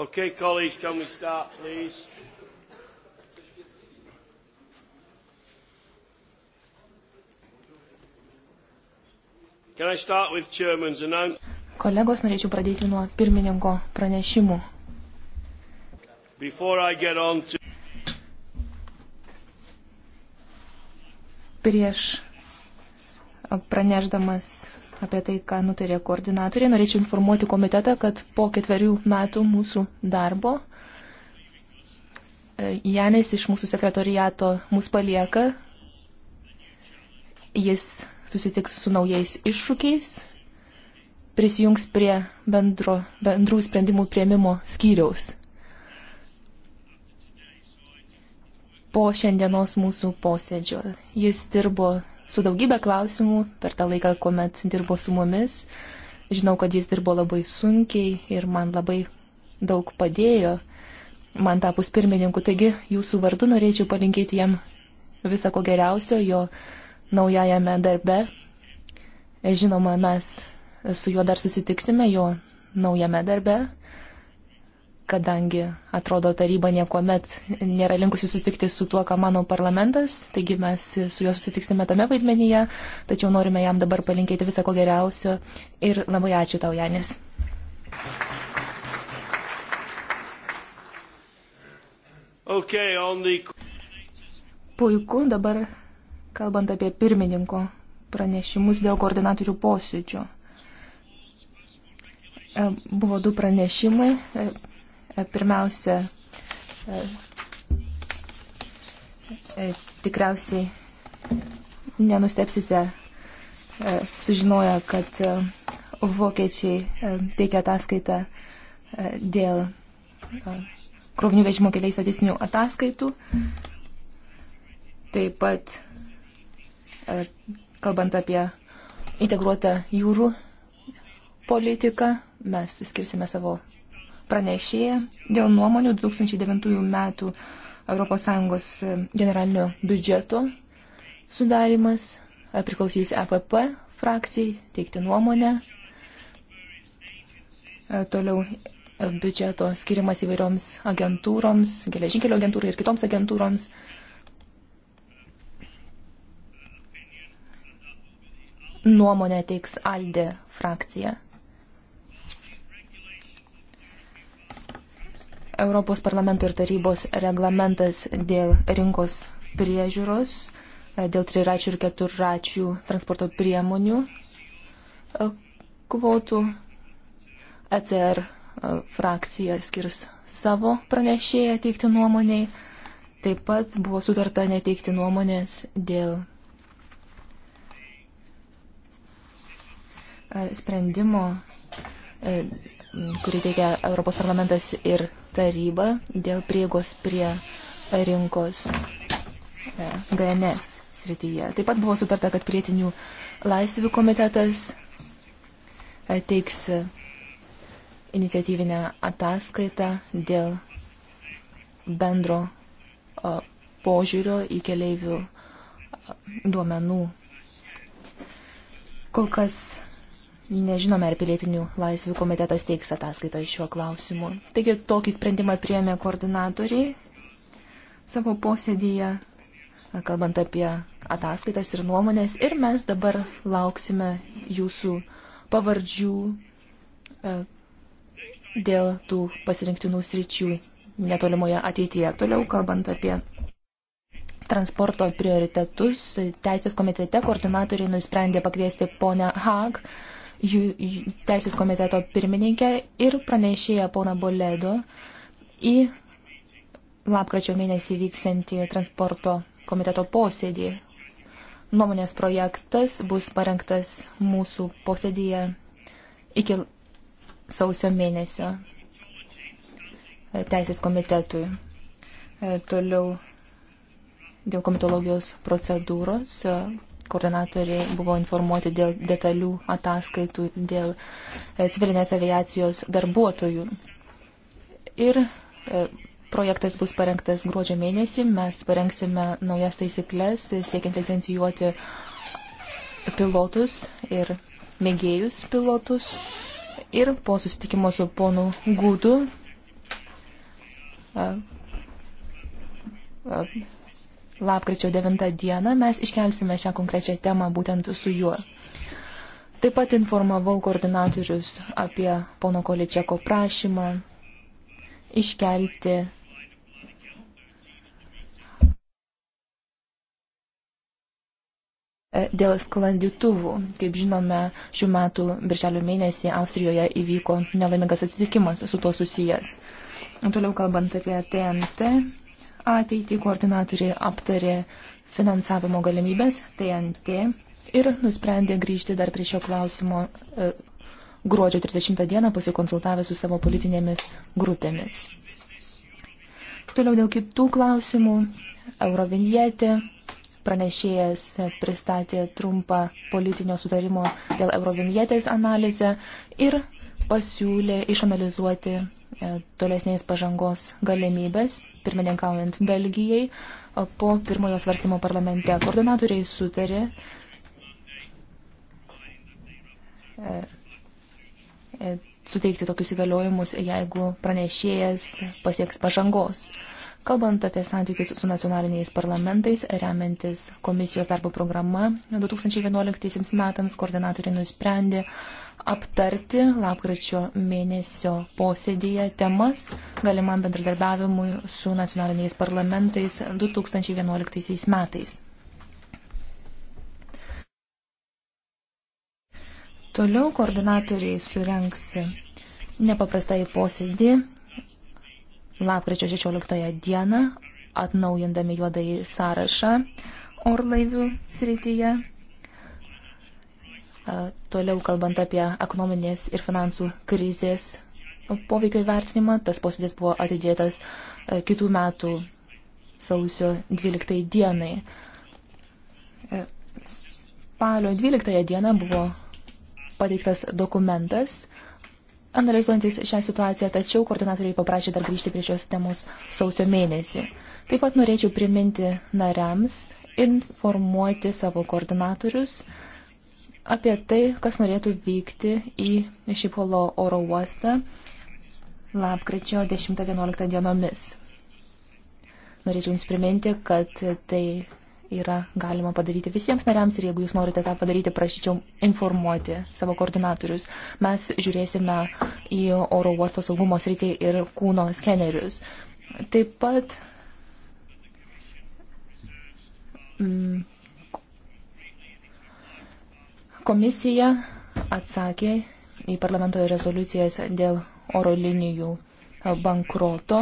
Okay, colleagues, can we start, please? Can I start with chairman's announcement? Kolegos, norėčiau pradėti nuo pirmininko pranešimų. To... Prieš pranešdamas apie tai, ką nutarė koordinatoriai. Norėčiau informuoti komitetą, kad po ketverių metų mūsų darbo e, Janis iš mūsų sekretoriato mus palieka. Jis susitiks su naujais iššūkiais, prisijungs prie bendro, bendrų sprendimų prieimimo skyriaus. Po šiandienos mūsų posėdžio jis dirbo su daugybė klausimų per tą laiką, kuomet dirbo su mumis. Žinau, kad jis dirbo labai sunkiai ir man labai daug padėjo, man tapus pirmininku. Taigi jūsų vardu norėčiau palinkėti jam visą ko geriausio jo naujajame darbe. Žinoma, mes su juo dar susitiksime jo naujame darbe kadangi atrodo taryba niekuomet nėra linkusi sutikti su tuo, ką mano parlamentas, taigi mes su juo susitiksime tame vaidmenyje, tačiau norime jam dabar palinkėti visą ko geriausio ir labai ačiū tau, Janis. Okay, the... Puiku, dabar kalbant apie pirmininko pranešimus dėl koordinatorių posėdžių. E, buvo du pranešimai e, E, pirmiausia, e, e, tikriausiai nenustepsite sužinoję, kad vokiečiai teikia ataskaitą dėl krovinių vežimo keliais statistinių ataskaitų. Taip pat, kalbant apie integruotą jūrų politiką, mes skirsime savo pranešėja dėl nuomonių 2009 metų ES e, generalinio biudžeto sudarimas priklausys EPP frakcijai teikti nuomonę. E, toliau e, biudžeto skirimas įvairioms agentūroms, geležinkelio agentūrai ir kitoms agentūroms. Nuomonę teiks Alde frakcija. Europos parlamento ir tarybos reglamentas dėl rinkos priežiūros, e, dėl triračių ir keturračių transporto priemonių e, kvotų. ECR e, frakcija skirs savo pranešėją teikti nuomoniai. Taip pat buvo sutarta neteikti nuomonės dėl sprendimo, kurį teikia Europos parlamentas ir tarybą dėl priegos prie rinkos DNS e, srityje. Taip pat buvo sutarta, kad prietinių laisvių komitetas e, teiks e, iniciatyvinę ataskaitą dėl bendro požiūrio į keleivių duomenų. Kol kas Nežinome, ar pilietinių laisvių komitetas teiks ataskaitą šiuo klausimu. Taigi tokį sprendimą priemė koordinatoriai savo posėdyje, kalbant apie ataskaitas ir nuomonės. Ir mes dabar lauksime jūsų pavardžių e, dėl tų pasirinktinų sričių netolimoje ateityje. Toliau kalbant apie transporto prioritetus, teisės komitete koordinatoriai nusprendė pakviesti ponę Hag jų, jų teisės komiteto pirmininkę ir pranešėją poną Boledo į lapkričio mėnesį vyksiantį transporto komiteto posėdį. Nuomonės projektas bus parengtas mūsų posėdyje iki sausio mėnesio teisės komitetui. E, toliau dėl komitologijos procedūros koordinatoriai buvo informuoti dėl detalių ataskaitų dėl e, civilinės aviacijos darbuotojų. Ir e, projektas bus parengtas gruodžio mėnesį. Mes parengsime naujas taisyklės, e, siekiant licencijuoti pilotus ir mėgėjus pilotus. Ir po susitikimo su ponu Gudu lapkričio 9 dieną mes iškelsime šią konkrečią temą būtent su juo. Taip pat informavau koordinatorius apie pono Količeko prašymą iškelti Dėl sklandytuvų, kaip žinome, šių metų birželio mėnesį Austrijoje įvyko nelaimingas atsitikimas su tuo susijęs. Toliau kalbant apie TNT, ateitį koordinatoriai aptarė finansavimo galimybės TNT ir nusprendė grįžti dar prie šio klausimo e, gruodžio 30 dieną pasikonsultavę su savo politinėmis grupėmis. Toliau dėl kitų klausimų. Eurovinietė pranešėjas pristatė trumpą politinio sutarimo dėl Eurovinietės analizę ir pasiūlė išanalizuoti E, tolesnės pažangos galimybės, pirmininkaujant Belgijai, po pirmojo svarstymo parlamente. Koordinatoriai sutarė e, e, suteikti tokius įgaliojimus, jeigu pranešėjas pasieks pažangos. Kalbant apie santykius su nacionaliniais parlamentais, remiantis komisijos darbo programa 2011 metams, koordinatoriai nusprendė aptarti lapkričio mėnesio posėdėje temas galimam bendradarbiavimui su nacionaliniais parlamentais 2011 metais. Toliau koordinatoriai surenks nepaprastai posėdį lapkričio 16 dieną, atnaujindami juodai sąrašą orlaivių srityje Toliau kalbant apie ekonominės ir finansų krizės poveikio įvertinimą, tas posėdis buvo atidėtas kitų metų sausio 12 dienai. Spalio 12 dieną buvo pateiktas dokumentas analizuojantis šią situaciją, tačiau koordinatoriai paprašė dar grįžti prie šios temos sausio mėnesį. Taip pat norėčiau priminti nariams informuoti savo koordinatorius apie tai, kas norėtų vykti į Šipolo oro uostą lapkričio 10-11 dienomis. Norėčiau Jums priminti, kad tai yra galima padaryti visiems nariams ir jeigu Jūs norite tą padaryti, prašyčiau informuoti savo koordinatorius. Mes žiūrėsime į oro uosto saugumo sritį ir kūno skenerius. Taip pat. Mm, Komisija atsakė į parlamento rezoliucijas dėl oro linijų bankroto.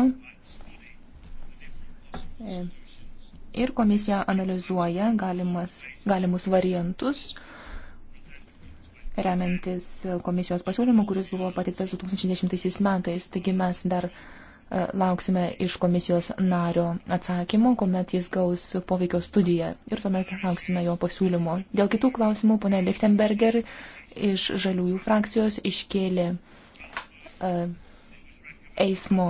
Ir komisija analizuoja galimas, galimus variantus, remiantis komisijos pasiūlymu, kuris buvo pateiktas 2010 metais. Taigi mes dar E, lauksime iš komisijos nario atsakymo, kuomet jis gaus poveikio studiją ir tuomet lauksime jo pasiūlymo. Dėl kitų klausimų ponė Lichtenberger iš Žaliųjų frakcijos iškėlė e, eismo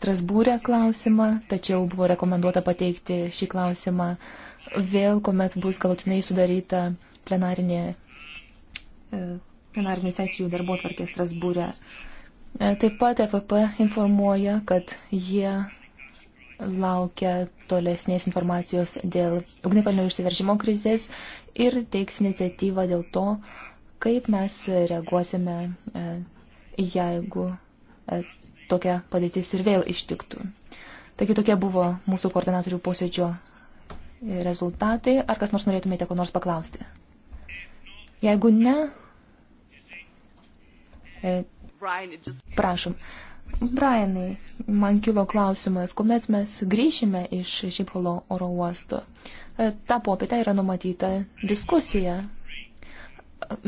Strasbūrė klausimą, tačiau buvo rekomenduota pateikti šį klausimą vėl, kuomet bus galutinai sudaryta plenarinė, e, plenarinių sesijų darbo tvarkė Strasbūrė. E, E, taip pat FPP e informuoja, kad jie laukia tolesnės informacijos dėl ugnikalnio išsiveržimo krizės ir teiks iniciatyvą dėl to, kaip mes reaguosime, e, jeigu tokia padėtis ir vėl ištiktų. Taigi tokie buvo mūsų koordinatorių posėdžio rezultatai. Ar kas nors norėtumėte ko nors paklausti? Jeigu ne, Prašom. Brianai, man kilo klausimas, kuomet mes grįšime iš Šipolo oro uosto. E, ta popietė yra numatyta diskusija.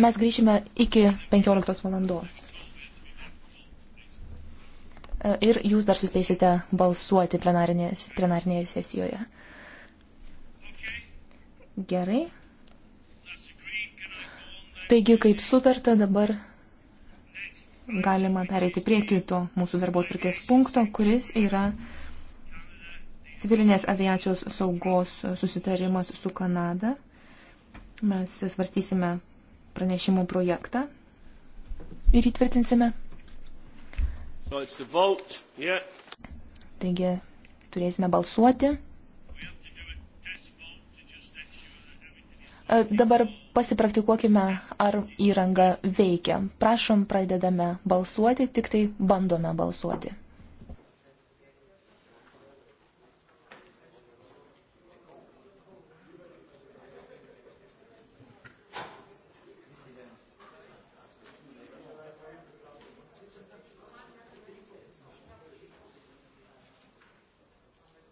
Mes grįšime iki 15 valandos. E, ir jūs dar suspėsite balsuoti plenarinėje, plenarinėje sesijoje. Gerai. Taigi, kaip sutarta, dabar galima pereiti prie kito mūsų darbo atvirkės punkto, kuris yra civilinės aviacijos saugos susitarimas su Kanada. Mes svarstysime pranešimų projektą ir įtvirtinsime. Taigi turėsime balsuoti. E, dabar pasipraktikuokime, ar įranga veikia. Prašom, pradedame balsuoti, tik tai bandome balsuoti.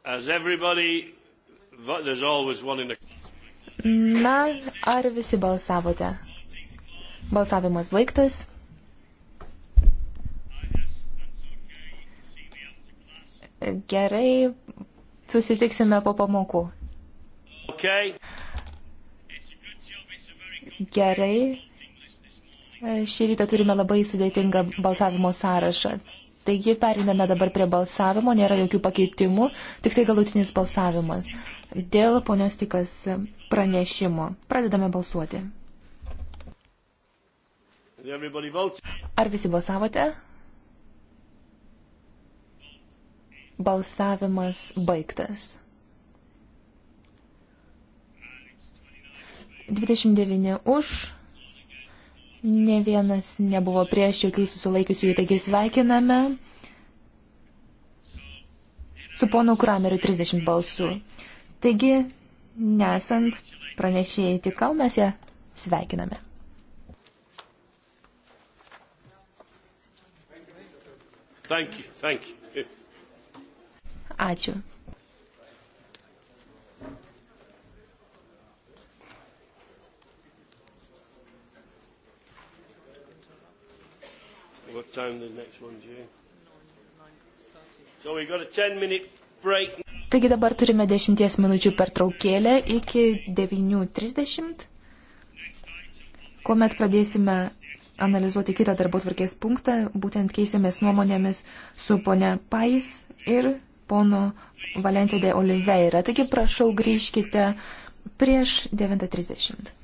As everybody, there's always one in the Na, ar visi balsavote? Balsavimas baigtas. Gerai, susitiksime po pamokų. Okay. Gerai. Šį rytą turime labai sudėtingą balsavimo sąrašą. Taigi periname dabar prie balsavimo, nėra jokių pakeitimų, tik tai galutinis balsavimas dėl ponios tikas pranešimo. Pradedame balsuoti. Ar visi balsavote? Balsavimas baigtas. 29 už, ne vienas nebuvo prieš jokių susilaikiusių, taigi sveikiname. Su ponu Krameriu 30 balsų. Taigi, nesant pranešėjai tikau, mes ją sveikiname. Thank you, thank you. Ačiū. What time the next one's you? So we've got a 10 minute break. Taigi dabar turime 10 minučių pertraukėlę iki 9.30, kuomet pradėsime analizuoti kitą darbo tvarkės punktą, būtent keisimės nuomonėmis su ponia Pais ir ponu Valentė de Oliveira. Taigi prašau grįžkite prieš 9.30.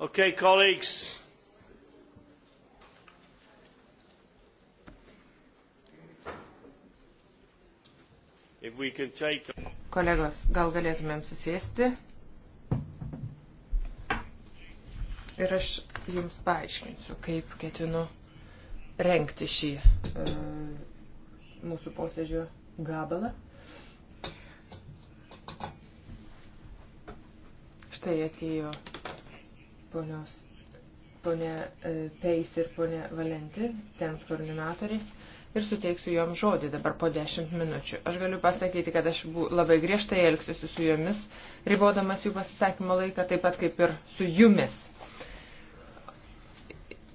Okay, colleagues. If we can take... Kolegos, gal galėtumėm susėsti? Ir aš jums paaiškinsiu, kaip ketinu renkti šį uh, mūsų posėdžio gabalą. Štai atėjo ponios, ponė e, Peis ir ponė Valenti, ten koordinatoriais, ir suteiksiu jom žodį dabar po 10 minučių. Aš galiu pasakyti, kad aš bu, labai griežtai elgsiuosi su jomis, ribodamas jų pasisakymo laiką, taip pat kaip ir su jumis.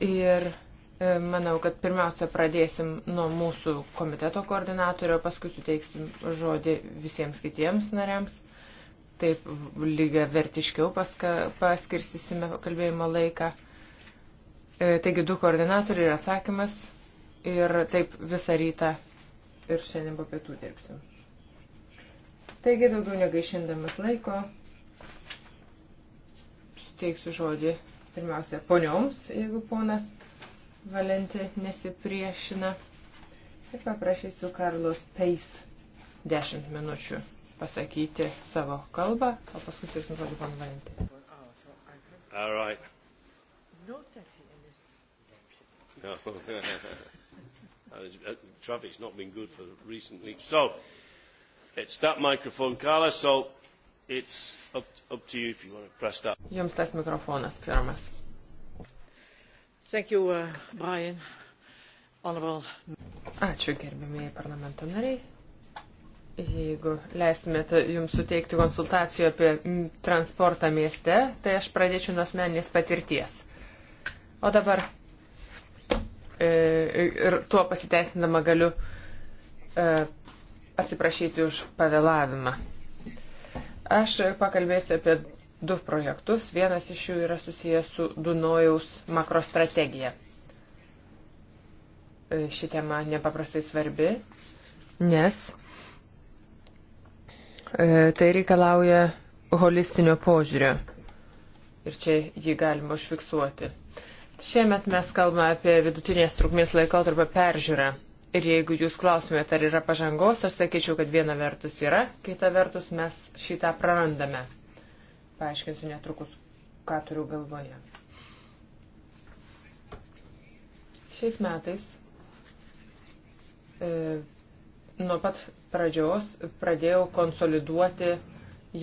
Ir e, Manau, kad pirmiausia pradėsim nuo mūsų komiteto koordinatorio, paskui suteiksim žodį visiems kitiems nariams taip lygia vertiškiau paska, paskirsysime kalbėjimo laiką. E, taigi du koordinatoriai ir atsakymas ir taip visą rytą ir šiandien po pietų dirbsim. Taigi daugiau negaišindamas laiko suteiksiu žodį pirmiausia ponioms, jeigu ponas Valenti nesipriešina. Ir paprašysiu Karlos Peis 10 minučių pasakyti savo kalbą, o paskui teiksim žodį panu Valentį. All right. Not actually in this. No. uh, traffic's not been good for recently. So, it's that microphone, Carla, so it's up, up to you if you want to press that. Jums tas mikrofonas, pirmas. Thank you, uh, Brian. Honorable. Ačiū gerbėmiai parlamento nariai. Jeigu leistumėte jums suteikti konsultacijų apie transportą mieste, tai aš pradėčiau nuo asmeninės patirties. O dabar e, ir tuo pasiteisindama galiu e, atsiprašyti už pavėlavimą. Aš pakalbėsiu apie du projektus. Vienas iš jų yra susijęs su Dunojaus makrostrategija. E, ši tema nepaprastai svarbi, nes E, tai reikalauja holistinio požiūrio. Ir čia jį galima užfiksuoti. Šiemet mes kalbame apie vidutinės trukmės laikotarpio peržiūrą. Ir jeigu jūs klausimėte, ar yra pažangos, aš sakyčiau, kad viena vertus yra, kita vertus mes šitą prarandame. Paaiškinsiu netrukus, ką turiu galvoje. Šiais metais e, nuo pat pradžios pradėjau konsoliduoti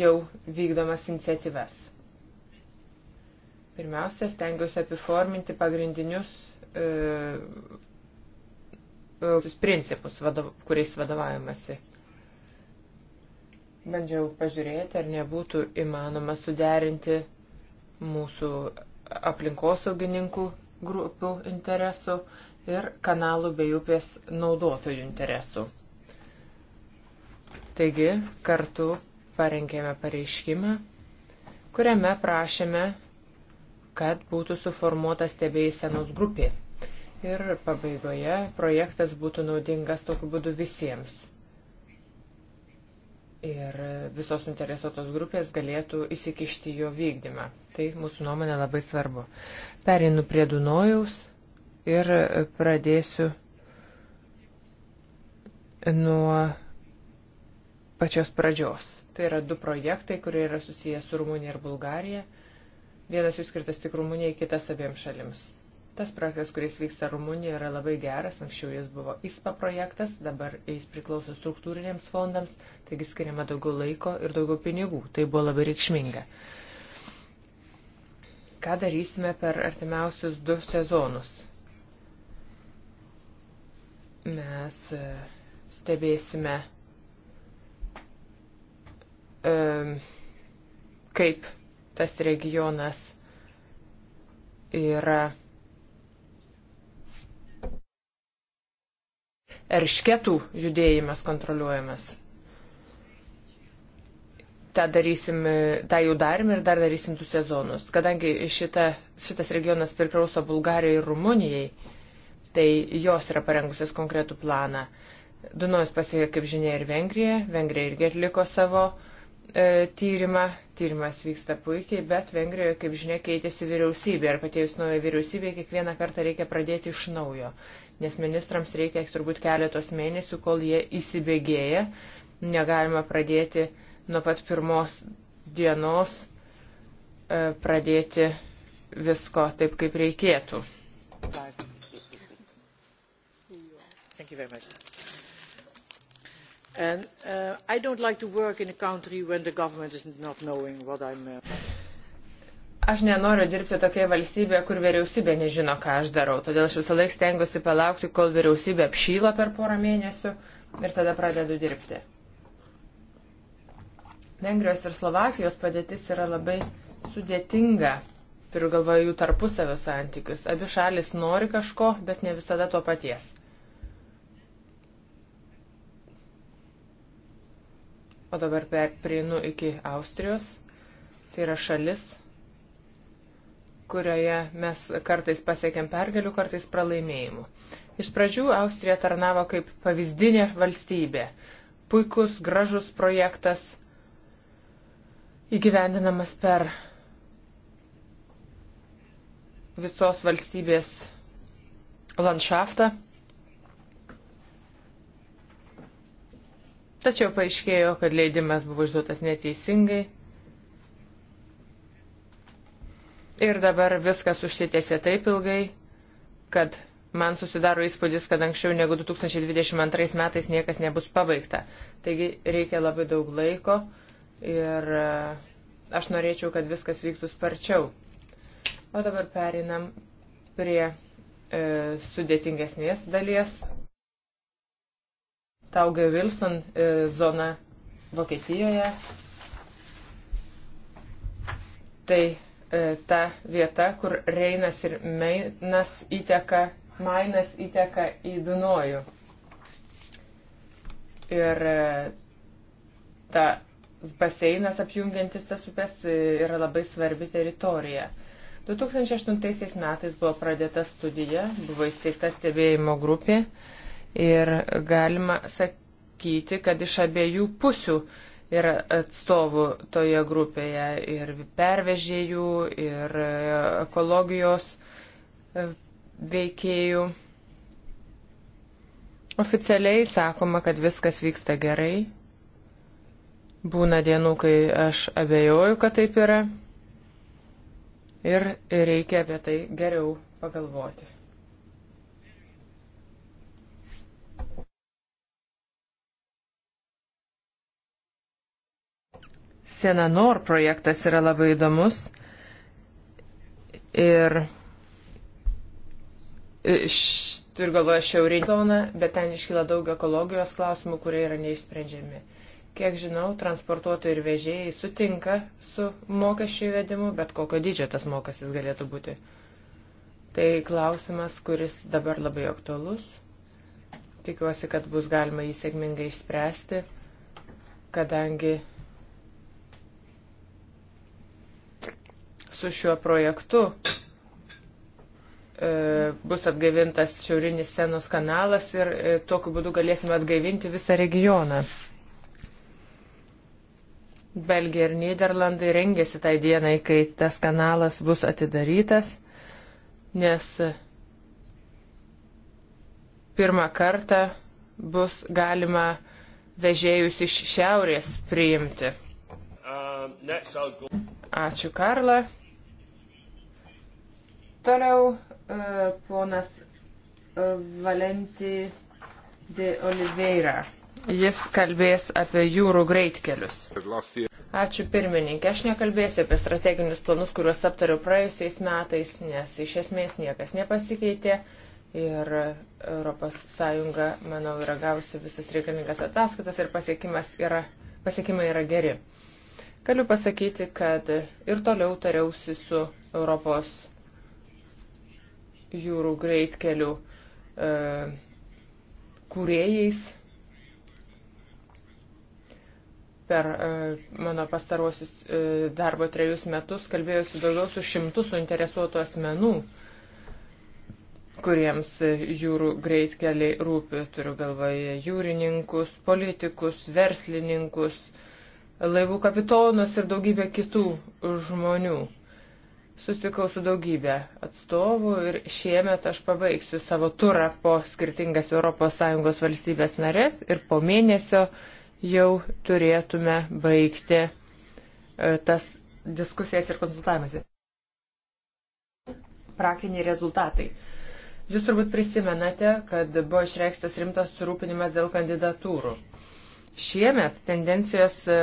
jau vykdomas iniciatyvas. Pirmiausia, stengiuosi apiforminti pagrindinius e, e, principus, vadov, kuriais vadovaujamasi. Bandžiau pažiūrėti, ar nebūtų įmanoma suderinti mūsų aplinkosaugininkų grupių interesų ir kanalų bei upės naudotojų interesų. Taigi, kartu parengėme pareiškimą, kuriame prašėme, kad būtų suformuota stebėjusenos grupė. Ir pabaigoje projektas būtų naudingas tokiu būdu visiems. Ir visos interesuotos grupės galėtų įsikišti jo vykdymą. Tai mūsų nuomonė labai svarbu. Perinu prie Dunojaus ir pradėsiu nuo pačios pradžios. Tai yra du projektai, kurie yra susijęs su Rumunija ir Bulgarija. Vienas jų skirtas tik Rumunijai, kitas abiems šalims. Tas projektas, kuris vyksta Rumunijoje, yra labai geras. Anksčiau jis buvo ISPA projektas, dabar jis priklauso struktūriniams fondams, taigi skiriama daugiau laiko ir daugiau pinigų. Tai buvo labai reikšminga. Ką darysime per artimiausius du sezonus? Mes e, stebėsime kaip tas regionas yra eršketų judėjimas kontroliuojamas. Ta darysim, tą jau darim ir dar darysim du sezonus. Kadangi šita, šitas regionas priklauso Bulgarijai ir Rumunijai, tai jos yra parengusios konkretų planą. Dunojus pasiekė, kaip žinia, ir Vengrija. Vengrija irgi atliko savo uh, E, tyrimą. Tyrimas vyksta puikiai, bet Vengrijoje, kaip žinia, keitėsi vyriausybė ir patėjus naujo vyriausybė kiekvieną kartą reikia pradėti iš naujo, nes ministrams reikia turbūt keletos mėnesių, kol jie įsibėgėja. Negalima pradėti nuo pat pirmos dienos, e, pradėti visko taip, kaip reikėtų. Thank you very much. And uh, I don't like to work in a country when the government is not knowing what I'm. Uh... Aš nenoriu dirbti tokioje valstybėje, kur vyriausybė nežino, ką aš darau. Todėl aš visą laiką stengiuosi palaukti, kol vyriausybė apšyla per porą mėnesių ir tada pradedu dirbti. Vengrijos ir Slovakijos padėtis yra labai sudėtinga. Turiu galvoje jų tarpusavio santykius. Abi šalis nori kažko, bet ne visada to paties. O dabar prieinu iki Austrijos. Tai yra šalis, kurioje mes kartais pasiekėm pergalių, kartais pralaimėjimų. Iš pradžių Austrija tarnavo kaip pavyzdinė valstybė. Puikus, gražus projektas įgyvendinamas per visos valstybės landšaftą. Tačiau paaiškėjo, kad leidimas buvo išduotas neteisingai. Ir dabar viskas užsitėsė taip ilgai, kad man susidaro įspūdis, kad anksčiau negu 2022 metais niekas nebus pabaigta. Taigi reikia labai daug laiko ir e, aš norėčiau, kad viskas vyktų sparčiau. O dabar perinam prie e, sudėtingesnės dalies Tauge Wilson e, zona Vokietijoje. Tai e, ta vieta, kur Reinas ir Mainas įteka, Mainas įteka į Dunojų. Ir e, tas baseinas apjungiantis tas upės yra labai svarbi teritorija. 2008 metais buvo pradėta studija, buvo įsteigta stebėjimo grupė ir galima sakyti, kad iš abiejų pusių yra atstovų toje grupėje ir pervežėjų, ir e, ekologijos e, veikėjų. Oficialiai sakoma, kad viskas vyksta gerai. Būna dienų, kai aš abejoju, kad taip yra. Ir reikia apie tai geriau pagalvoti. Senanor projektas yra labai įdomus ir turiu galvoje šiaurinį zoną, bet ten iškyla daug ekologijos klausimų, kurie yra neišsprendžiami. Kiek žinau, transportuotojai ir vežėjai sutinka su mokesčių įvedimu, bet kokio dydžio tas mokestis galėtų būti. Tai klausimas, kuris dabar labai aktualus. Tikiuosi, kad bus galima jį sėkmingai išspręsti, kadangi su šiuo projektu e, bus atgaivintas šiaurinis senos kanalas ir e, tokiu būdu galėsime atgaivinti visą regioną. Belgija ir Niderlandai rengėsi tai dienai, kai tas kanalas bus atidarytas, nes pirmą kartą bus galima vežėjus iš šiaurės priimti. Uh, Ačiū, Karla. Toliau e, ponas e, Valenti de Oliveira. Jis kalbės apie jūrų greitkelius. Ačiū pirmininkė. Aš nekalbėsiu apie strateginius planus, kuriuos aptariau praėjusiais metais, nes iš esmės niekas nepasikeitė ir ES, manau, yra gavusi visas reikalingas ataskaitas ir yra, pasiekimai yra geri. Galiu pasakyti, kad ir toliau tariausi su Europos jūrų greitkelių e, kūrėjais. Per e, mano pastaruosius e, darbo trejus metus kalbėjusi daugiau su šimtu suinteresuotų asmenų, kuriems e, jūrų greitkeliai rūpi. Turiu galvoje jūrininkus, politikus, verslininkus, laivų kapitonus ir daugybę kitų žmonių susikau su daugybė atstovų ir šiemet aš pabaigsiu savo turą po skirtingas ES valstybės narės ir po mėnesio jau turėtume baigti e, tas diskusijas ir konsultavimąsi. Praktiniai rezultatai. Jūs turbūt prisimenate, kad buvo išreikštas rimtas surūpinimas dėl kandidatūrų. Šiemet tendencijos e,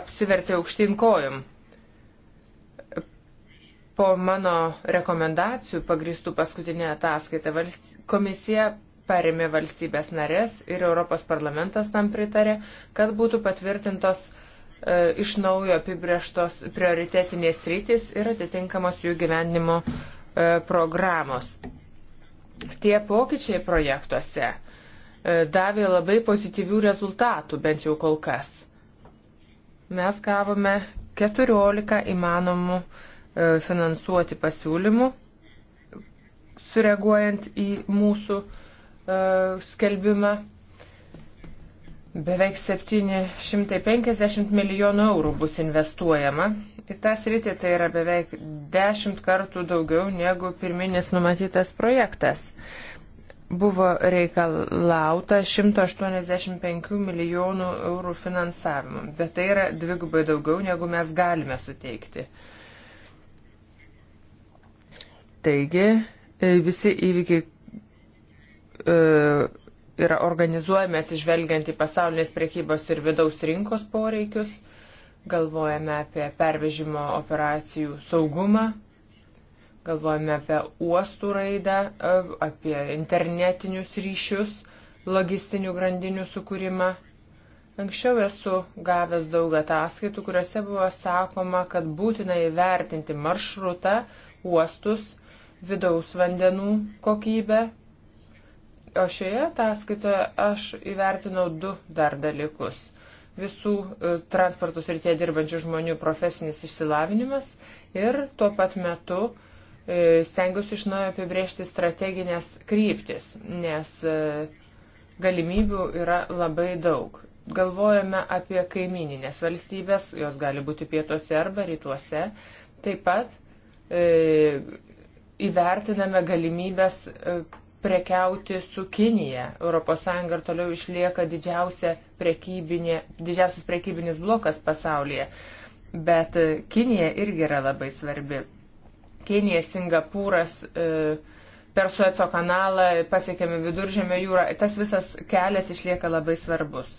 apsivertė aukštyn kojom po mano rekomendacijų pagristų paskutinė ataskaita komisija paremė valstybės narės ir Europos parlamentas tam pritarė, kad būtų patvirtintos e, iš naujo apibrieštos prioritetinės rytis ir atitinkamos jų gyvenimo e, programos. Tie pokyčiai projektuose e, davė labai pozityvių rezultatų, bent jau kol kas. Mes gavome 14 įmanomų e, E, finansuoti pasiūlymų, sureaguojant į mūsų e, skelbimą. Beveik 750 milijonų eurų bus investuojama į tą sritį, tai yra beveik 10 kartų daugiau negu pirminis numatytas projektas. Buvo reikalauta 185 milijonų eurų finansavimam, bet tai yra dvigubai daugiau negu mes galime suteikti. Uh, Taigi e, visi įvykiai e, yra organizuojami atsižvelgiant į pasaulinės priekybos ir vidaus rinkos poreikius, galvojame apie pervežimo operacijų saugumą, galvojame apie uostų raidą, e, apie internetinius ryšius, logistinių grandinių sukūrimą. Anksčiau esu gavęs daug ataskaitų, kuriuose buvo sakoma, kad būtina įvertinti maršrutą, uostus, vidaus vandenų kokybę. O šioje ataskaitoje aš įvertinau du dar dalykus. Visų e, transportos rytie dirbančių žmonių profesinis išsilavinimas ir tuo pat metu e, stengiuosi iš naujo apibriežti strateginės kryptis, nes e, galimybių yra labai daug. Galvojame apie kaimininės valstybės, jos gali būti pietuose arba rytuose. Taip pat e, įvertiname galimybės e, prekiauti su Kinija. ES ir toliau išlieka didžiausia prekybinė, didžiausias prekybinis blokas pasaulyje. Bet e, Kinija irgi yra labai svarbi. Kinija, Singapūras, e, per Sueco kanalą pasiekėme viduržėmio jūrą. Tas visas kelias išlieka labai svarbus.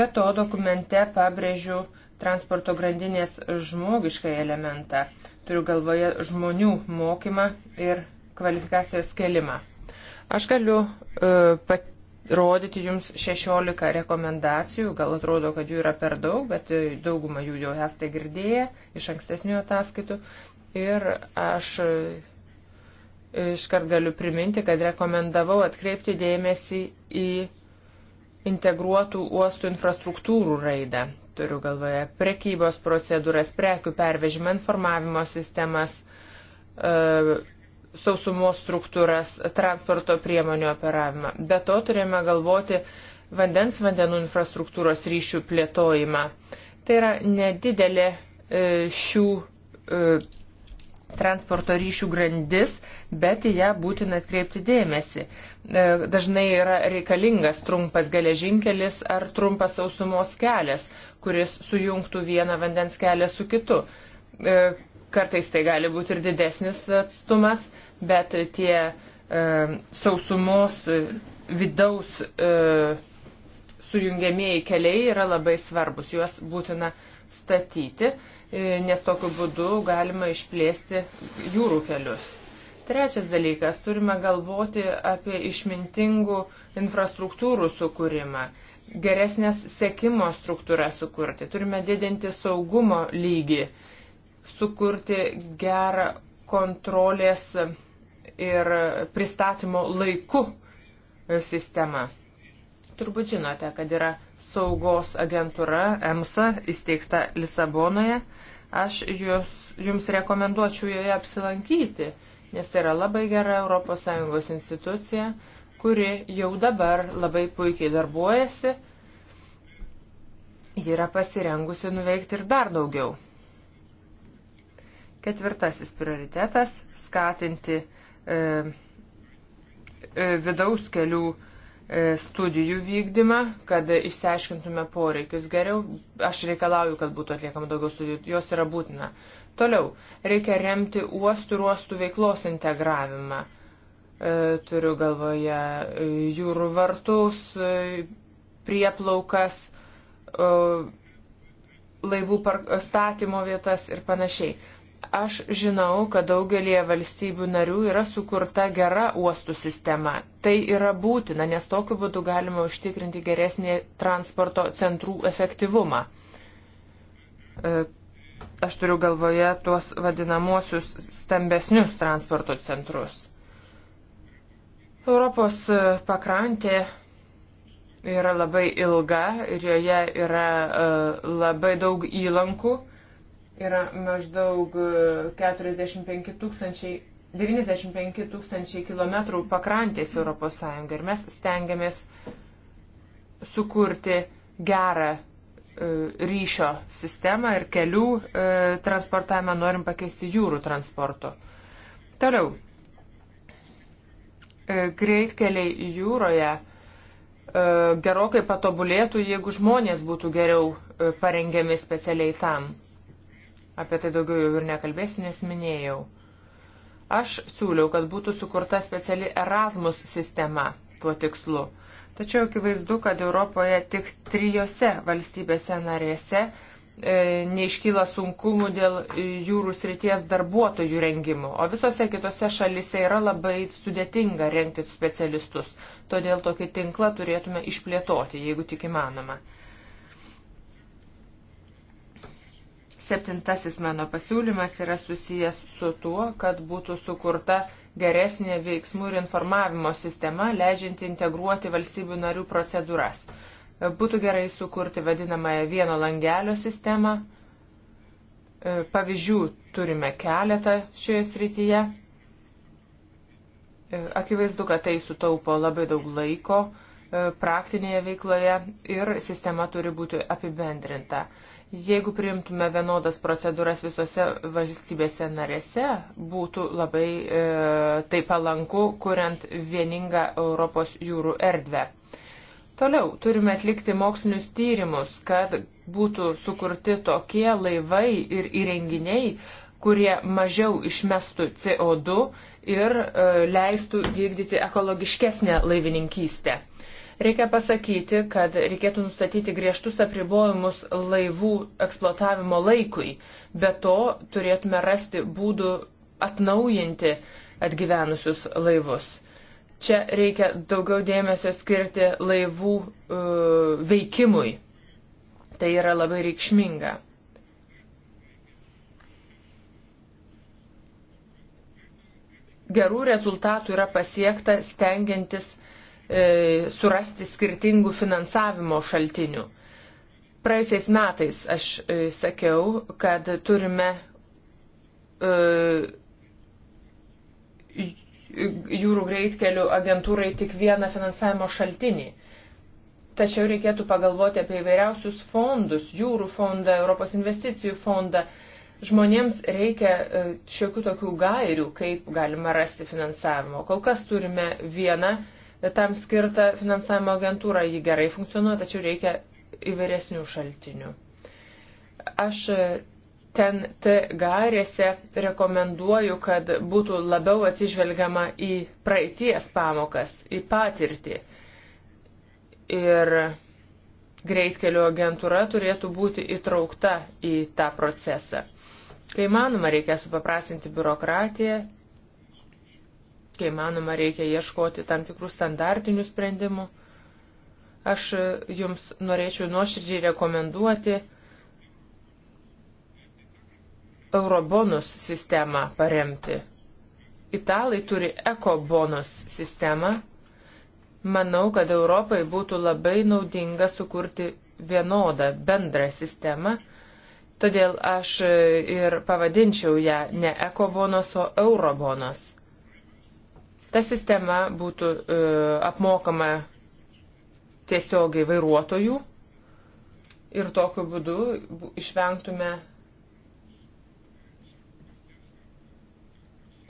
Be to dokumente pabrėžiu transporto grandinės žmogišką elementą. Turiu galvoje žmonių mokymą ir kvalifikacijos kelimą. Aš galiu e, parodyti Jums 16 rekomendacijų, gal atrodo, kad jų yra per daug, bet e, daugumą jų jau esate girdėję iš ankstesnių ataskaitų. Ir aš e, iškart galiu priminti, kad rekomendavau atkreipti dėmesį į integruotų uostų infrastruktūrų raidą turiu galvoje prekybos procedūras, prekių pervežimą, informavimo sistemas, e, sausumos struktūras, transporto priemonių operavimą. Be to turėjome galvoti vandens vandenų infrastruktūros ryšių plėtojimą. Tai yra nedidelė e, šių e, transporto ryšių grandis, bet į ją būtina atkreipti dėmesį. Dažnai yra reikalingas trumpas geležinkelis ar trumpas sausumos kelias, kuris sujungtų vieną vandens kelią su kitu. E, kartais tai gali būti ir didesnis atstumas, bet tie e, sausumos vidaus e, sujungiamieji keliai yra labai svarbus. Juos būtina statyti, nes tokiu būdu galima išplėsti jūrų kelius. Trečias dalykas - turime galvoti apie išmintingų infrastruktūrų sukūrimą geresnės sekimo struktūras sukurti, turime didinti saugumo lygį, sukurti gerą kontrolės ir pristatymo laiku sistemą. Turbūt žinote, kad yra saugos agentūra EMSA įsteigta Lisabonoje. Aš jūs, jums rekomenduočiau joje apsilankyti, nes tai yra labai gera ES institucija kuri jau dabar labai puikiai darbuojasi. Ji yra pasirengusi nuveikti ir dar daugiau. Ketvirtasis prioritetas - skatinti e, e, vidaus kelių e, studijų vykdymą, kad išsiaiškintume poreikius geriau. Aš reikalauju, kad būtų atliekama daugiau studijų, jos yra būtina. Toliau, reikia remti uostų ir uostų veiklos integravimą. E, turiu galvoje e, jūrų vartus, e, prieplaukas, laivų statymo vietas ir panašiai. Aš žinau, kad daugelie valstybių narių yra sukurta gera uostų sistema. Tai yra būtina, nes tokiu būdu galima užtikrinti geresnį transporto centrų efektyvumą. Aš turiu galvoje tuos vadinamosius stambesnius transporto centrus. Europos pakrantė yra labai ilga ir joje yra e, labai daug įlankų. Yra maždaug 45 e, tūkstančiai 95 tūkstančiai kilometrų pakrantės Europos Sąjunga ir mes stengiamės sukurti gerą e, ryšio sistemą ir kelių e, transportavimą norim pakeisti jūrų transportu. Toliau, E, greitkeliai jūroje e, gerokai patobulėtų, jeigu žmonės būtų geriau e, parengiami specialiai tam. Apie tai daugiau jau ir nekalbėsiu, nes minėjau. Aš siūliau, kad būtų sukurta speciali Erasmus sistema tuo tikslu. Tačiau akivaizdu, kad Europoje tik trijose valstybėse narėse E, neiškyla sunkumų dėl jūrų srities darbuotojų rengimo, o visose kitose šalise yra labai sudėtinga renkti specialistus. Todėl tokį tinklą turėtume išplėtoti, jeigu tik įmanoma. Septintasis mano pasiūlymas yra susijęs su tuo, kad būtų sukurta geresnė veiksmų ir informavimo sistema, leidžianti integruoti valstybių narių procedūras. Būtų gerai sukurti vadinamąją vieno langelio sistemą. E, pavyzdžių turime keletą šioje srityje. E, akivaizdu, kad tai sutaupo labai daug laiko e, praktinėje veikloje ir sistema turi būti apibendrinta. Jeigu priimtume vienodas procedūras visose valstybėse narėse, būtų labai e, tai palanku, kuriant vieningą Europos jūrų erdvę. Toliau turime atlikti mokslinius tyrimus, kad būtų sukurti tokie laivai ir įrenginiai, kurie mažiau išmestų CO2 ir e, leistų vykdyti ekologiškesnę laivininkystę. Reikia pasakyti, kad reikėtų nustatyti griežtus apribojimus laivų eksploatavimo laikui. Be to turėtume rasti būdų atnaujinti atgyvenusius laivus Čia reikia daugiau dėmesio skirti laivų uh, veikimui. Tai yra labai reikšminga. Gerų rezultatų yra pasiekta stengiantis e, surasti skirtingų finansavimo šaltinių. Praėjusiais metais aš e, sakiau, kad turime e, jūrų greitkelių agentūrai tik vieną finansavimo šaltinį. Tačiau reikėtų pagalvoti apie įvairiausius fondus, jūrų fondą, Europos investicijų fondą. Žmonėms reikia e, šiokių tokių gairių, kaip galima rasti finansavimo. Kol kas turime vieną tam skirtą finansavimo agentūrą, ji gerai funkcionuoja, tačiau reikia įvairesnių šaltinių. Aš e, ten T garėse rekomenduoju, kad būtų labiau atsižvelgiama į praeities pamokas, į patirtį. Ir greitkelio agentūra turėtų būti įtraukta į tą procesą. Kai manoma, reikia supaprasinti biurokratiją, kai manoma, reikia ieškoti tam tikrų standartinių sprendimų. Aš jums norėčiau nuoširdžiai rekomenduoti, eurobonus sistemą paremti. Italai turi ekobonus sistemą. Manau, kad Europai būtų labai naudinga sukurti vienodą bendrą sistemą, todėl aš ir pavadinčiau ją ne ekobonos, o eurobonos. Ta sistema būtų e, apmokama tiesiogiai vairuotojų ir tokiu būdu išvengtume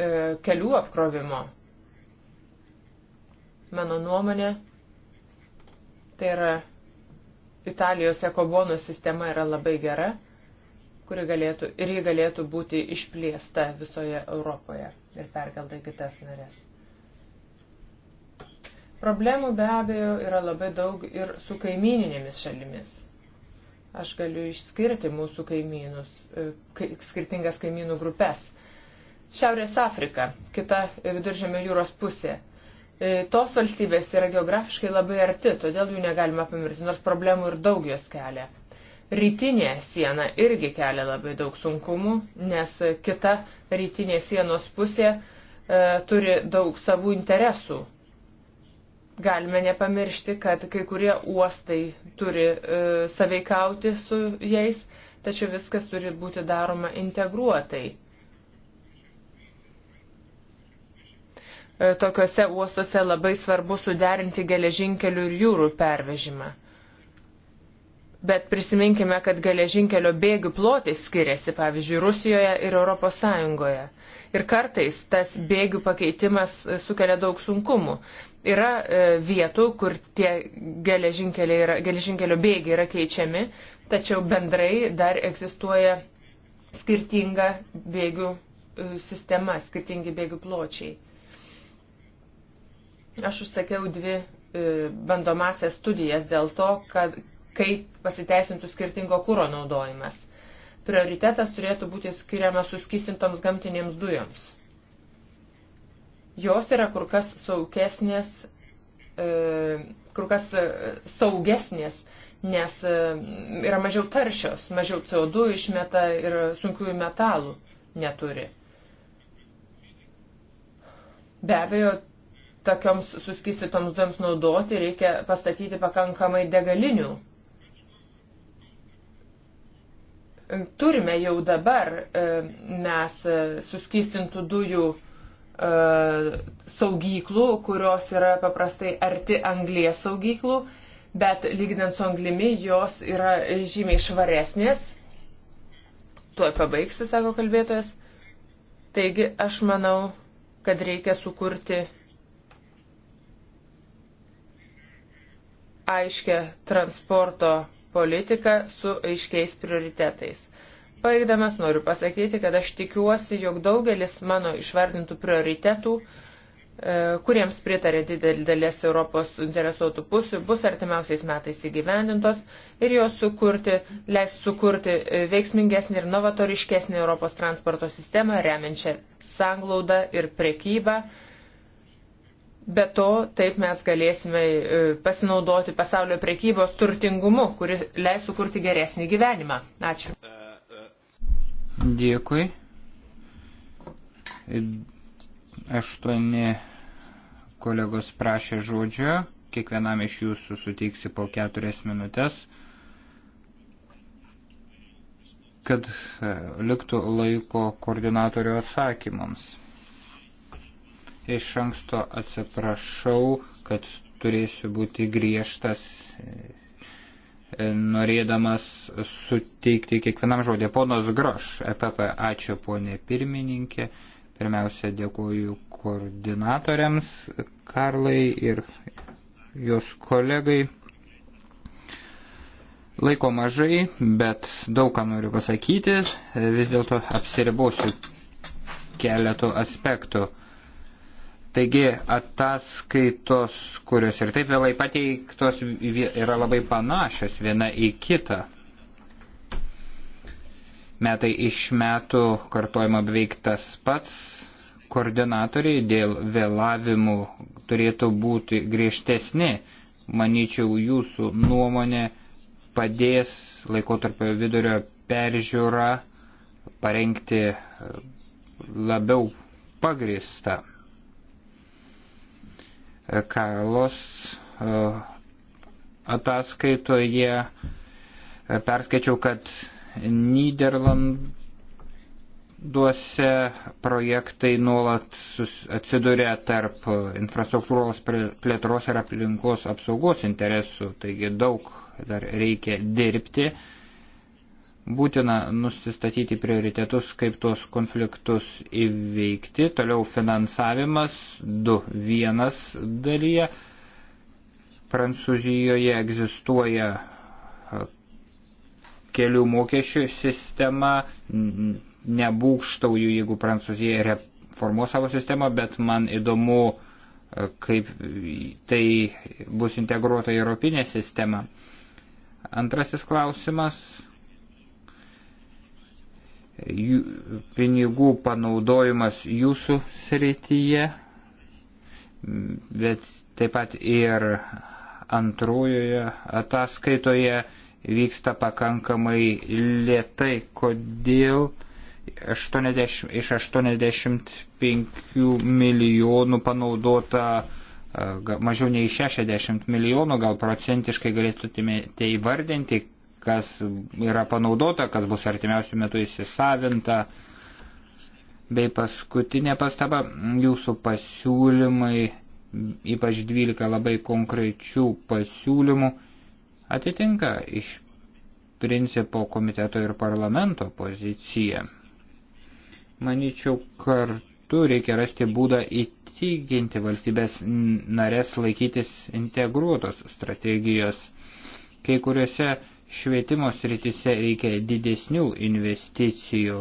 E, kelių apkrovimo. Mano nuomonė, tai yra Italijos ekobonų sistema yra labai gera, kuri galėtų ir ji galėtų būti išplėsta visoje Europoje ir perkelta į kitas narės. Problemų be abejo yra labai daug ir su kaimininėmis šalimis. Aš galiu išskirti mūsų kaimynus, e, skirtingas kaimynų grupės Šiaurės Afrika, kita viduržėmio jūros pusė. E, tos valstybės yra geografiškai labai arti, todėl jų negalima pamiršti, nors problemų ir daug jos kelia. Rytinė siena irgi kelia labai daug sunkumų, nes kita rytinė sienos pusė e, turi daug savų interesų. Galime nepamiršti, kad kai kurie uostai turi e, saveikauti su jais, tačiau viskas turi būti daroma integruotai. E, tokiuose uostuose labai svarbu suderinti geležinkelių ir jūrų pervežimą. Bet prisiminkime, kad geležinkelio bėgių plotai skiriasi, pavyzdžiui, Rusijoje ir ES. Ir kartais tas bėgių pakeitimas e, sukelia daug sunkumų. Yra e, vietų, kur tie yra, geležinkelio bėgiai yra keičiami, tačiau bendrai dar egzistuoja skirtinga bėgių sistema, skirtingi bėgių pločiai. Aš užsakiau dvi e, bandomasias studijas dėl to, kad kaip pasiteisintų skirtingo kūro naudojimas. Prioritetas turėtų būti skiriamas suskistintoms gamtinėms dujoms. Jos yra kur kas saukesnės, e, kur kas e, saugesnės, nes yra mažiau taršios, mažiau CO2 išmeta ir sunkiųjų metalų neturi. Be abejo, tokioms suskistitoms dujoms naudoti, reikia pastatyti pakankamai degalinių. Turime jau dabar e, mes e, suskistintų dujų e, saugyklų, kurios yra paprastai arti anglės saugyklų, bet lyginant su anglimi jos yra žymiai švaresnės. Tuo pabaigsiu, sako kalbėtojas. Taigi aš manau, kad reikia sukurti aiškę transporto politiką su aiškiais prioritetais. Paigdamas noriu pasakyti, kad aš tikiuosi, jog daugelis mano išvardintų prioritetų, e, kuriems pritarė didelį dalies Europos interesuotų pusių, bus artimiausiais metais įgyvendintos ir jos sukurti, leis sukurti e, veiksmingesnį ir novatoriškesnį Europos transporto sistemą, remiančią sanglaudą ir prekybą Be to, taip mes galėsime e, pasinaudoti pasaulio prekybos turtingumu, kuris leis sukurti geresnį gyvenimą. Ačiū. Dėkui. E, aštuoni kolegos prašė žodžio. Kiekvienam iš jūsų suteiksi po keturias minutės, kad e, liktų laiko koordinatorių atsakymams. Iš anksto atsiprašau, kad turėsiu būti griežtas, e, norėdamas suteikti kiekvienam žodį. Ponas Groš, EPP, ačiū ponė pirmininkė. Pirmiausia, dėkuoju koordinatoriams Karlai ir jos kolegai. Laiko mažai, bet daug ką noriu pasakyti. Vis dėlto apsiribosiu keletų aspektų. Taigi ataskaitos, kurios ir taip vėlai pateiktos, yra labai panašios viena į kitą. Metai iš metų kartojama beveik tas pats. Koordinatoriai dėl vėlavimų turėtų būti griežtesni. Manyčiau, jūsų nuomonė padės laikotarpio vidurio peržiūrą parengti labiau pagristą Karlos e, ataskaitoje e, perskaičiau, kad Niderlanduose projektai nuolat atsiduria tarp infrastruktūros plėtros ir aplinkos apsaugos interesų, taigi daug dar reikia dirbti. Būtina nusistatyti prioritetus, kaip tuos konfliktus įveikti. Toliau finansavimas 2.1 dalyje. Prancūzijoje egzistuoja e, kelių mokesčių sistema. Nebūkštauju, jeigu Prancūzija reformuos savo sistemą, bet man įdomu, e, kaip tai bus integruota į Europinę sistemą. Antrasis klausimas pinigų panaudojimas jūsų srityje, bet taip pat ir antrojoje ataskaitoje vyksta pakankamai lietai, kodėl 80, iš 85 milijonų panaudota mažiau nei 60 milijonų, gal procentiškai galėtumėte įvardinti, kas yra panaudota, kas bus artimiausių metų įsisavinta. Bei paskutinė pastaba, jūsų pasiūlymai, ypač 12 labai konkrečių pasiūlymų, atitinka iš principo komiteto ir parlamento poziciją. Maničiau, kartu reikia rasti būdą įtikinti valstybės narės laikytis integruotos strategijos. Kai kuriuose švietimo sritise reikia didesnių investicijų.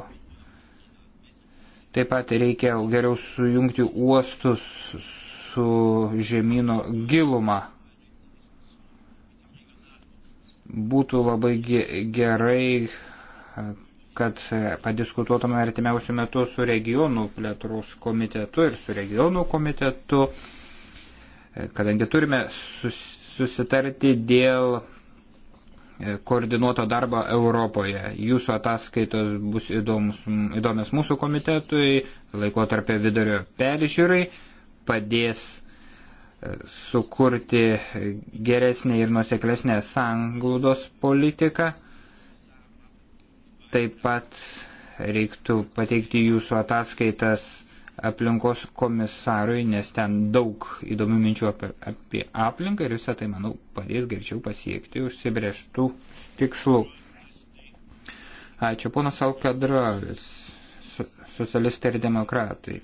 Taip pat reikia geriau sujungti uostus su žemynų giluma. Būtų labai gerai, kad padiskutuotume artimiausių metų su regionų plėtros komitetu ir su regionų komitetu, kadangi turime susitarti dėl E, koordinuoto darbo Europoje. Jūsų ataskaitos bus įdomus, įdomios mūsų komitetui, laikotarpio vidurio peržiūrai, padės e, sukurti geresnį ir nuseklesnę sanglaudos politiką. Taip pat reiktų pateikti jūsų ataskaitas aplinkos komisarui, nes ten daug įdomių minčių apie, apie aplinką ir visą tai, manau, padės greičiau pasiekti užsibrieštų tikslų. Ačiū, ponas Alkadralis, socialistai ir demokratai.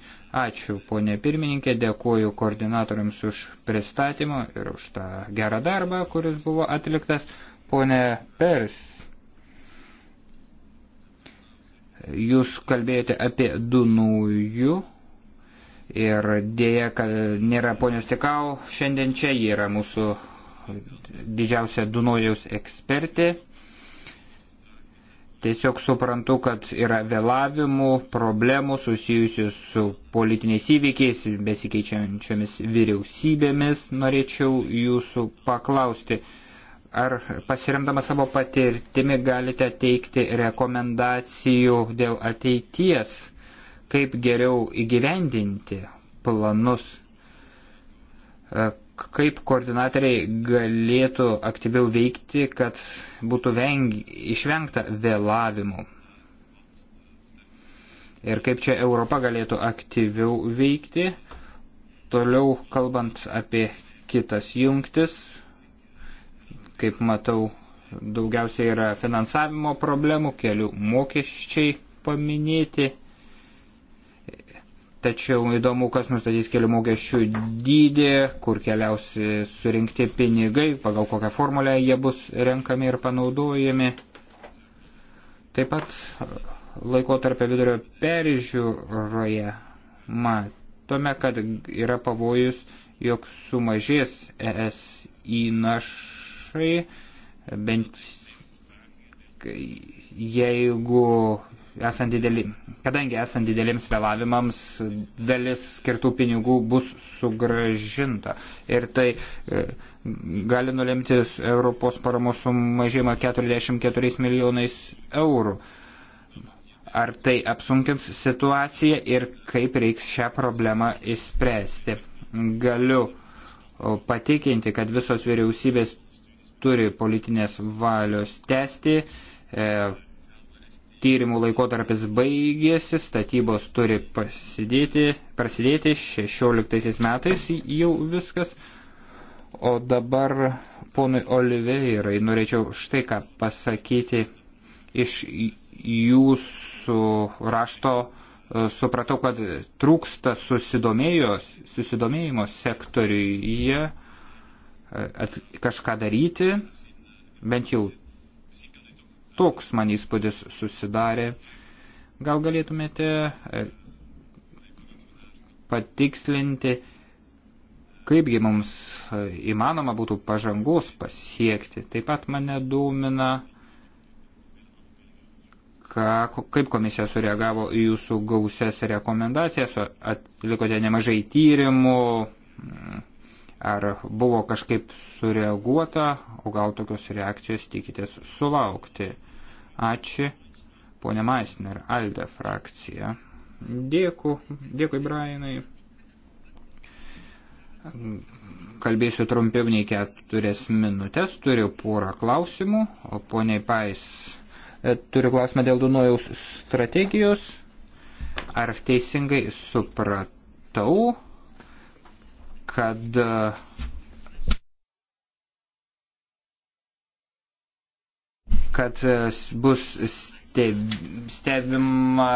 Ačiū, ponė pirmininkė, dėkuoju koordinatoriams už pristatymą ir už tą gerą darbą, kuris buvo atliktas. Pone Pers, jūs kalbėjote apie Dunųjų Ir dėja, kad nėra ponios Tikau, šiandien čia ji yra mūsų didžiausia Dunojaus ekspertė. Tiesiog suprantu, kad yra vėlavimų, problemų susijusių su politiniais įvykiais, besikeičiančiomis vyriausybėmis. Norėčiau jūsų paklausti, ar pasiremdama savo patirtimi galite teikti rekomendacijų dėl ateities? kaip geriau įgyvendinti planus, e, kaip koordinatoriai galėtų aktyviau veikti, kad būtų vengi, išvengta vėlavimų. Ir kaip čia Europa galėtų aktyviau veikti. Toliau kalbant apie kitas jungtis, kaip matau, daugiausiai yra finansavimo problemų, kelių mokesčiai paminėti. Tačiau įdomu, kas nustatys kelių mokesčių dydį, kur keliausi surinkti pinigai, pagal kokią formulę jie bus renkami ir panaudojami. Taip pat laikotarpio vidurio peržiūroje matome, kad yra pavojus, jog sumažės ES įnašai, bent jeigu esant dideli, kadangi esant dideliems vėlavimams dalis skirtų pinigų bus sugražinta. Ir tai e, gali nulemti Europos paramos sumažėjimą 44 milijonais eurų. Ar tai apsunkins situaciją ir kaip reiks šią problemą išspręsti? Galiu patikinti, kad visos vyriausybės turi politinės valios tęsti e, tyrimų laikotarpis baigėsi, statybos turi pasidėti, prasidėti 16 metais jau viskas. O dabar ponui Oliveirai norėčiau štai ką pasakyti iš jūsų rašto supratau, kad trūksta susidomėjimo sektoriuje e, kažką daryti, bent jau Toks man įspūdis susidarė. Gal galėtumėte e, patikslinti, kaipgi mums e, įmanoma būtų pažangos pasiekti. Taip pat mane domina, ką, kaip komisija sureagavo į jūsų gausias rekomendacijas, atlikote nemažai tyrimų, Ar buvo kažkaip sureaguota, o gal tokios reakcijos tikitės sulaukti? Ačiū, ponė Maisner, Alde frakcija. Dėkui, dėkui, Brianai. Kalbėsiu trumpiau nei keturias minutės, turiu porą klausimų, o poniai Pais e, turiu klausimą dėl Dunojaus strategijos. Ar teisingai supratau, kad e, kad e, bus stebima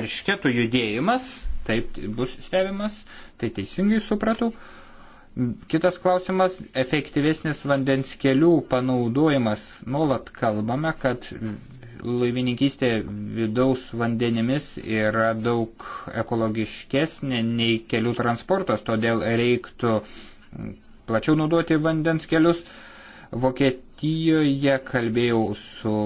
eršketų judėjimas, taip bus stebimas, tai teisingai supratau. Kitas klausimas - efektyvesnis vandens kelių panaudojimas. Nuolat kalbame, kad laivininkystė vidaus vandenimis yra daug ekologiškesnė nei kelių transportas, todėl reiktų plačiau naudoti vandens kelius. Vokietijoje kalbėjau su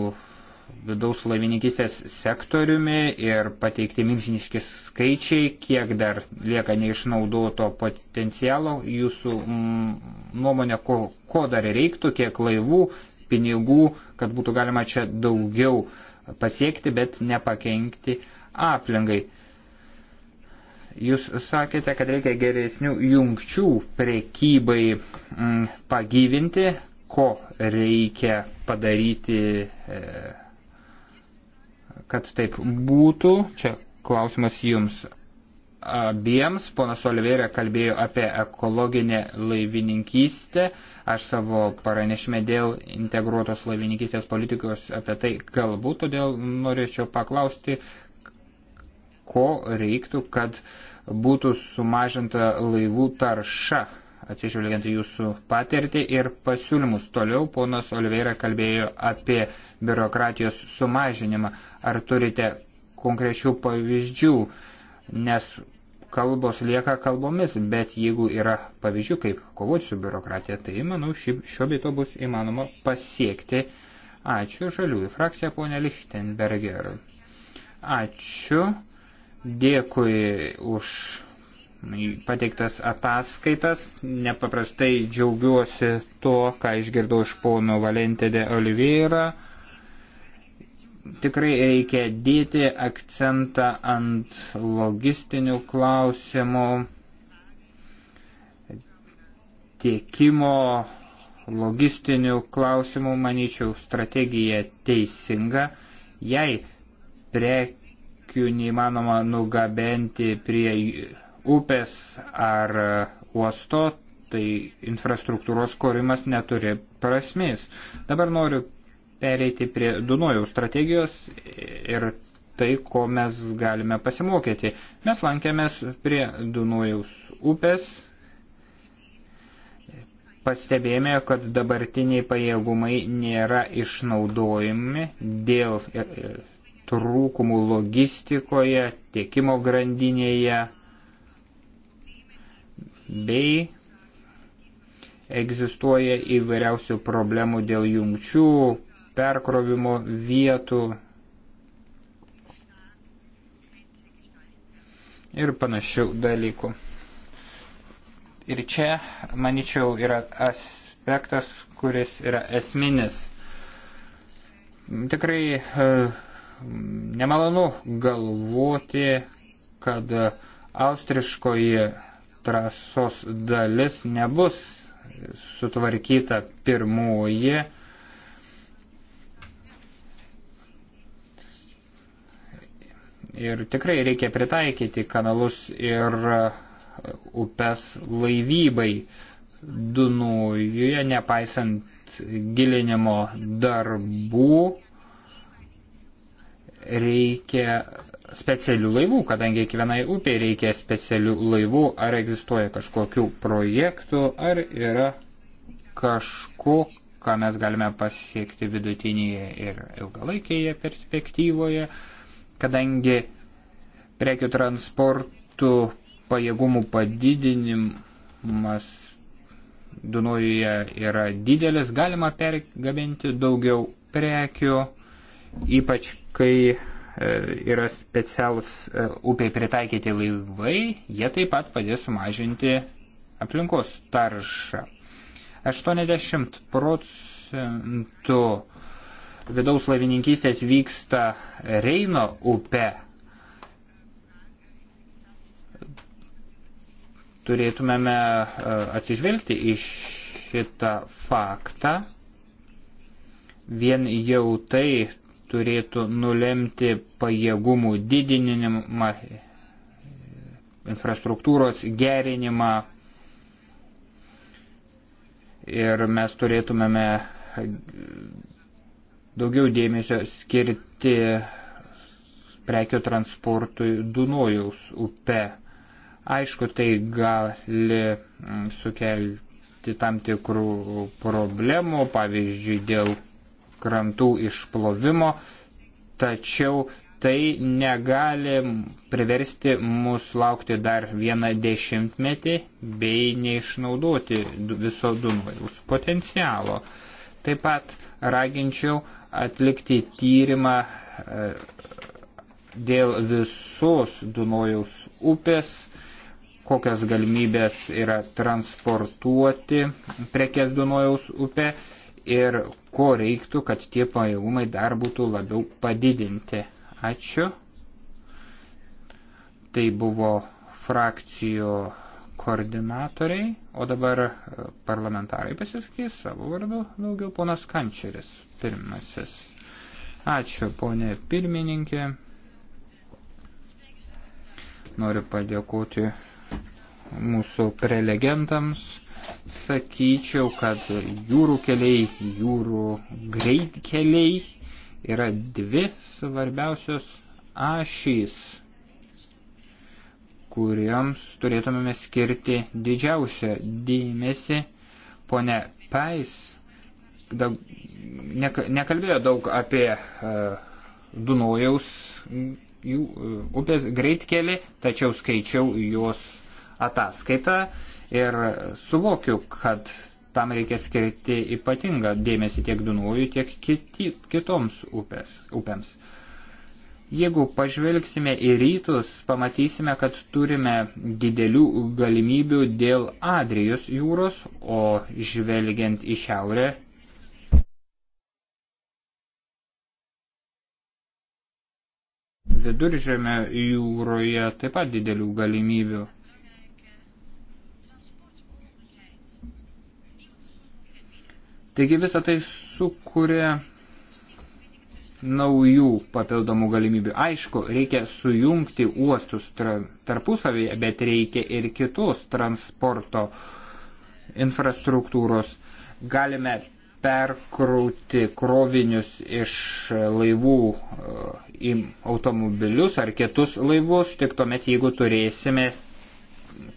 vidaus laivininkystės sektoriumi ir pateikti milžiniški skaičiai, kiek dar lieka neišnaudoto potencialo, jūsų nuomonė, ko, ko dar reiktų, kiek laivų pinigų, kad būtų galima čia daugiau pasiekti, bet nepakenkti aplinkai. Jūs sakėte, kad reikia geresnių jungčių prekybai m, mm, pagyvinti, ko reikia padaryti, e, kad taip būtų. Čia klausimas jums abiems. Ponas Oliveira kalbėjo apie ekologinę laivininkystę. Aš savo paranešime dėl integruotos laivininkystės politikos apie tai kalbu, todėl norėčiau paklausti, ko reiktų, kad būtų sumažinta laivų tarša, atsižvelgiant į jūsų patirtį ir pasiūlymus. Toliau ponas Oliveira kalbėjo apie biurokratijos sumažinimą. Ar turite konkrečių pavyzdžių? nes kalbos lieka kalbomis, bet jeigu yra pavyzdžių, kaip kovoti su biurokratija, tai, manau, ši, šio bito bus įmanoma pasiekti. Ačiū žaliųjų frakcija, ponė Lichtenberger. Ačiū, dėkui už pateiktas ataskaitas. Nepaprastai džiaugiuosi tuo, ką išgirdau iš pono Valentė de Oliveira tikrai reikia dėti akcentą ant logistinių klausimų, tiekimo logistinių klausimų, manyčiau, strategija teisinga. Jei prekių neįmanoma nugabenti prie upės ar uosto, tai infrastruktūros kūrimas neturi prasmės. Dabar noriu pereiti prie Dunojaus strategijos ir tai, ko mes galime pasimokyti. Mes lankėmės prie Dunojaus upės, pastebėjome, kad dabartiniai pajėgumai nėra išnaudojami dėl e, e, trūkumų logistikoje, tiekimo grandinėje bei egzistuoja įvairiausių problemų dėl jungčių, perkrovimo vietų ir panašių dalykų. Ir čia, manyčiau, yra aspektas, kuris yra esminis. Tikrai e, nemalonu galvoti, kad austriškoji trasos dalis nebus sutvarkyta pirmoji Ir tikrai reikia pritaikyti kanalus ir uh, upes laivybai Dunojuje, nepaisant gilinimo darbų, reikia specialių laivų, kadangi kiekvienai upiai reikia specialių laivų, ar egzistuoja kažkokių projektų, ar yra kažko, ką mes galime pasiekti vidutinėje ir ilgalaikėje perspektyvoje kadangi prekių transportų pajėgumų padidinimas Dunojuje yra didelis, galima pergabinti daugiau prekių, ypač kai e, yra specialus e, upiai pritaikyti laivai, jie taip pat padės sumažinti aplinkos taršą. 80 procentų vidaus laivininkystės vyksta Reino upe, turėtumėme e, atsižvelgti į šitą faktą. Vien jau tai turėtų nulemti pajėgumų didinimą, infrastruktūros gerinimą ir mes turėtumėme daugiau dėmesio skirti prekių transportui Dunojaus upe. Aišku, tai gali mm, sukelti tam tikrų problemų, pavyzdžiui, dėl krantų išplovimo, tačiau tai negali priversti mus laukti dar vieną dešimtmetį bei neišnaudoti viso Dunvajaus potencialo. Taip pat raginčiau atlikti tyrimą e, dėl visos Dunojaus upės, kokios galimybės yra transportuoti prekes Dunojaus upė ir ko reiktų, kad tie pajėgumai dar būtų labiau padidinti. Ačiū. Tai buvo frakcijų koordinatoriai, o dabar e, parlamentarai pasisakys savo vardu daugiau ponas Kančeris pirmasis. Ačiū, ponė pirmininkė. Noriu padėkoti mūsų prelegentams. Sakyčiau, kad jūrų keliai, jūrų greitkeliai yra dvi svarbiausios ašys, kuriems turėtumėme skirti didžiausią dėmesį. Pone Pais daug, ne, nekalbėjo daug apie uh, Dunojaus jų, uh, upės greitkelį, tačiau skaičiau jos ataskaitą ir suvokiu, kad tam reikia skirti ypatingą dėmesį tiek Dunojui, tiek kiti, kitoms upės, upėms. Jeigu pažvelgsime į rytus, pamatysime, kad turime didelių galimybių dėl Adrijos jūros, o žvelgiant į šiaurę viduržėme jūroje taip pat didelių galimybių. Taigi visą tai sukuria naujų papildomų galimybių. Aišku, reikia sujungti uostus tarpusavėje, bet reikia ir kitos transporto infrastruktūros. Galime perkrauti krovinius iš laivų e, į automobilius ar kitus laivus, tik tuomet, jeigu turėsime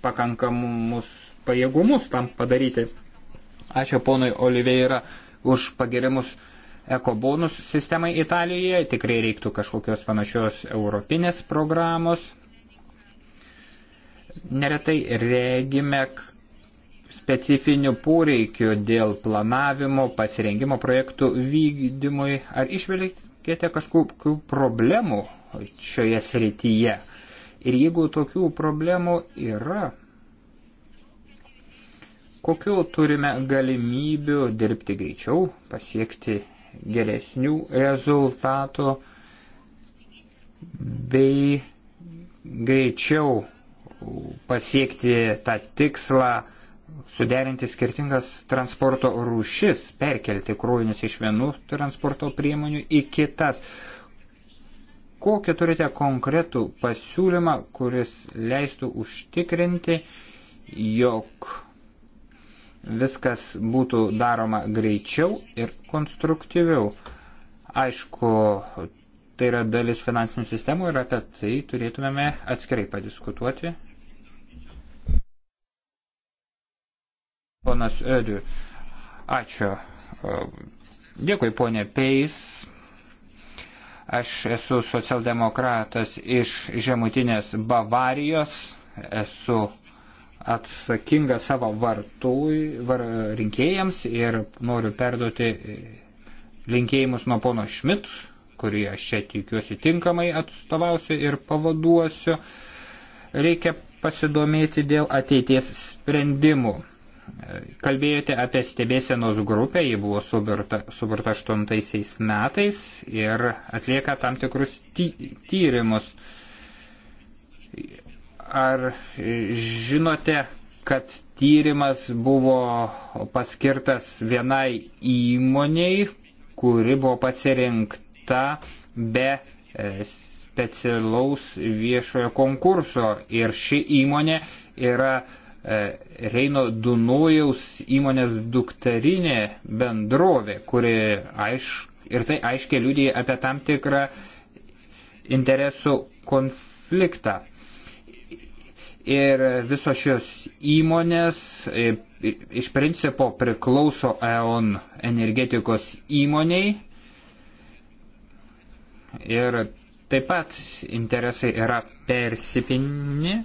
pakankamus pajėgumus tam padaryti. Ačiū ponui Oliveira už pagirimus ekobonus sistemai Italijoje. Tikrai reiktų kažkokios panašios europinės programos. Neretai regime, specifinių poreikių dėl planavimo, pasirengimo projektų vykdymui. Ar išvelgėte kažkokių problemų šioje srityje? Ir jeigu tokių problemų yra, kokiu turime galimybių dirbti greičiau, pasiekti geresnių rezultatų bei greičiau pasiekti tą tikslą, suderinti skirtingas transporto rūšis, perkelti krovinius iš vienų transporto priemonių į kitas. Kokį turite konkretų pasiūlymą, kuris leistų užtikrinti, jog viskas būtų daroma greičiau ir konstruktyviau? Aišku, tai yra dalis finansinių sistemų ir apie tai turėtumėme atskirai padiskutuoti Ponas Öriu, ačiū. E, dėkui, ponė Peis. Aš esu socialdemokratas iš žemutinės Bavarijos. Esu atsakinga savo vartui, var, rinkėjams ir noriu perduoti linkėjimus nuo pono Šmit, kurį aš čia tikiuosi tinkamai atstovausiu ir pavaduosiu. Reikia pasidomėti dėl ateities sprendimų. Kalbėjote apie stebėsenos grupę, ji buvo suburta, suburta 8 metais ir atlieka tam tikrus ty tyrimus. Ar žinote, kad tyrimas buvo paskirtas vienai įmoniai, kuri buvo pasirinkta be e, specialaus viešojo konkurso ir ši įmonė yra E, Reino Dunojaus įmonės dukterinė bendrovė, kuri aiš, ir tai aiškiai liūdėja apie tam tikrą interesų konfliktą. Ir visos šios įmonės e, iš principo priklauso EON energetikos įmoniai. Ir taip pat interesai yra persipinni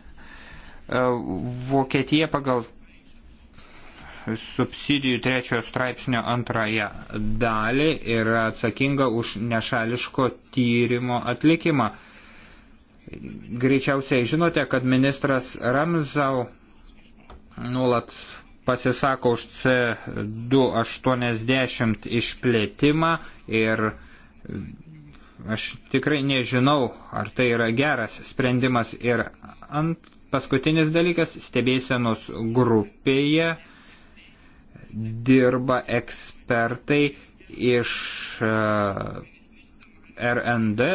E, Vokietija pagal subsidijų trečiojo straipsnio antrąją dalį yra atsakinga už nešališko tyrimo atlikimą. Greičiausiai žinote, kad ministras Ramzau nuolat pasisako už C280 išplėtimą ir aš tikrai nežinau, ar tai yra geras sprendimas ir ant Paskutinis dalykas - stebėsenos grupėje dirba ekspertai iš e, RND,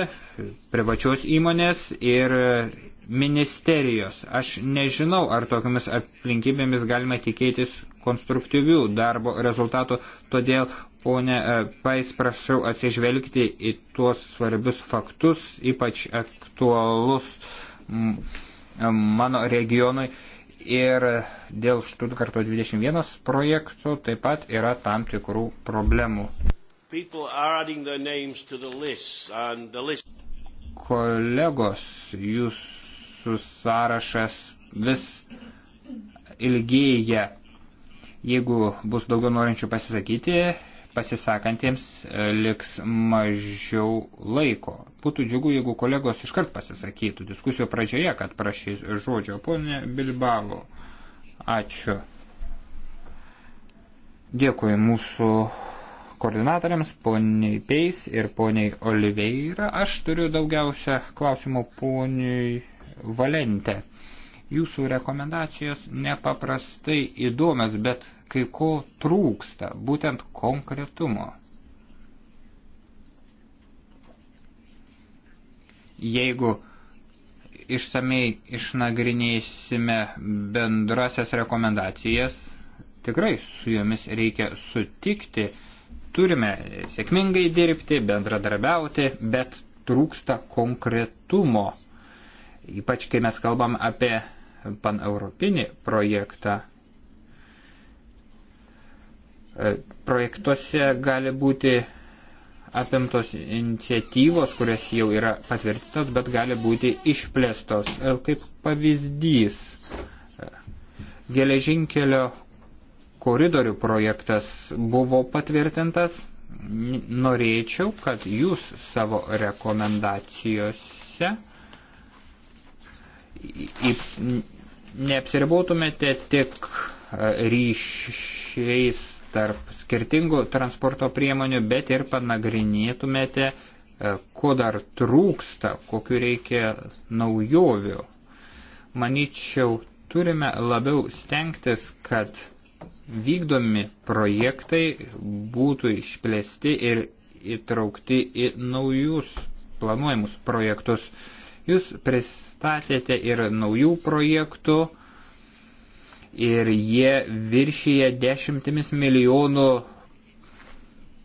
privačios įmonės ir ministerijos. Aš nežinau, ar tokiamis aplinkybėmis galima tikėtis konstruktyvių darbo rezultatų, todėl, ponė e, Pais, prašau atsižvelgti į tuos svarbius faktus, ypač aktualus. Mm, mano regionui. Ir dėl Štutkarto 21 projektų taip pat yra tam tikrų problemų. List, Kolegos, jūsų sąrašas vis ilgėja. Jeigu bus daugiau norinčių pasisakyti, pasisakantiems e, liks mažiau laiko. Būtų džiugu, jeigu kolegos iškart pasisakytų diskusijų pradžioje, kad prašys žodžio. Pone Bilbavo, ačiū. Dėkui mūsų koordinatoriams, poniai Peis ir poniai Oliveira. Aš turiu daugiausia klausimų poniai Valente. Jūsų rekomendacijos nepaprastai įdomios, bet kai ko trūksta, būtent konkretumo. Jeigu išsamei išnagrinėsime bendrasias rekomendacijas, tikrai su jomis reikia sutikti, turime sėkmingai dirbti, bendradarbiauti, bet trūksta konkretumo. Ypač kai mes kalbam apie paneuropinį projektą, E, projektuose gali būti apimtos iniciatyvos, kurios jau yra patvirtintos, bet gali būti išplėstos. E, kaip pavyzdys, e, geležinkelio koridorių projektas buvo patvirtintas. Norėčiau, kad jūs savo rekomendacijose neapsiribautumėte tik ryšiais tarp skirtingų transporto priemonių, bet ir panagrinėtumėte, e, ko dar trūksta, kokiu reikia naujovių. Manyčiau, turime labiau stengtis, kad vykdomi projektai būtų išplėsti ir įtraukti į naujus planuojamus projektus. Jūs pristatėte ir naujų projektų, ir jie viršyje dešimtimis milijonų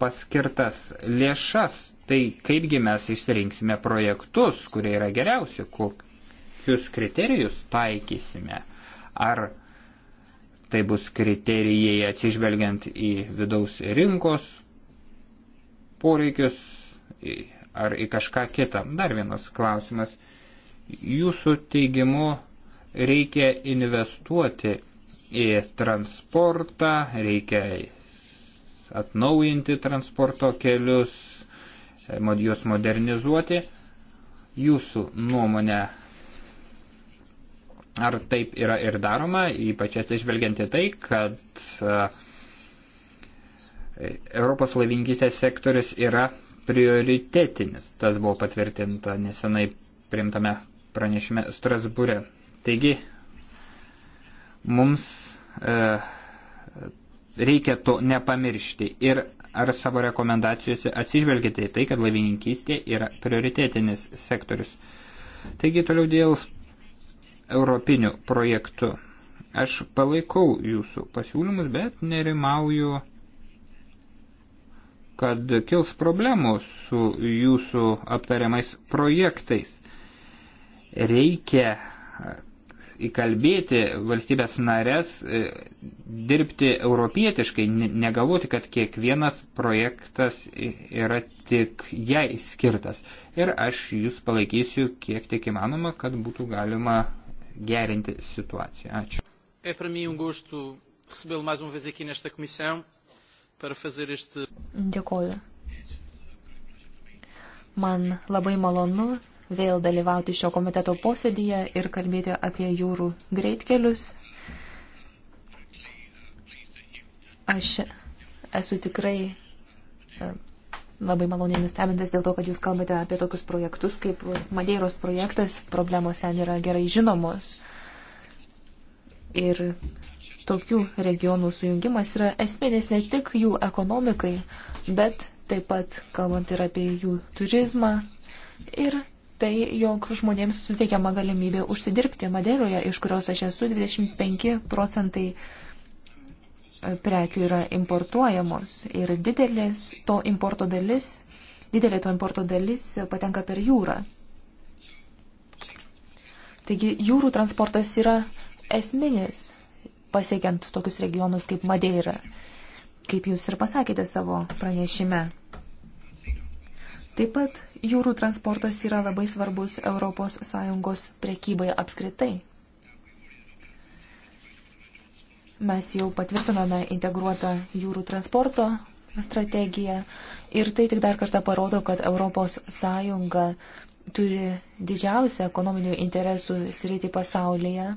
paskirtas lėšas. Tai kaipgi mes išsirinksime projektus, kurie yra geriausi, kokius kriterijus taikysime. Ar tai bus kriterijai atsižvelgiant į vidaus rinkos poreikius ar į kažką kitą. Dar vienas klausimas. Jūsų teigimu reikia investuoti į transportą, reikia atnaujinti transporto kelius, juos modernizuoti. Jūsų nuomonė, ar taip yra ir daroma, ypač atsižvelgianti tai, kad e, Europos laivininkystės sektorius yra prioritetinis. Tas buvo patvirtinta nesenai priimtame pranešime Strasbūre. Taigi, Mums e, reikia to nepamiršti ir ar savo rekomendacijose atsižvelgite į tai, kad laivininkystė yra prioritėtinis sektorius. Taigi toliau dėl europinių projektų. Aš palaikau jūsų pasiūlymus, bet nerimauju, kad kils problemų su jūsų aptariamais projektais. Reikia įkalbėti valstybės narės e, dirbti europietiškai, negalvoti, kad kiekvienas projektas yra tik jai skirtas. Ir aš jūs palaikysiu kiek tik įmanoma, kad būtų galima gerinti situaciją. Ačiū. É para mim um gosto recebê-lo mais uma vez aqui nesta comissão para fazer este. Dėkoju. Man labai malonu vėl dalyvauti šio komiteto posėdėje ir kalbėti apie jūrų greitkelius. Aš esu tikrai e, labai maloniai nustebintas dėl to, kad jūs kalbate apie tokius projektus kaip Madeiros projektas, problemos ten yra gerai žinomos. Ir tokių regionų sujungimas yra esminis ne tik jų ekonomikai, bet taip pat kalbant ir apie jų turizmą ir tai, jog žmonėms suteikiama galimybė užsidirbti Maderoje, iš kurios aš esu 25 procentai e, prekių yra importuojamos ir didelės to importo dalis, didelė to importo dalis patenka per jūrą. Taigi jūrų transportas yra esminis pasiekiant tokius regionus kaip Madeira, kaip jūs ir pasakėte savo pranešime. Taip pat jūrų transportas yra labai svarbus ES prekybai apskritai. Mes jau patvirtinome integruotą jūrų transporto strategiją ir tai tik dar kartą parodo, kad ES turi didžiausią ekonominių interesų sritį pasaulyje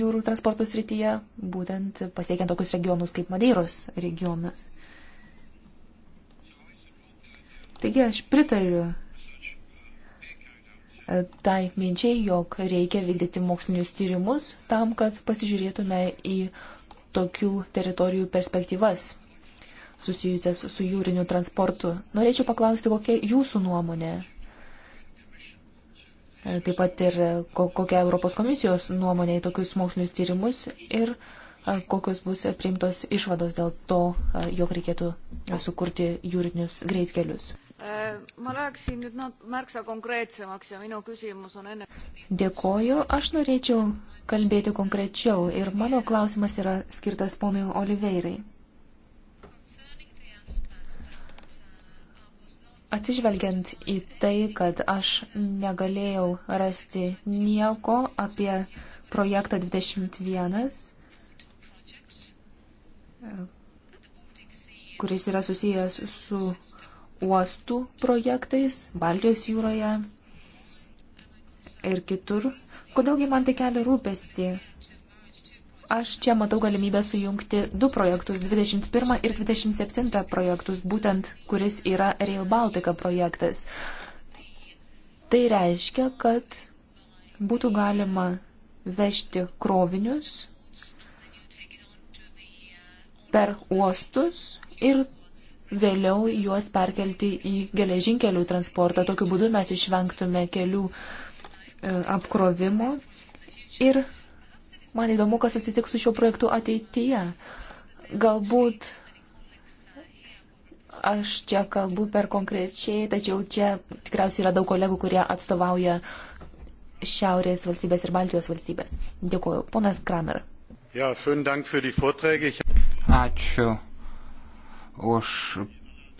jūrų transporto srityje, būtent pasiekiant tokius regionus kaip Madeiros regionas. Taigi aš pritariu e, tai minčiai, jog reikia vykdyti mokslinius tyrimus tam, kad pasižiūrėtume į tokių teritorijų perspektyvas susijusias su jūriniu transportu. Norėčiau paklausti, kokia jūsų nuomonė. E, taip pat ir e, kokia Europos komisijos nuomonė į tokius mokslinius tyrimus ir kokios bus priimtos išvados dėl to, jog reikėtų sukurti jūrinius greitkelius. Äh, ma läheksin nüüd märksa konkreetsemaks ja minu küsimus on enne. Dėkoju, aš norėčiau kalbėti konkrečiau ir mano klausimas yra skirtas ponui Oliveirai. Atsižvelgiant į tai, kad aš negalėjau rasti nieko apie projektą 21, kuris yra susijęs su uostų projektais Baltijos jūroje ir kitur. Kodėlgi man tai kelia rūpestį? Aš čia matau galimybę sujungti du projektus, 21 ir 27 projektus, būtent kuris yra Rail Baltica projektas. Tai reiškia, kad būtų galima vežti krovinius per uostus ir vėliau juos perkelti į geležinkelių transportą. Tokiu būdu mes išvengtume kelių e, apkrovimo. Ir man įdomu, kas atsitiks su šiuo projektu ateityje. Galbūt aš čia kalbu per konkrečiai, tačiau čia tikriausiai yra daug kolegų, kurie atstovauja Šiaurės valstybės ir Baltijos valstybės. Dėkuoju. Ponas Kramer. Ja, Ačiū už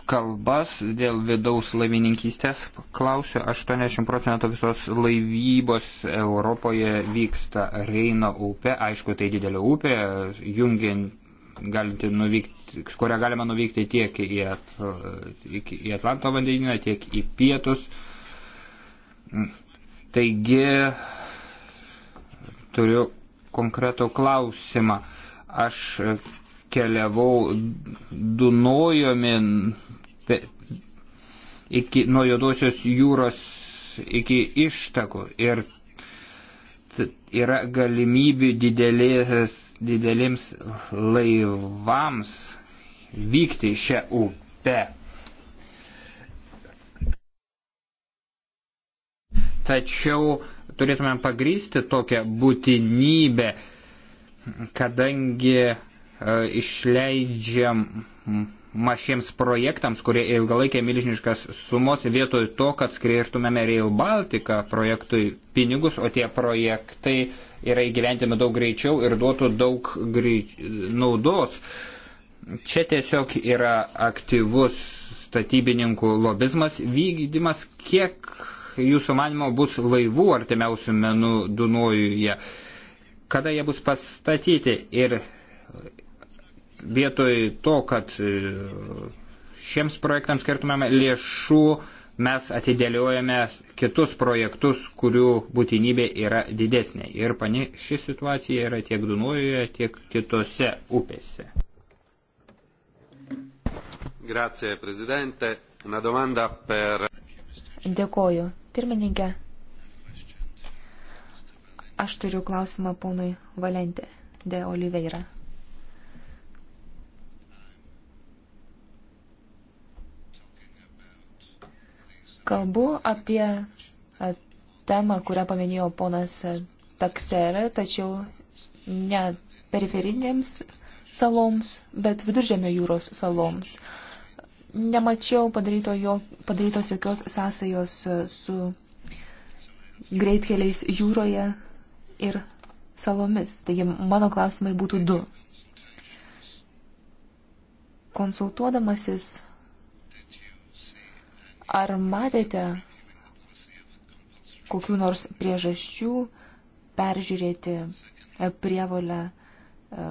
kalbas dėl vidaus laivininkystės. Klausiu, 80 procentų visos laivybos Europoje vyksta Reino upė. Aišku, tai didelė upė, jungiant, galinti nuvykti, kurią galima nuvykti tiek į, at, į Atlanto vandenyną, tiek į pietus. Taigi, turiu konkretų klausimą. Aš keliavau Dunojumi iki, nuo Jodosios jūros iki ištakų ir yra galimybių didelės, didelėms laivams vykti šią upę. Tačiau turėtume pagrysti tokią būtinybę, kadangi E, išleidžiama šiems projektams, kurie ilgalaikė milžiniškas sumos, vietoj to, kad skirtumėme Rail Baltica projektui pinigus, o tie projektai yra įgyventimi daug greičiau ir duotų daug greit... naudos. Čia tiesiog yra aktyvus statybininkų lobizmas vykdymas, kiek jūsų manimo bus laivų artimiausių menų Dunojuje, kada jie bus pastatyti ir vietoj to, kad e, šiems projektams skirtumėme lėšų, mes atidėliojame kitus projektus, kurių būtinybė yra didesnė. Ir pani, ši situacija yra tiek Dunojuje, tiek kitose upėse. Grazie, prezidente. Una domanda per. Dėkoju. Pirmininkė. Aš turiu klausimą ponui Valentė de Oliveira. Kalbu apie e, temą, kurią paminėjo ponas Taksera, tačiau ne periferinėms saloms, bet viduržėmio jūros saloms. Nemačiau padaryto jo, padarytos jokios sąsajos e, su greitkeliais jūroje ir salomis. Taigi mano klausimai būtų du. Konsultuodamasis Ar matėte kokiu nors priežasčių peržiūrėti e, prievolę e,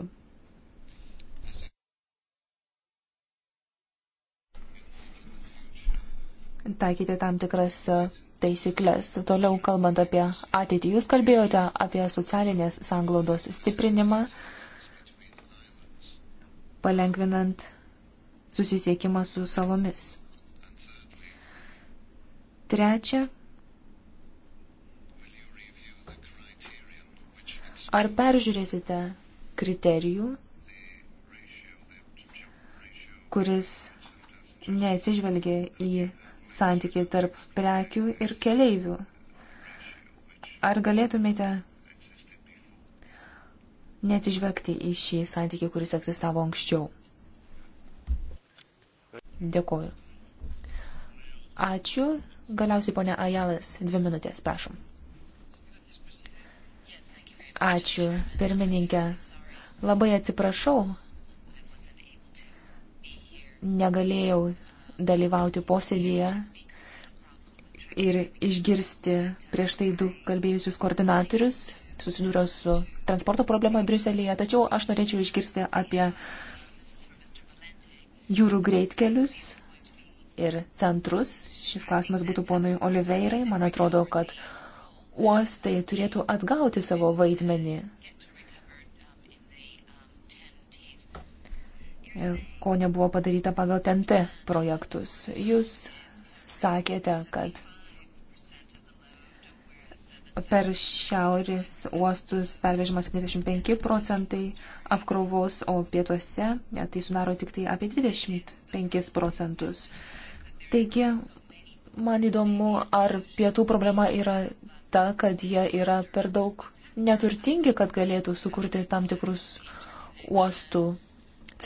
taikyti tam tikras e, taisyklės. Toliau kalbant apie ateitį, jūs kalbėjote apie socialinės sanglaudos stiprinimą, palengvinant susisiekimą su salomis. Trečia, ar peržiūrėsite kriterijų, kuris neatsižvelgia į santykį tarp prekių ir keleivių? Ar galėtumėte neatsižvelgti į šį santykį, kuris egzistavo anksčiau? Dėkuoju. Ačiū. Galiausiai, ponia Ajalas, dvi minutės, prašom. Ačiū, pirmininkė. Labai atsiprašau. Negalėjau dalyvauti posėdėje ir išgirsti prieš tai du kalbėjusius koordinatorius. Susidūriau su transporto problema Briuselėje, tačiau aš norėčiau išgirsti apie jūrų greitkelius ir centrus. Šis klausimas būtų ponui Oliveirai. Man atrodo, kad uostai turėtų atgauti savo vaidmenį, ko nebuvo padaryta pagal TNT projektus. Jūs sakėte, kad per šiaurės uostus pervežima 75 procentai apkrovos, o pietuose ja, tai sudaro tik tai apie 25 procentus. Taigi, man įdomu, ar pietų problema yra ta, kad jie yra per daug neturtingi, kad galėtų sukurti tam tikrus uostų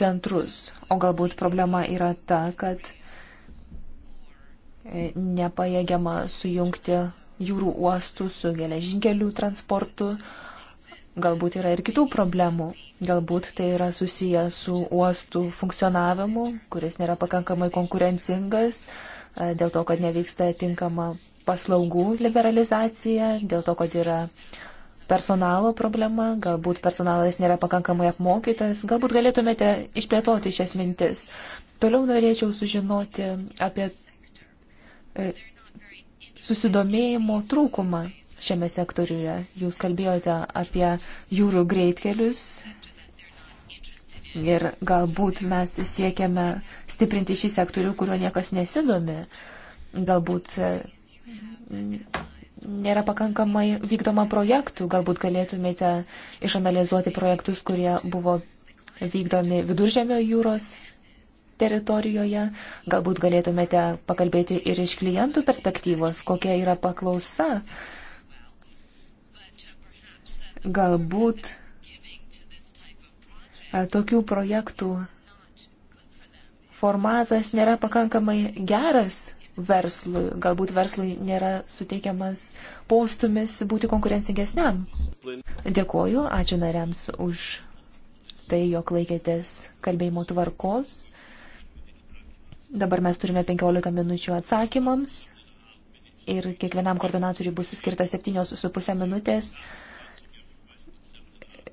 centrus. O galbūt problema yra ta, kad e, nepajėgiama sujungti jūrų uostų su geležinkelių transportu, uh, Galbūt yra ir kitų problemų. Galbūt tai yra susiję su uostų funkcionavimu, kuris nėra pakankamai konkurencingas, e, dėl to, kad nevyksta tinkama paslaugų liberalizacija, dėl to, kad yra personalo problema, galbūt personalas nėra pakankamai apmokytas, galbūt galėtumėte išplėtoti šias mintis. Toliau norėčiau sužinoti apie e, susidomėjimo trūkumą šiame sektoriuje. Jūs kalbėjote apie jūrų greitkelius ir galbūt mes siekiame stiprinti šį sektorių, kuriuo niekas nesidomi. Galbūt mm, nėra pakankamai vykdoma projektų, galbūt galėtumėte išanalizuoti projektus, kurie buvo vykdomi viduržėmio jūros teritorijoje. Galbūt galėtumėte pakalbėti ir iš klientų perspektyvos, kokia yra paklausa Galbūt e, tokių projektų formatas nėra pakankamai geras verslui, galbūt verslui nėra suteikiamas postumis būti konkurencingesniam. Dėkoju, ačiū nariams už tai, jog laikėtės kalbėjimo tvarkos. Dabar mes turime 15 minučių atsakymams ir kiekvienam koordinatoriui bus skirta 7,5 minutės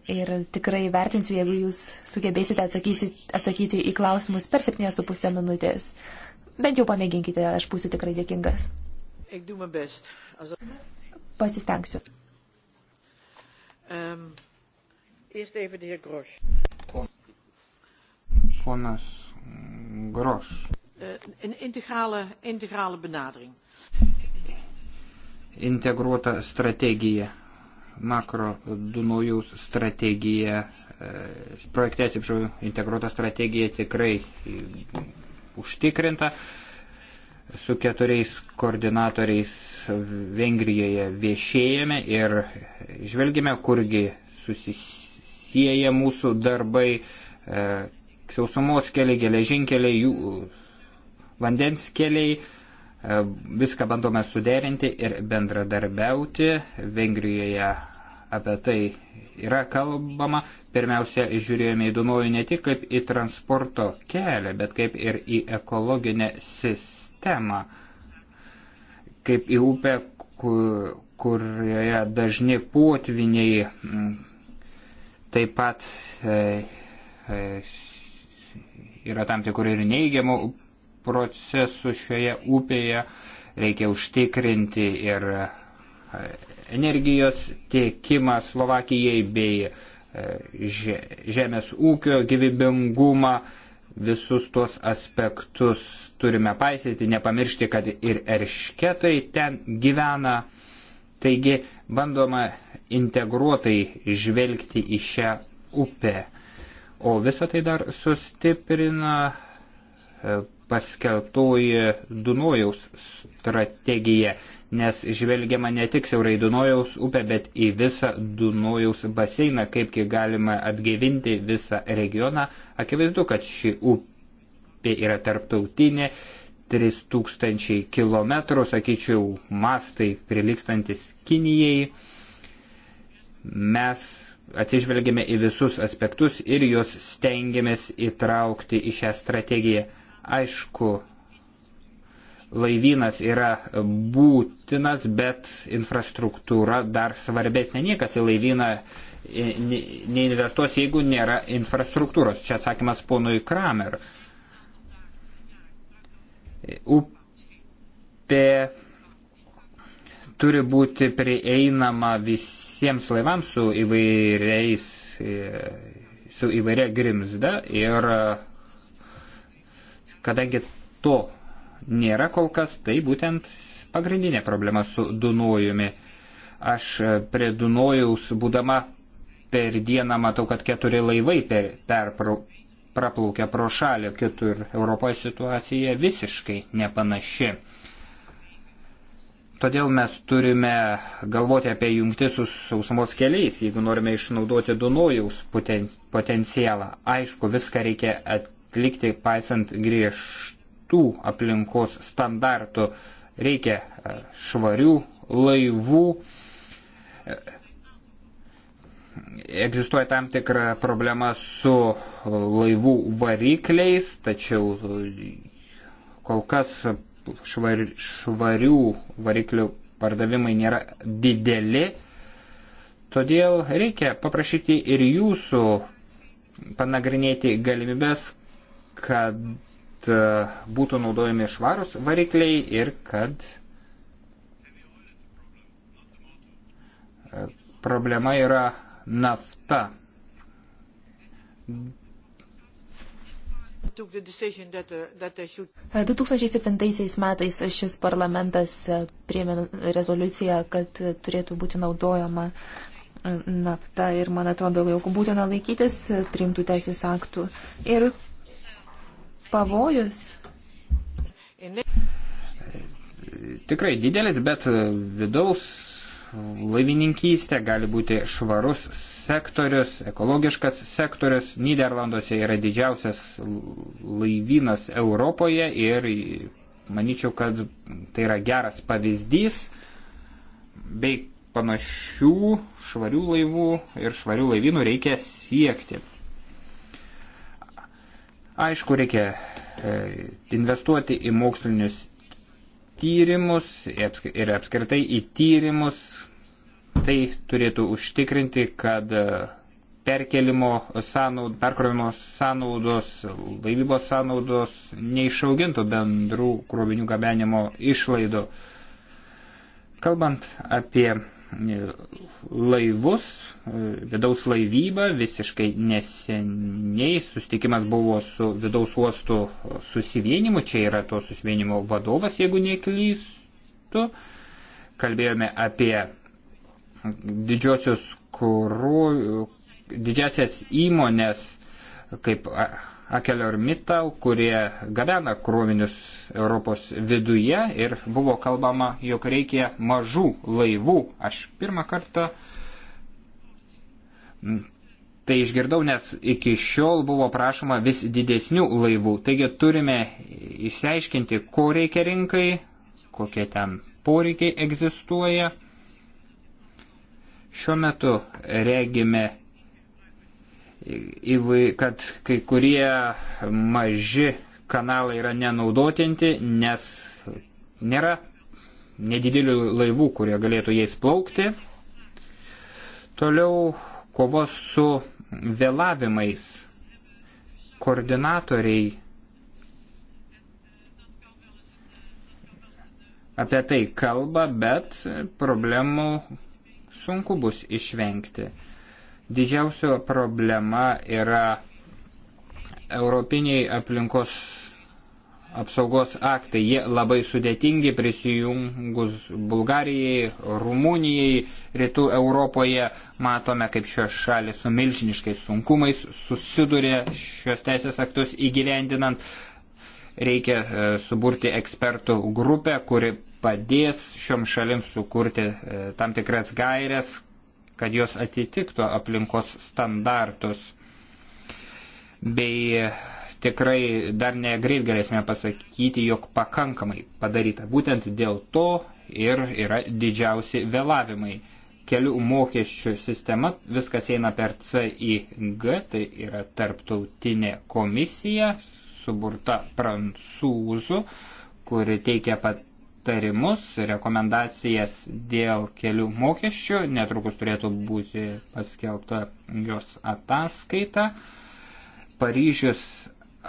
ir tikrai vertinsiu, jeigu jūs sugebėsite atsakyti į klausimus per 7,5 minutės. Bent jau pamėginkite, aš būsiu tikrai dėkingas. Pasistengsiu. Um, Ponas Groš. Een integrale, integrale benadering. Integruota strategija makro Dunojų strategija, e, projekte, atsiprašau, integruota strategija tikrai e, užtikrinta. Su keturiais koordinatoriais Vengrijoje viešėjame ir žvelgime, kurgi susisieja mūsų darbai, e, sausumos keliai, geležinkeliai, jų vandens keliai. Viską bandome suderinti ir bendradarbiauti. Vengrijoje apie tai yra kalbama. Pirmiausia, žiūrėjome į Dunojų ne tik kaip į transporto kelią, bet kaip ir į ekologinę sistemą, kaip į upę, kur, kurioje dažni potviniai taip pat e, e, yra tam tikrų ir neigiamų procesų šioje upėje, reikia užtikrinti ir e, energijos tiekimą Slovakijai bei e, žemės ūkio gyvybingumą. Visus tuos aspektus turime paisyti, nepamiršti, kad ir eršketai ten gyvena. Taigi bandoma integruotai žvelgti į šią upę. O visą tai dar sustiprina e, paskelbtoji Dunojaus strategija, nes žvelgiama ne tik siaurai Dunojaus upę, bet į visą Dunojaus baseiną, kaipgi galima atgaivinti visą regioną. Akivaizdu, kad ši upė yra tarptautinė, 3000 km, sakyčiau, mastai prilikstantis Kinijai. Mes atsižvelgėme į visus aspektus ir juos stengiamės įtraukti į šią strategiją. Aišku, laivynas yra būtinas, bet infrastruktūra dar svarbesnė. Niekas į laivyną e, neinvestuos, jeigu nėra infrastruktūros. Čia atsakymas ponui Kramer. Upė turi būti prieinama visiems laivams su įvairiais e, su įvairia grimzda ir Kadangi to nėra kol kas, tai būtent pagrindinė problema su Dunojumi. Aš e, prie Dunojaus būdama per dieną matau, kad keturi laivai per, per praplaukia pro šalį, kitur Europoje situacija visiškai nepanaši. Todėl mes turime galvoti apie jungtis su sausumos keliais, jeigu norime išnaudoti Dunojaus poten, potencialą. Aišku, viską reikia at, atlikti, paisant griežtų aplinkos standartų. Reikia e, švarių laivų. E, egzistuoja tam tikra problema su laivų varikliais, tačiau e, kol kas švar, švarių variklių pardavimai nėra dideli, todėl reikia paprašyti ir jūsų panagrinėti galimybės, kad e, būtų naudojami švarus varikliai ir kad e, problema yra nafta. That, uh, that should... 2007 e, metais šis parlamentas priėmė rezoliuciją, kad turėtų būti naudojama nafta ir man atrodo, jog būtina laikytis priimtų teisės aktų. Ir pavojus? Tikrai didelis, bet vidaus laivininkystė gali būti švarus sektorius, ekologiškas sektorius. Niderlanduose yra didžiausias laivynas Europoje ir manyčiau, kad tai yra geras pavyzdys bei panašių švarių laivų ir švarių laivynų reikia siekti. Aišku, reikia e, investuoti į mokslinius tyrimus ir apskritai į tyrimus. Tai turėtų užtikrinti, kad e, perkelimo sąnaud, perkrovimo sąnaudos, laivybos sąnaudos neišaugintų bendrų krovinių gabenimo išlaidų. Kalbant apie laivus, vidaus laivybą. Visiškai neseniai sustikimas buvo su vidaus uostų susivienimu. Čia yra to susivienimo vadovas, jeigu neklystu. Kalbėjome apie didžiosios kurų, didžiasias įmonės kaip ArcelorMittal, kurie gabena krovinius Europos viduje ir buvo kalbama, jog reikia mažų laivų. Aš pirmą kartą tai išgirdau, nes iki šiol buvo prašoma vis didesnių laivų. Taigi turime išsiaiškinti, ko reikia rinkai, kokie ten poreikiai egzistuoja. Šiuo metu regime kad kai kurie maži kanalai yra nenaudotinti, nes nėra nedidelių laivų, kurie galėtų jais plaukti. Toliau kovos su vėlavimais koordinatoriai apie tai kalba, bet problemų sunku bus išvengti. Didžiausia problema yra europiniai aplinkos apsaugos aktai. Jie labai sudėtingi prisijungus Bulgarijai, Rumunijai, Rytų Europoje. Matome, kaip šios šalis su milžiniškais sunkumais susiduria šios teisės aktus įgyvendinant. Reikia e, suburti ekspertų grupę, kuri padės šiom šalim sukurti e, tam tikras gairias, kad jos atitiktų aplinkos standartus. Bei tikrai dar negreit galėsime pasakyti, jog pakankamai padaryta. Būtent dėl to ir yra didžiausi vėlavimai. Kelių mokesčių sistema, viskas eina per CIG, tai yra tarptautinė komisija, suburta prancūzų, kuri teikia pat patarimus, rekomendacijas dėl kelių mokesčių. Netrukus turėtų būti paskelbta jos ataskaita. Paryžius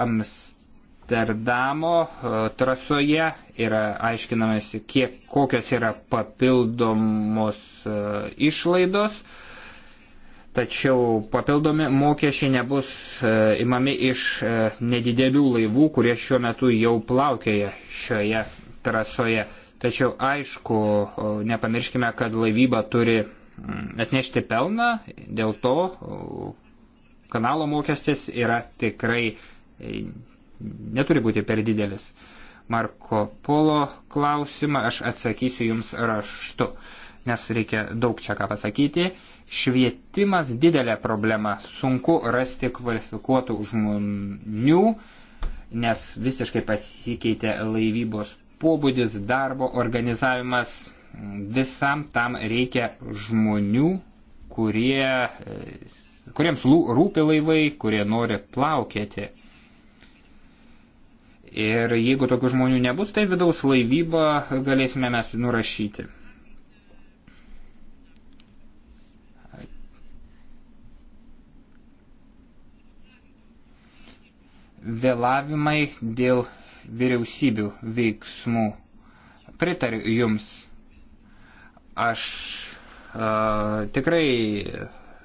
Amsterdamo e, trasoje yra aiškinamasi, kiek, kokios yra papildomos e, išlaidos. Tačiau papildomi mokesčiai nebus e, imami iš nedidelių laivų, kurie šiuo metu jau plaukėja šioje trasoje. Tačiau aišku, nepamirškime, kad laivyba turi mm, atnešti pelną, dėl to mm, kanalo mokestis yra tikrai e, neturi būti per didelis. Marko Polo klausimą aš atsakysiu jums raštu, nes reikia daug čia ką pasakyti. Švietimas didelė problema, sunku rasti kvalifikuotų žmonių, nes visiškai pasikeitė laivybos pobūdis, darbo organizavimas, visam tam reikia žmonių, kurie, e, kuriems rūpi laivai, kurie nori plaukėti. Ir jeigu tokių žmonių nebus, tai vidaus laivybą galėsime mes nurašyti. Vėlavimai dėl vyriausybių veiksmų. Pritariu Jums. Aš a, tikrai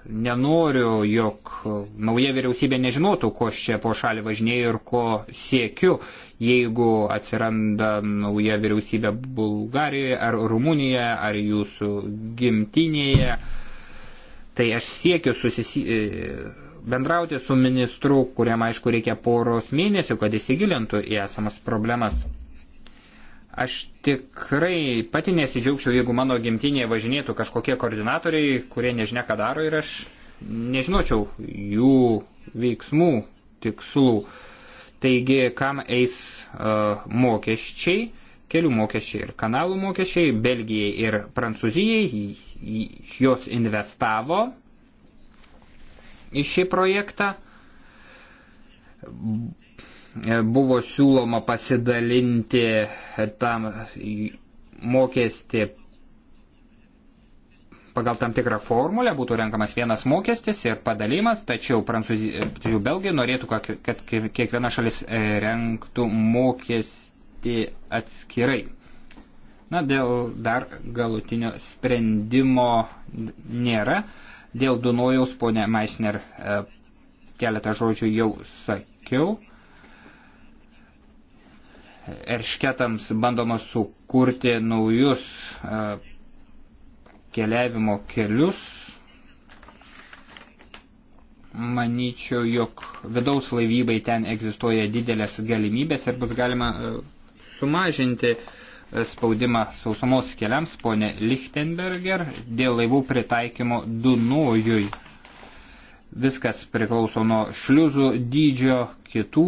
nenoriu, jog nauja vyriausybė nežinotų, ko aš čia po šalį važinėju ir ko siekiu, jeigu atsiranda nauja vyriausybė Bulgarijoje ar Rumunijoje ar jūsų gimtinėje. Tai aš siekiu susisi bendrauti su ministru, kuriam aišku reikia poros mėnesių, kad įsigilintų į esamas problemas. Aš tikrai pati nesidžiaugčiau, jeigu mano gimtinėje važinėtų kažkokie koordinatoriai, kurie nežinia, ką daro ir aš nežinočiau jų veiksmų, tikslų. Taigi, kam eis uh, mokesčiai, kelių mokesčiai ir kanalų mokesčiai, Belgijai ir Prancūzijai, jos investavo į šį projektą. Buvo siūloma pasidalinti tam mokestį pagal tam tikrą formulę, būtų renkamas vienas mokestis ir padalymas, tačiau prancūzijų belgiai norėtų, kad kiekviena šalis e, renktų mokestį atskirai. Na, dėl dar galutinio sprendimo nėra. Dėl Dunojaus, ponė Meisner, e, keletą žodžių jau sakiau. Eršketams bandoma sukurti naujus e, keliavimo kelius. Manyčiau, jog vidaus laivybai ten egzistuoja didelės galimybės ir bus galima e, sumažinti uh, spaudimą sausumos keliams, ponė Lichtenberger, dėl laivų pritaikymo Dunojui. Viskas priklauso nuo šliuzų dydžio, kitų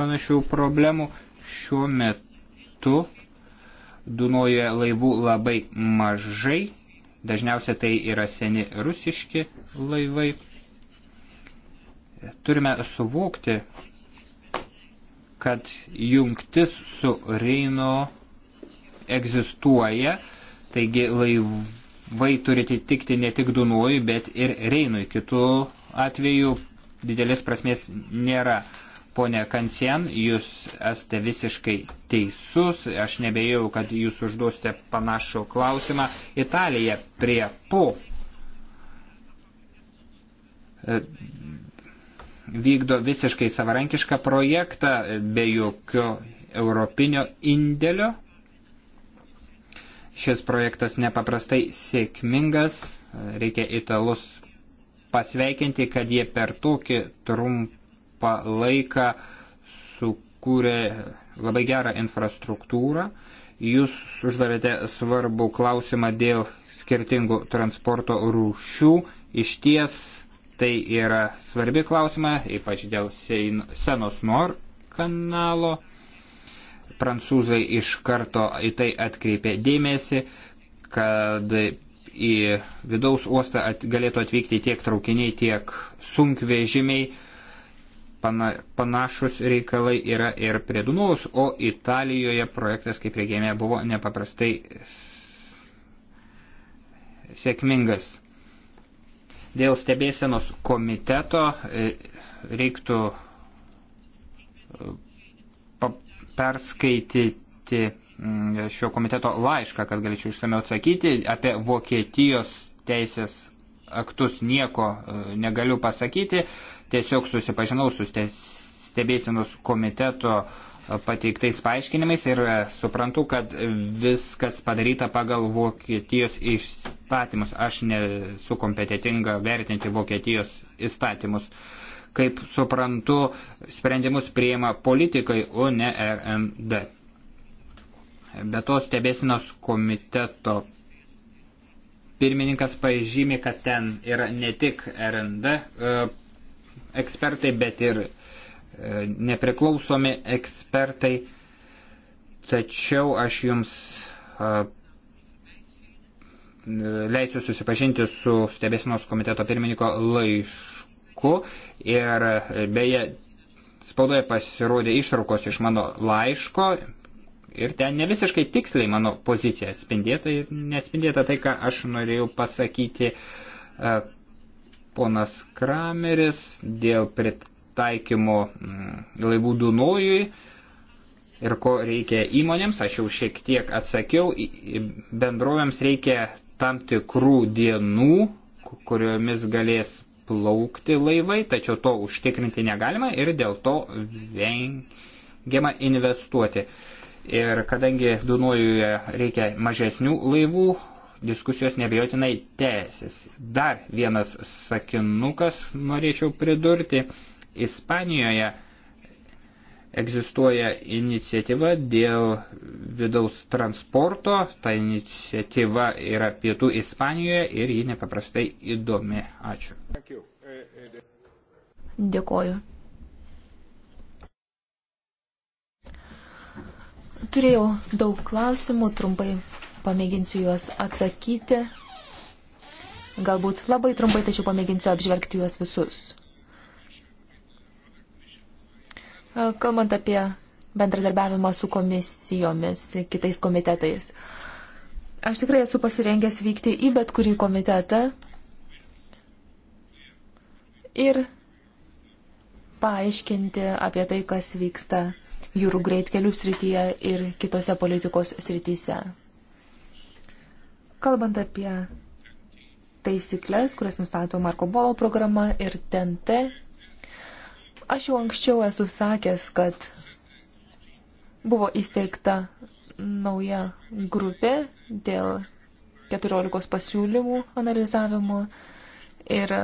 panašių problemų. Šiuo metu Dunojoje laivų labai mažai, dažniausiai tai yra seni rusiški laivai. Turime suvokti, kad jungtis su Reino egzistuoja, taigi laivai turi atitikti ne tik Dunojui, bet ir Reinui. Kitų atvejų didelės prasmės nėra. Pone Kansien, jūs esate visiškai teisus, aš nebejau, kad jūs užduosite panašų klausimą. Italija prie po vykdo visiškai savarankišką projektą e, be jokio europinio indėlio. Šis projektas nepaprastai sėkmingas, e, reikia italus pasveikinti, kad jie per tokį trumpą laiką sukūrė labai gerą infrastruktūrą. Jūs uždavėte svarbų klausimą dėl skirtingų transporto rūšių. Iš ties Tai yra svarbi klausima, ypač dėl senos nor kanalo. Prancūzai iš karto į tai atkreipė dėmesį, kad į vidaus uostą at, galėtų atvykti tiek traukiniai, tiek sunkvežimiai. Pana, panašus reikalai yra ir prie Dunaus, o Italijoje projektas, kaip regėjome, buvo nepaprastai sėkmingas. Dėl stebėsenos komiteto e, reiktų e, perskaityti mm, šio komiteto laišką, kad galėčiau išsameu atsakyti. Apie Vokietijos teisės aktus nieko e, negaliu pasakyti. Tiesiog susipažinau su stebėsenos komiteto pateiktais paaiškinimais ir e, suprantu, kad viskas padaryta pagal Vokietijos įstatymus. Aš nesu kompetitinga vertinti Vokietijos įstatymus. Kaip suprantu, sprendimus prieima politikai, o ne RMD. Be to stebėsinos komiteto pirmininkas pažymi, kad ten yra ne tik RND e, ekspertai, bet ir nepriklausomi ekspertai, tačiau aš jums leisiu susipažinti su stebėsinos komiteto pirmininko laišku ir beje spaudoje pasirodė išraukos iš mano laiško ir ten ne visiškai tiksliai mano pozicija atspindėta ir neatspindėta tai, ką aš norėjau pasakyti ponas Krameris dėl prit taikymo mm, laivų Dunojui ir ko reikia įmonėms, aš jau šiek tiek atsakiau, bendrovėms reikia tam tikrų dienų, kuriomis galės plaukti laivai, tačiau to užtikrinti negalima ir dėl to vengiama investuoti. Ir kadangi Dunojuje reikia mažesnių laivų, diskusijos nebejotinai tęsis. Dar vienas sakinukas norėčiau pridurti. Ispanijoje egzistuoja iniciatyva dėl vidaus transporto. Ta iniciatyva yra pietų Ispanijoje ir ji nepaprastai įdomi. Ačiū. Dėkoju. Turėjau daug klausimų, trumpai pamėginsiu juos atsakyti. Galbūt labai trumpai, tačiau pamėginsiu apžvelgti juos visus kalbant apie bendradarbiavimą su komisijomis, kitais komitetais. Aš tikrai esu pasirengęs vykti į bet kurį komitetą ir paaiškinti apie tai, kas vyksta jūrų greitkelių srityje ir kitose politikos srityse. Kalbant apie taisyklės, kurias nustato Marko Bolo programa ir TNT Aš jau anksčiau esu sakęs, kad buvo įsteigta nauja grupė dėl 14 pasiūlymų analizavimo ir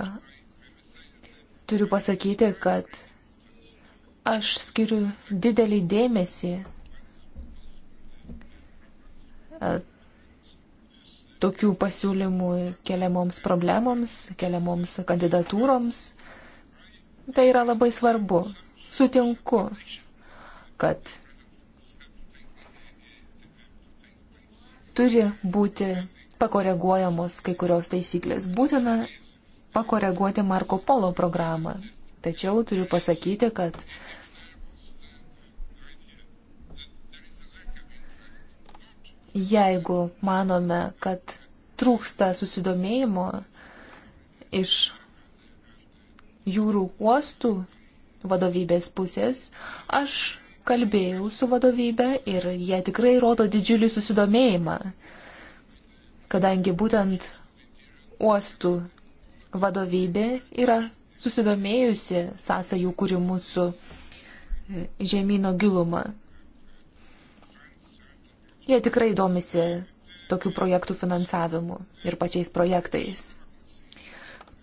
turiu pasakyti, kad aš skiriu didelį dėmesį e, tokių pasiūlymų keliamoms problemoms, keliamoms kandidatūroms Tai yra labai svarbu. Sutinku, kad turi būti pakoreguojamos kai kurios taisyklės. Būtina pakoreguoti Marko Polo programą. Tačiau turiu pasakyti, kad jeigu manome, kad trūksta susidomėjimo iš jūrų uostų vadovybės pusės, aš kalbėjau su vadovybė ir jie tikrai rodo didžiulį susidomėjimą, kadangi būtent uostų vadovybė yra susidomėjusi sąsajų kūrimu su e, žemynų giluma. Jie tikrai domisi tokių projektų finansavimu ir pačiais projektais.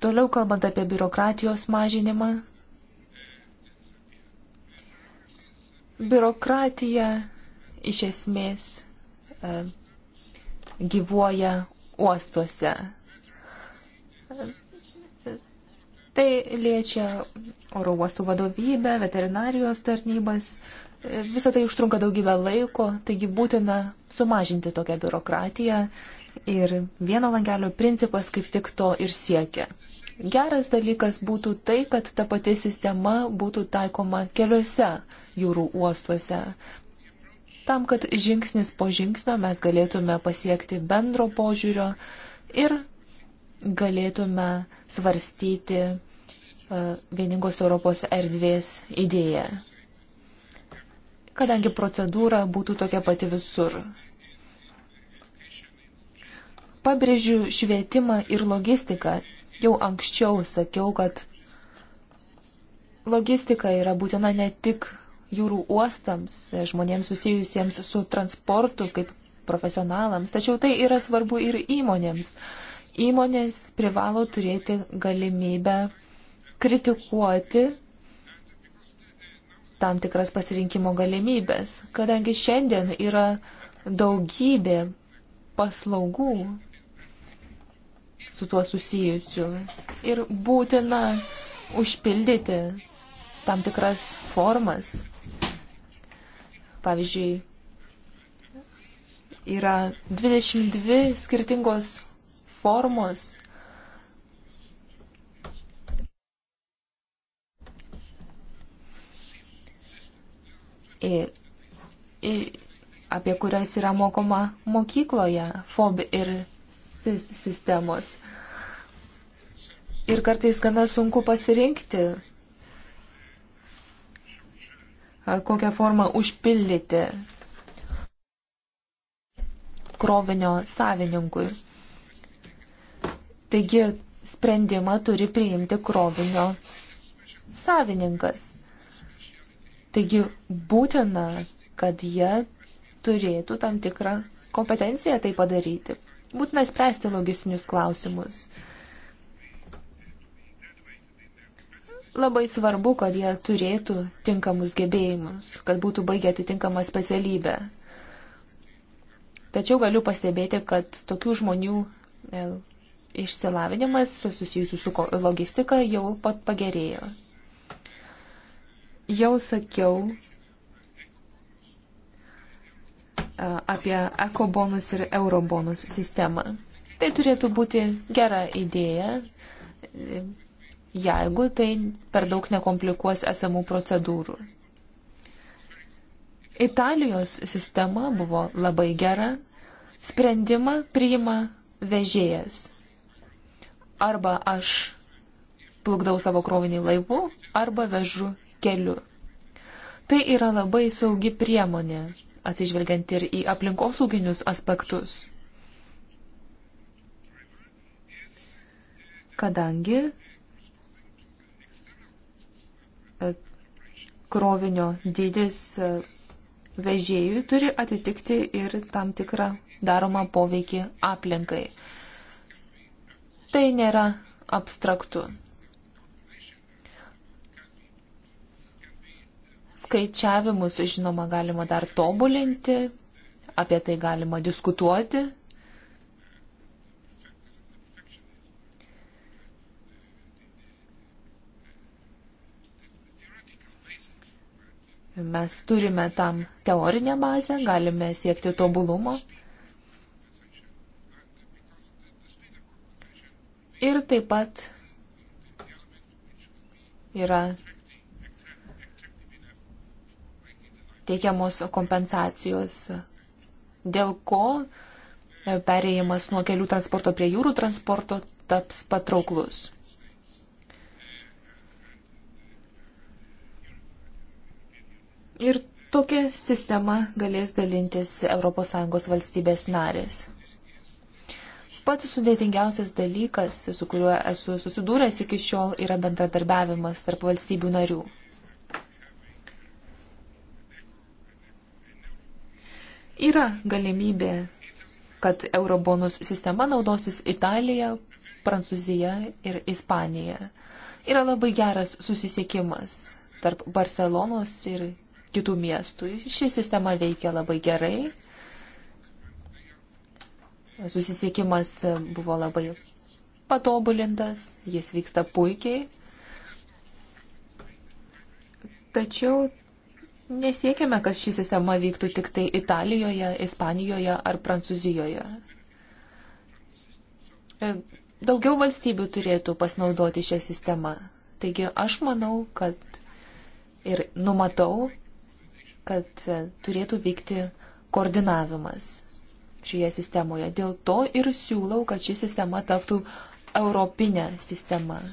Toliau kalbant apie biurokratijos mažinimą. Biurokratija iš esmės e, gyvuoja uostuose. Tai liečia oro uostų vadovybę, veterinarijos tarnybas. Visą tai užtrunka daugybę laiko, taigi būtina sumažinti tokią biurokratiją Ir vieno langelio principas kaip tik to ir siekia. Geras dalykas būtų tai, kad ta pati sistema būtų taikoma keliose jūrų uostuose. Tam, kad žingsnis po žingsnio mes galėtume pasiekti bendro požiūrio ir galėtume svarstyti e, vieningos Europos erdvės idėją. Kadangi procedūra būtų tokia pati visur, Pabrėžiu švietimą ir logistiką. Jau anksčiau sakiau, kad logistika yra būtina ne tik jūrų uostams, žmonėms susijusiems su transportu kaip profesionalams, tačiau tai yra svarbu ir įmonėms. Įmonės privalo turėti galimybę kritikuoti tam tikras pasirinkimo galimybės, kadangi šiandien yra daugybė paslaugų, su tuo susijusių. Ir būtina užpildyti tam tikras formas. Pavyzdžiui, yra 22 skirtingos formos. Ir, ir, apie kurias yra mokoma mokykloje. FOB ir sistemos. Ir kartais gana sunku pasirinkti, kokią formą užpildyti krovinio savininkui. Taigi sprendimą turi priimti krovinio savininkas. Taigi būtina, kad jie turėtų tam tikrą kompetenciją tai padaryti. Būtina spręsti logistinius klausimus. Labai svarbu, kad jie turėtų tinkamus gebėjimus, kad būtų baigę atitinkamą specialybę. Tačiau galiu pastebėti, kad tokių žmonių e, išsilavinimas susijusių su logistika jau pat pagerėjo. Jau sakiau, apie ekobonus ir eurobonus sistemą. Tai turėtų būti gera idėja, jeigu tai per daug nekomplikuos esamų procedūrų. Italijos sistema buvo labai gera, sprendimą priima vežėjas. Arba aš plukdau savo krovinį laivu, arba vežu keliu. Tai yra labai saugi priemonė atsižvelgiant ir į aplinkosauginius aspektus. Kadangi e, krovinio dydis e, vežėjui turi atitikti ir tam tikrą daromą poveikį aplinkai. Tai nėra abstraktu. skaičiavimus, žinoma, galima dar tobulinti, apie tai galima diskutuoti. Mes turime tam teorinę bazę, galime siekti tobulumo. Ir taip pat yra teikiamos kompensacijos, dėl ko perėjimas nuo kelių transporto prie jūrų transporto taps patrauklus. Ir tokia sistema galės dalintis ES valstybės narės. Pats sudėtingiausias dalykas, su kuriuo esu susidūręs iki šiol, yra bendradarbiavimas tarp valstybių narių. Yra galimybė, kad eurobonus sistema naudosis Italija, Prancūzija ir Ispanija. Yra labai geras susisiekimas tarp Barcelonos ir kitų miestų. Ši sistema veikia labai gerai. Susisiekimas buvo labai patobulintas, jis vyksta puikiai. Tačiau Nesiekime, kad ši sistema vyktų tik tai Italijoje, Ispanijoje ar Prancūzijoje. E, daugiau valstybių turėtų pasinaudoti šią sistemą. Taigi aš manau, kad ir numatau, kad e, turėtų vykti koordinavimas šioje sistemoje. Dėl to ir siūlau, kad ši sistema taptų europinė sistema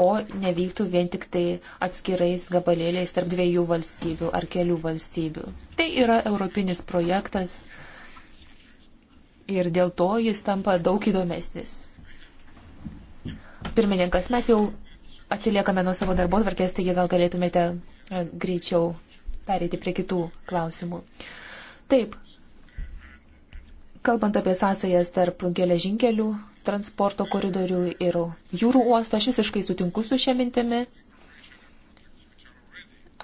o nevyktų vien tik tai atskirais gabalėliais tarp dviejų valstybių ar kelių valstybių. Tai yra europinis projektas ir dėl to jis tampa daug įdomesnis. Pirmininkas, mes jau atsiliekame nuo savo darbo tvarkės, taigi gal galėtumėte e, greičiau pereiti prie kitų klausimų. Taip, kalbant apie sąsajas tarp geležinkelių transporto koridorių ir jūrų uosto. Aš visiškai sutinku su šia mintimi.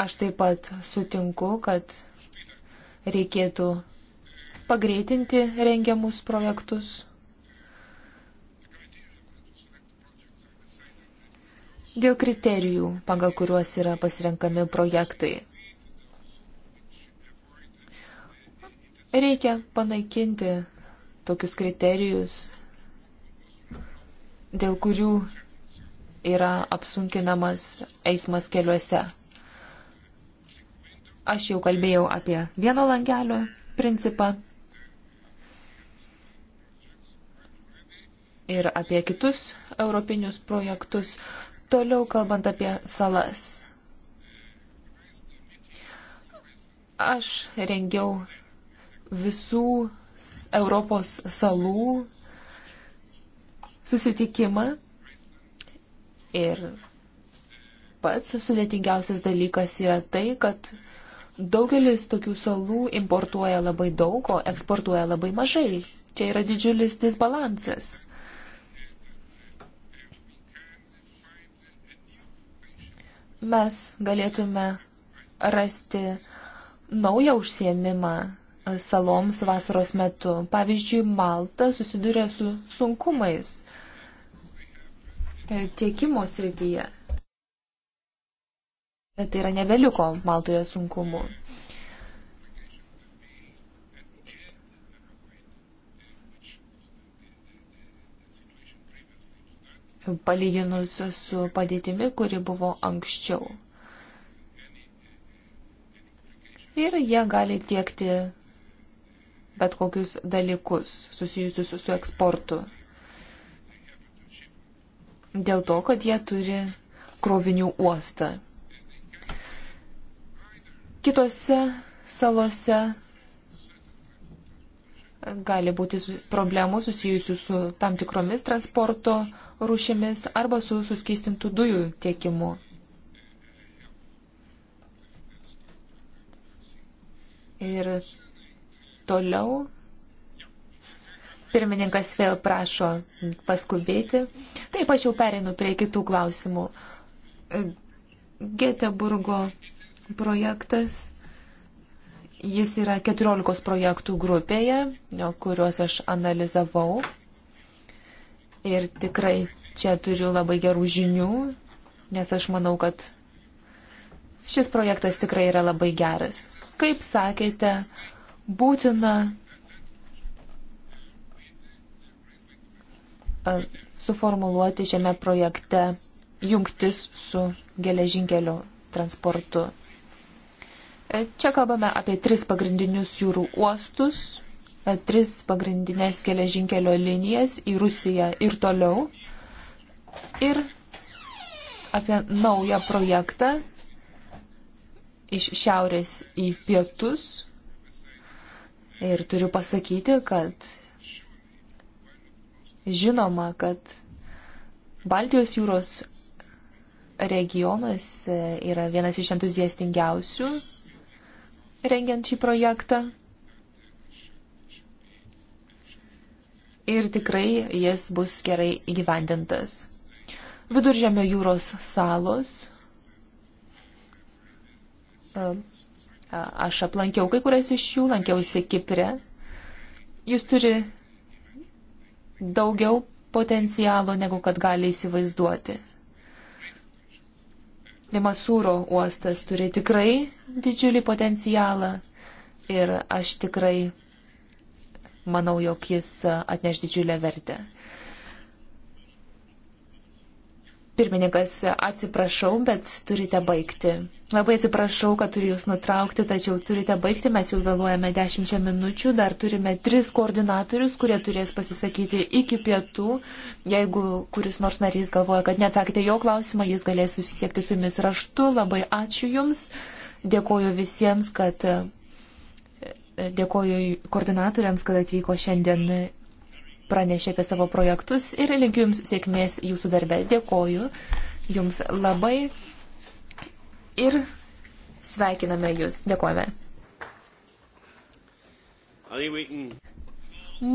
Aš taip pat sutinku, kad reikėtų pagreitinti rengiamus projektus. Dėl kriterijų, pagal kuriuos yra pasirenkami projektai. Reikia panaikinti tokius kriterijus dėl kurių yra apsunkinamas eismas keliuose. Aš jau kalbėjau apie vieno langelio principą ir apie kitus europinius projektus. Toliau kalbant apie salas. Aš rengiau visų Europos salų susitikimą ir pats sudėtingiausias dalykas yra tai, kad daugelis tokių salų importuoja labai daug, o eksportuoja labai mažai. Čia yra didžiulis disbalansas. Mes galėtume rasti naują užsiemimą saloms vasaros metu. Pavyzdžiui, Malta susiduria su sunkumais E, tiekimo srityje. Tai yra nebeliko Maltoje sunkumų. Palyginus su padėtimi, kuri buvo anksčiau. Ir jie gali tiekti bet kokius dalykus susijusius su eksportu dėl to, kad jie turi krovinių uostą. Kitose salose gali būti problemų susijusių su tam tikromis transporto rūšimis arba su suskystintų dujų tiekimu. Ir toliau Pirmininkas vėl prašo paskubėti. Taip, aš jau pereinu prie kitų klausimų. Geteburgo projektas. Jis yra 14 projektų grupėje, kuriuos aš analizavau. Ir tikrai čia turiu labai gerų žinių, nes aš manau, kad šis projektas tikrai yra labai geras. Kaip sakėte, būtina suformuluoti šiame projekte jungtis su geležinkeliu transportu. E, čia kalbame apie tris pagrindinius jūrų uostus, e, tris pagrindinės geležinkelio linijas į Rusiją ir toliau. Ir apie naują projektą iš šiaurės į pietus. Ir turiu pasakyti, kad žinoma, kad Baltijos jūros regionas yra vienas iš entuziastingiausių rengiant šį projektą. Ir tikrai jis bus gerai įgyvendintas. Viduržėmio jūros salos. E, aš aplankiau kai kurias iš jų, lankiausi Kipre. Jis turi daugiau potencialo, negu kad gali įsivaizduoti. Limasūro uostas turi tikrai didžiulį potencialą ir aš tikrai manau, jog jis atneš didžiulę vertę. Pirmininkas, atsiprašau, bet turite baigti. Labai atsiprašau, kad turiu Jūs nutraukti, tačiau turite baigti, mes jau vėluojame dešimčia minučių, dar turime tris koordinatorius, kurie turės pasisakyti iki pietų. Jeigu kuris nors narys galvoja, kad neatsakėte jo klausimą, jis galės susisiekti su Jumis raštu. Labai ačiū Jums, dėkoju visiems, kad dėkoju koordinatoriams, kad atvyko šiandien pranešė apie savo projektus ir linkiu Jums sėkmės Jūsų darbe. Dėkoju Jums labai ir sveikiname Jūs. Dėkojame.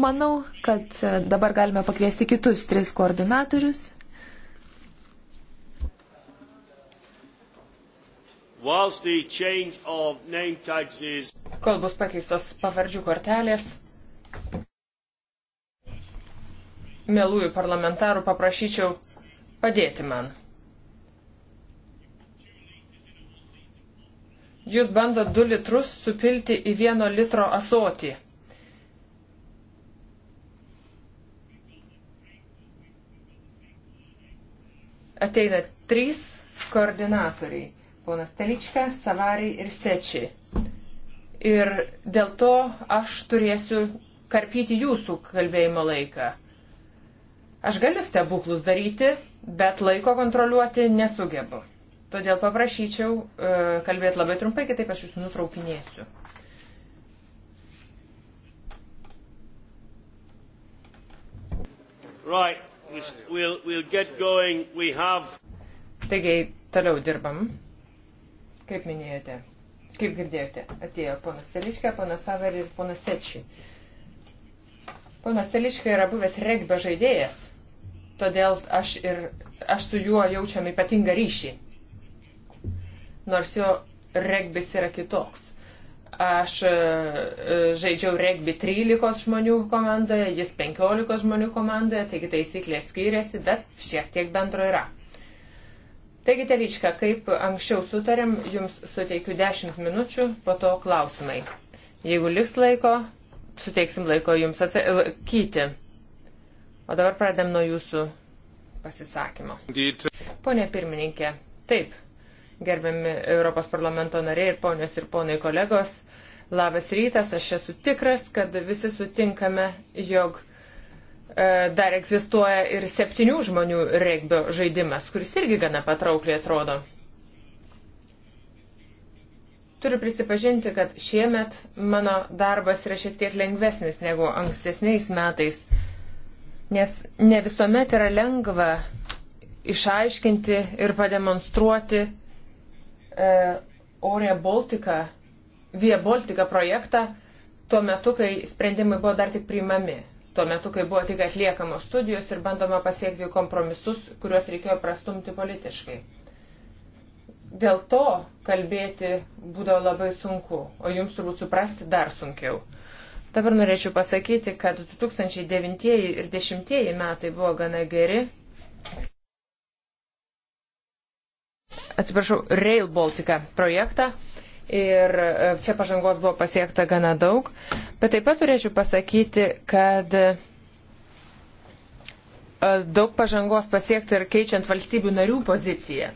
Manau, kad dabar galime pakviesti kitus tris koordinatorius. Kol bus pakeistos pavardžių kortelės, mėlųjų parlamentarų paprašyčiau padėti man. jūs bandot 2 litrus supilti į 1 litro asotį. Ateina trys koordinatoriai - ponas Telička, Savariai ir Sečiai. Ir dėl to aš turėsiu karpyti jūsų kalbėjimo laiką. Aš galiu stebuklus daryti, bet laiko kontroliuoti nesugebu. Todėl paprašyčiau e, kalbėti labai trumpai, kitaip aš jūsų nutraukinėsiu. Right. We'll, we'll get going. We have... Taigi, toliau dirbam. Kaip minėjote, kaip girdėjote, atėjo ponas Teliškė, ponas Saver ir ponas Sečiai. Ponas Teliškė yra buvęs regbio žaidėjas, todėl aš ir aš su juo jaučiam ypatingą ryšį nors jo regbis yra kitoks. Aš e, e, žaidžiau regbi 13 žmonių komandoje, jis 15 žmonių komandoje, taigi taisyklės skiriasi, bet šiek tiek bendro yra. Taigi, Telička, kaip anksčiau sutarėm, jums suteikiu 10 minučių, po to klausimai. Jeigu liks laiko, suteiksim laiko jums atsakyti. O dabar pradėm nuo jūsų pasisakymo. Pone pirmininkė, taip, gerbiami Europos parlamento nariai ir ponios ir ponai kolegos. Labas rytas, aš esu tikras, kad visi sutinkame, jog e, dar egzistuoja ir septynių žmonių regbio žaidimas, kuris irgi gana patraukliai atrodo. Turiu prisipažinti, kad šiemet mano darbas yra šiek tiek lengvesnis negu ankstesniais metais, nes ne visuomet yra lengva išaiškinti ir pademonstruoti Ore e, Baltica, Vie Baltica projektą tuo metu, kai sprendimai buvo dar tik priimami, tuo metu, kai buvo tik atliekamos studijos ir bandoma pasiekti kompromisus, kuriuos reikėjo prastumti politiškai. Dėl to kalbėti būdavo labai sunku, o jums turbūt suprasti dar sunkiau. Dabar norėčiau pasakyti, kad 2009 ir 2010 metai buvo gana geri atsiprašau, Rail Baltica projektą. Ir e, čia pažangos buvo pasiekta gana daug. Bet taip pat turėčiau pasakyti, kad e, daug pažangos pasiekta ir keičiant valstybių narių poziciją.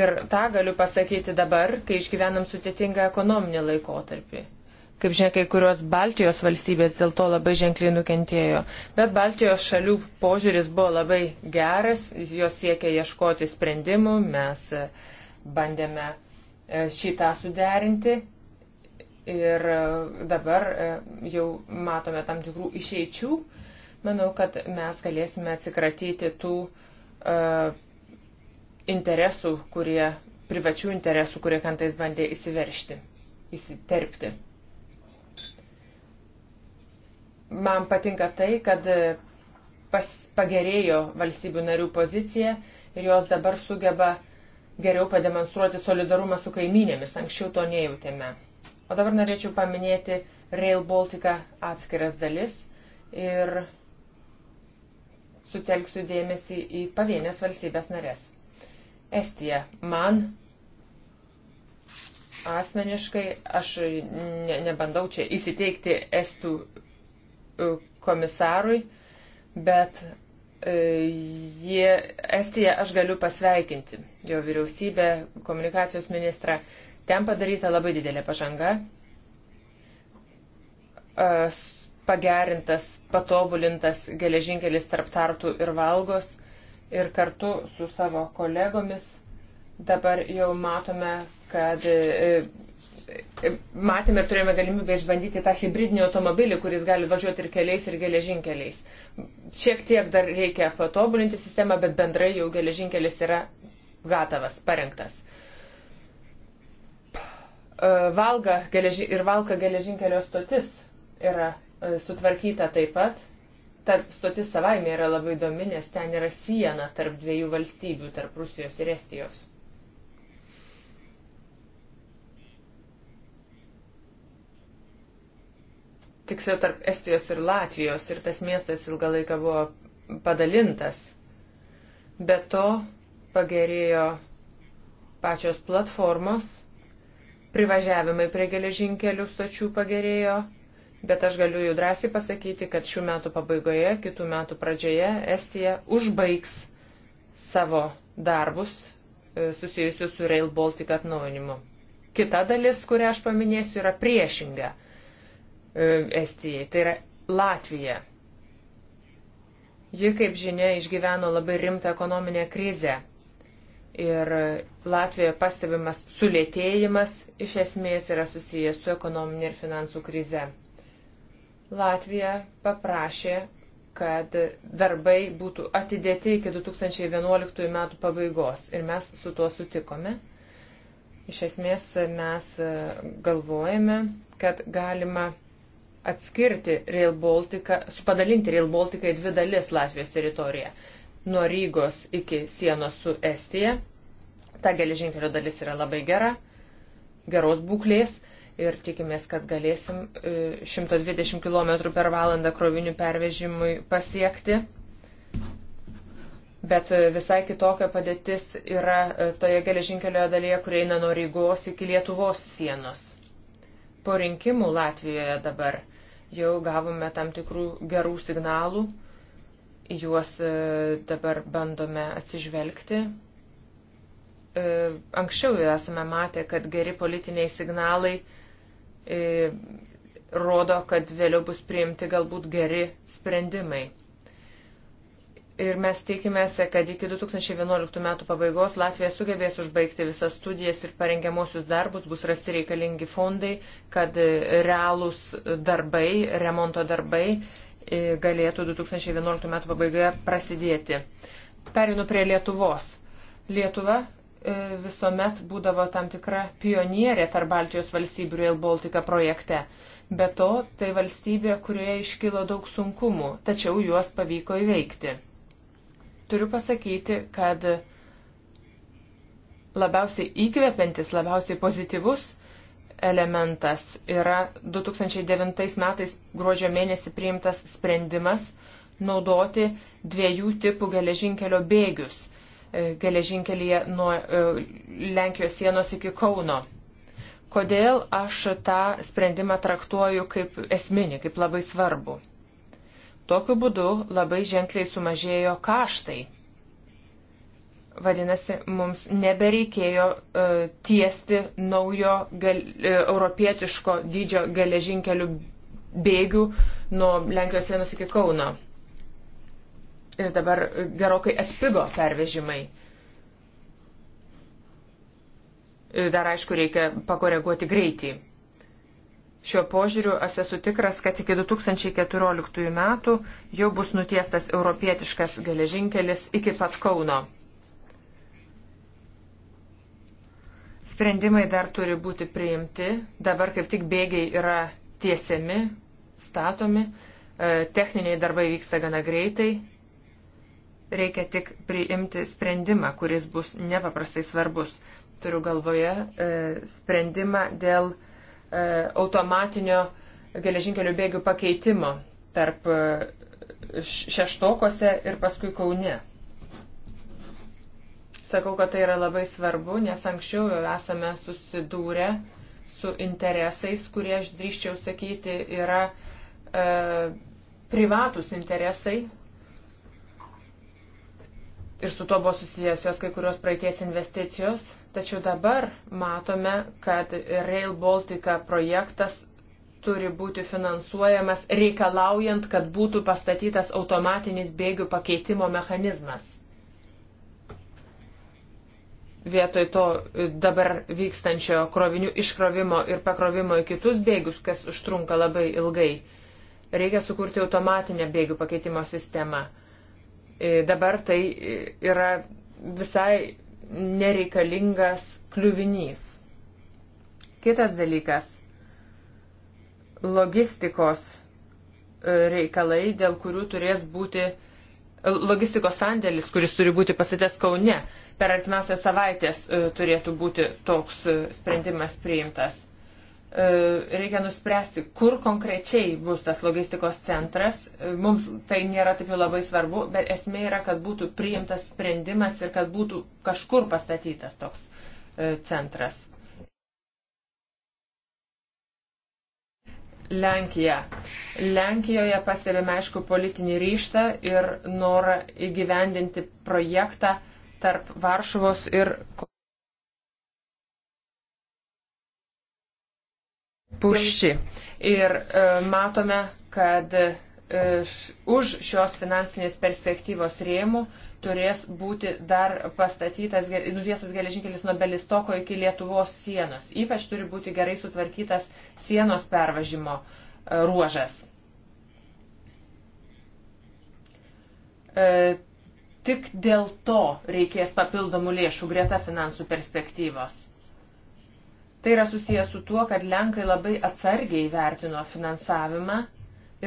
Ir tą galiu pasakyti dabar, kai išgyvenam sudėtingą ekonominį laikotarpį. Kaip žinia, kai kurios Baltijos valstybės dėl to labai ženkliai nukentėjo. Bet Baltijos šalių požiūris buvo labai geras, jos siekė ieškoti sprendimų, mes e, bandėme e, šitą suderinti ir e, dabar jau matome tam tikrų išeičių. Manau, kad mes galėsime atsikratyti tų uh, interesų, kurie, privačių interesų, kurie kantais bandė įsiveršti, įsiterpti man patinka tai, kad e, pas, pagerėjo valstybių narių pozicija ir jos dabar sugeba geriau pademonstruoti solidarumą su kaiminėmis. Anksčiau to nejutėme. O dabar norėčiau paminėti Rail Baltica atskiras dalis ir sutelksiu dėmesį į pavienės valstybės narės. Estija. Man asmeniškai, aš ne, nebandau čia įsiteikti estų komisarui, bet e, jie, Estiją aš galiu pasveikinti, jo vyriausybė, komunikacijos ministra. Ten padaryta labai didelė pažanga, e, pagerintas, patobulintas geležinkelis tarp tartų ir valgos ir kartu su savo kolegomis dabar jau matome, kad e, matėme ir turėjome galimybę išbandyti tą hybridinį automobilį, kuris gali važiuoti ir keliais, ir geležinkeliais. Šiek tiek dar reikia patobulinti sistemą, bet bendrai jau geležinkelis yra gatavas, parengtas. E, valga geleži, ir Valka geležinkelio stotis yra e, sutvarkyta taip pat. Ta stotis savaime yra labai įdomi, nes ten yra siena tarp dviejų valstybių, tarp Rusijos ir Estijos. tiksliau tarp Estijos ir Latvijos ir tas miestas ilgą laiką buvo padalintas. Be to pagerėjo pačios platformos, privažiavimai prie geležinkelių stočių pagerėjo, bet aš galiu jų drąsiai pasakyti, kad šių metų pabaigoje, kitų metų pradžioje Estija užbaigs savo darbus e, susijusius su Rail Baltic atnaujinimu. Kita dalis, kurią aš paminėsiu, yra priešinga. E, Estijai, tai yra Latvija. Ji, kaip žinia, išgyveno labai rimtą ekonominę krizę. Ir Latvijoje pastebimas sulėtėjimas iš esmės yra susijęs su ekonominė ir finansų krize. Latvija paprašė, kad darbai būtų atidėti iki 2011 metų pabaigos ir mes su tuo sutikome. Iš esmės mes galvojame, kad galima atskirti Rail Baltica, supadalinti Rail Baltica į dvi dalis Latvijos teritoriją. Nuo Rygos iki sienos su Estija. Ta geležinkelio dalis yra labai gera, geros būklės ir tikimės, kad galėsim 120 e, km per valandą krovinių pervežimui pasiekti. Bet e, visai kitokia padėtis yra e, toje geležinkelio dalyje, kur eina nuo Rygos iki Lietuvos sienos po rinkimų Latvijoje dabar jau gavome tam tikrų gerų signalų, juos e, dabar bandome atsižvelgti. E, anksčiau jau esame matę, kad geri politiniai signalai e, rodo, kad vėliau bus priimti galbūt geri sprendimai ir mes tikimės, kad iki 2011 metų pabaigos Latvija sugebės užbaigti visas studijas ir parengiamosius darbus, bus rasti reikalingi fondai, kad realūs darbai, remonto darbai e, galėtų 2011 metų pabaigoje prasidėti. Perinu prie Lietuvos. Lietuva e, visuomet būdavo tam tikra pionierė tarp Baltijos valstybių Rail Baltica projekte. Be to, tai valstybė, kurioje iškilo daug sunkumų, tačiau juos pavyko įveikti turiu pasakyti, kad labiausiai įkvepiantis, labiausiai pozityvus elementas yra 2009 metais gruodžio mėnesį priimtas sprendimas naudoti dviejų tipų geležinkelio bėgius e, geležinkelyje nuo e, Lenkijos sienos iki Kauno. Kodėl aš tą sprendimą traktuoju kaip esminį, kaip labai svarbu? Tokiu būdu labai ženkliai sumažėjo kaštai. Vadinasi, mums nebereikėjo uh, tiesti naujo gal, uh, europietiško dydžio geležinkelių bėgių nuo Lenkijos sienos iki Kauno. Ir dabar gerokai atpigo pervežimai. E, dar aišku, reikia pakoreguoti greitį. Šiuo požiūriu aš esu tikras, kad iki 2014 metų jau bus nutiestas europietiškas geležinkelis iki pat Kauno. Sprendimai dar turi būti priimti, dabar kaip tik bėgiai yra tiesiami, statomi, e, techniniai darbai vyksta gana greitai, reikia tik priimti sprendimą, kuris bus nepaprastai svarbus. Turiu galvoje e, sprendimą dėl E, automatinio geležinkelio bėgių pakeitimo tarp e, šeštokose ir paskui Kaune. Sakau, kad tai yra labai svarbu, nes anksčiau jau esame susidūrę su interesais, kurie, aš drįščiau sakyti, yra e, privatus interesai. Ir su to buvo susijęs jos kai kurios praeities investicijos. Tačiau dabar matome, kad Rail Baltica projektas turi būti finansuojamas reikalaujant, kad būtų pastatytas automatinis bėgių pakeitimo mechanizmas. Vietoj to dabar vykstančio krovinių iškrovimo ir pakrovimo į kitus bėgius, kas užtrunka labai ilgai, reikia sukurti automatinę bėgių pakeitimo sistemą. E, dabar tai yra visai nereikalingas kliuvinys. Kitas dalykas - logistikos e, reikalai, dėl kurių turės būti e, logistikos sandėlis, kuris turi būti pasitės Kaune. Per artimiausias savaitės e, turėtų būti toks sprendimas priimtas. E, reikia nuspręsti, kur konkrečiai bus tas logistikos centras. E, mums tai nėra taip jau labai svarbu, bet esmė yra, kad būtų priimtas sprendimas ir kad būtų kažkur pastatytas toks e, centras. Lenkija. Lenkijoje pastebime, aišku, politinį ryštą ir norą įgyvendinti projektą tarp Varšuvos ir. puši. Ir e, matome, kad e, už šios finansinės perspektyvos rėmų turės būti dar pastatytas, nutiesas geležinkelis nuo Belistoko iki Lietuvos sienos. Ypač turi būti gerai sutvarkytas sienos pervažimo e, ruožas. E, tik dėl to reikės papildomų lėšų greta finansų perspektyvos. Tai yra susijęs su tuo, kad Lenkai labai atsargiai vertino finansavimą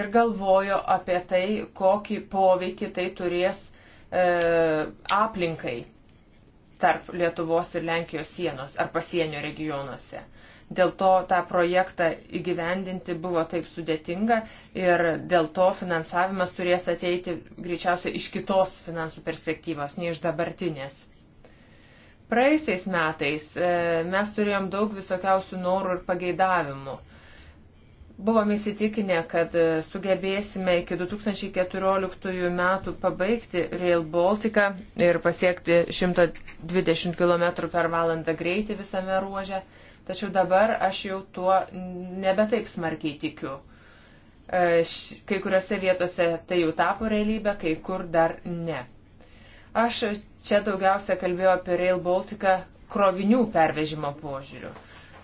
ir galvojo apie tai, kokį poveikį tai turės e, aplinkai tarp Lietuvos ir Lenkijos sienos ar pasienio regionuose. Dėl to tą projektą įgyvendinti buvo taip sudėtinga ir dėl to finansavimas turės ateiti greičiausiai iš kitos finansų perspektyvos, nei iš dabartinės Praėjusiais metais e, mes turėjom daug visokiausių norų ir pageidavimų. Buvome įsitikinę, kad e, sugebėsime iki 2014 metų pabaigti Rail Baltica ir pasiekti 120 km per valandą greitį visame ruože, tačiau dabar aš jau tuo nebetaip smarkiai tikiu. E, kai kuriuose vietose tai jau tapo realybė, kai kur dar ne. Aš čia daugiausia kalbėjau apie Rail Baltica krovinių pervežimo požiūrių.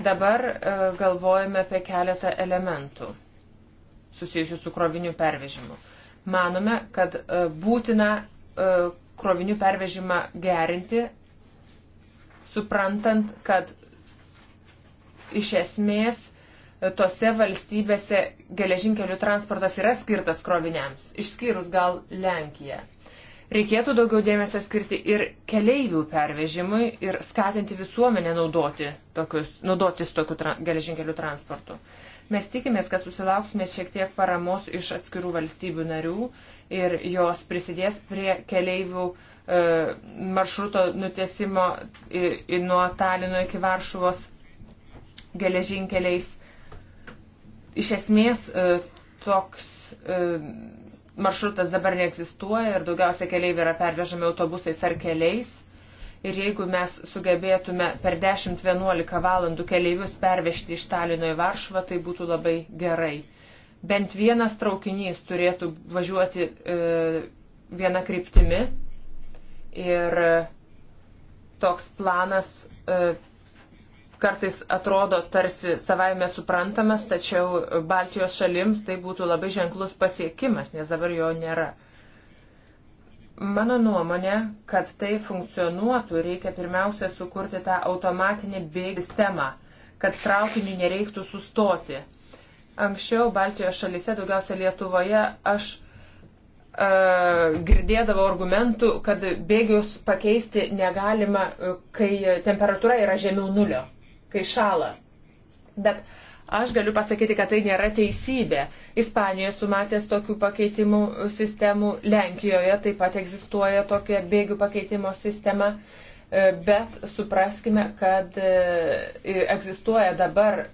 Dabar e, galvojame apie keletą elementų susijusių su krovinių pervežimu. Manome, kad e, būtina e, krovinių pervežimą gerinti, suprantant, kad iš esmės tose valstybėse geležinkelių transportas yra skirtas kroviniams, išskyrus gal Lenkiją. Reikėtų daugiau dėmesio skirti ir keleivių pervežimui ir skatinti visuomenę naudoti tokius, naudotis tokiu tra, geležinkeliu transportu. Mes tikimės, kad susilauksime šiek tiek paramos iš atskirų valstybių narių ir jos prisidės prie keleivių e, maršruto nutesimo į, į nuo Talino iki Varšuvos geležinkeliais. Iš esmės, e, toks. E, maršrutas dabar neegzistuoja ir daugiausia keliaivių yra pervežami autobusais ar keliais. Ir jeigu mes sugebėtume per 10-11 valandų keliaivius pervežti iš Talino į Varšuvą, tai būtų labai gerai. Bent vienas traukinys turėtų važiuoti e, viena kryptimi ir e, toks planas e, kartais atrodo tarsi savaime suprantamas, tačiau Baltijos šalims tai būtų labai ženklus pasiekimas, nes dabar jo nėra. Mano nuomonė, kad tai funkcionuotų, reikia pirmiausia sukurti tą automatinį bėgį sistemą, kad traukiniui nereiktų sustoti. Anksčiau Baltijos šalyse, daugiausia Lietuvoje, aš e, girdėdavau argumentų, kad bėgius pakeisti negalima, e, kai temperatūra yra žemiau nulio kai šala. Bet aš galiu pasakyti, kad tai nėra teisybė. Ispanijoje sumatęs tokių pakeitimų sistemų, Lenkijoje taip pat egzistuoja tokia bėgių pakeitimo sistema, e, bet supraskime, kad e, egzistuoja dabar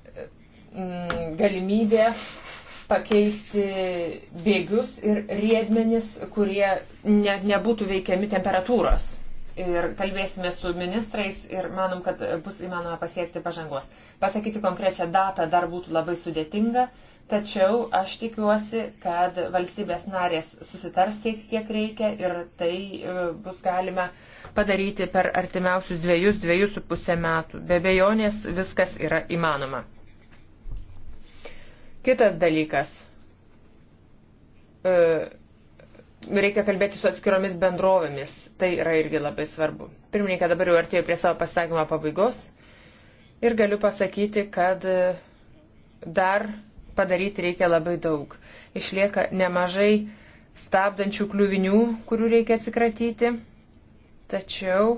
galimybė pakeisti bėgius ir riedmenis, kurie ne, nebūtų veikiami temperatūros ir kalbėsime su ministrais ir manom, kad bus įmanoma pasiekti pažangos. Pasakyti konkrečią datą dar būtų labai sudėtinga, tačiau aš tikiuosi, kad valstybės narės susitars tiek, kiek reikia ir tai e, bus galima padaryti per artimiausius dviejus, dviejus su pusę metų. Be bejonės viskas yra įmanoma. Kitas dalykas. E, reikia kalbėti su atskiromis bendrovėmis. Tai yra irgi labai svarbu. Pirmininkė dabar jau artėjo prie savo pasakymo pabaigos ir galiu pasakyti, kad e, dar padaryti reikia labai daug. Išlieka nemažai stabdančių kliuvinių, kurių reikia atsikratyti. Tačiau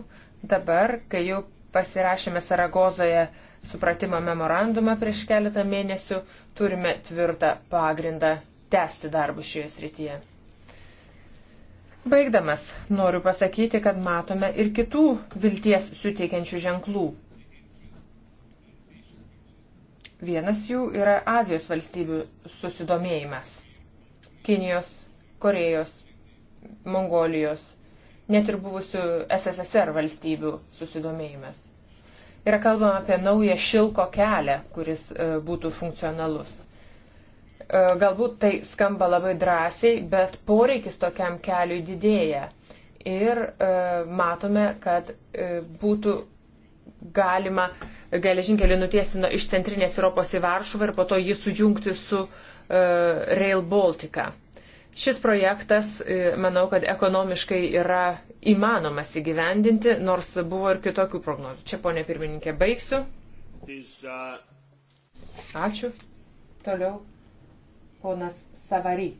dabar, kai jau pasirašėme Saragozoje supratimo memorandumą prieš keletą mėnesių, turime tvirtą pagrindą tęsti darbus šioje srityje. Baigdamas, noriu pasakyti, kad matome ir kitų vilties suteikiančių ženklų. Vienas jų yra Azijos valstybių susidomėjimas. Kinijos, Korejos, Mongolijos, net ir buvusių SSSR valstybių susidomėjimas. Yra kalbama apie naują šilko kelią, kuris e, būtų funkcionalus. E, galbūt tai skamba labai drąsiai, bet poreikis tokiam keliui didėja. Ir e, matome, kad e, būtų galima geležinkelį nutiesti iš centrinės Europos į Varšuvą ir po to jį sujungti su Rail Baltica. Šis projektas, manau, kad ekonomiškai yra įmanomas įgyvendinti, nors buvo ir kitokių prognozių. Čia, ponė pirmininkė, baigsiu. Uh, Ačiū. Toliau ponas Savary.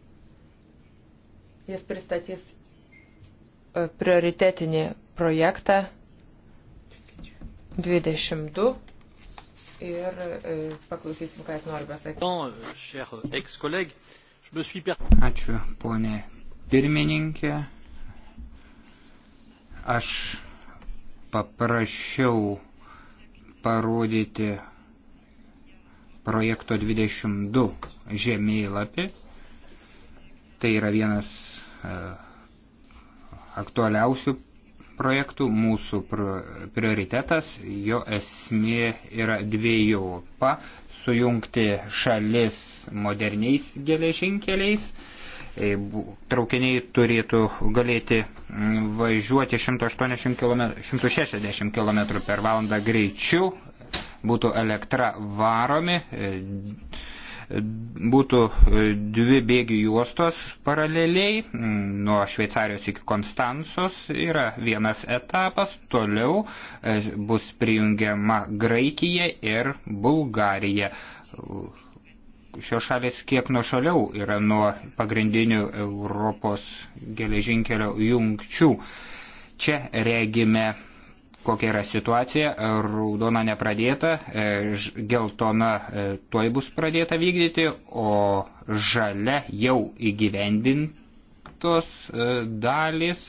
Jis pristatys e, prioritetinį projektą 22 ir e, paklausysim, ką jis nori pasakyti. Ačiū, ponė pirmininkė. Aš paprašiau parodyti projekto 22 žemėlapį. Tai yra vienas e, aktualiausių projektų, mūsų prioritetas, jo esmė yra dviejopa - sujungti šalis moderniais geležinkeliais. E, traukiniai turėtų galėti važiuoti 180 km, 160 km per valandą greičiu, būtų elektra varomi, e, būtų e, dvi bėgių juostos paraleliai, nuo Šveicarijos iki Konstansos yra vienas etapas, toliau e, bus prijungiama Graikija ir Bulgarija šios šalis kiek nuošaliau yra nuo pagrindinių Europos geležinkelio jungčių. Čia regime kokia yra situacija, raudona nepradėta, e, geltona e, tuoj bus pradėta vykdyti, o žalia jau įgyvendintos e, dalis,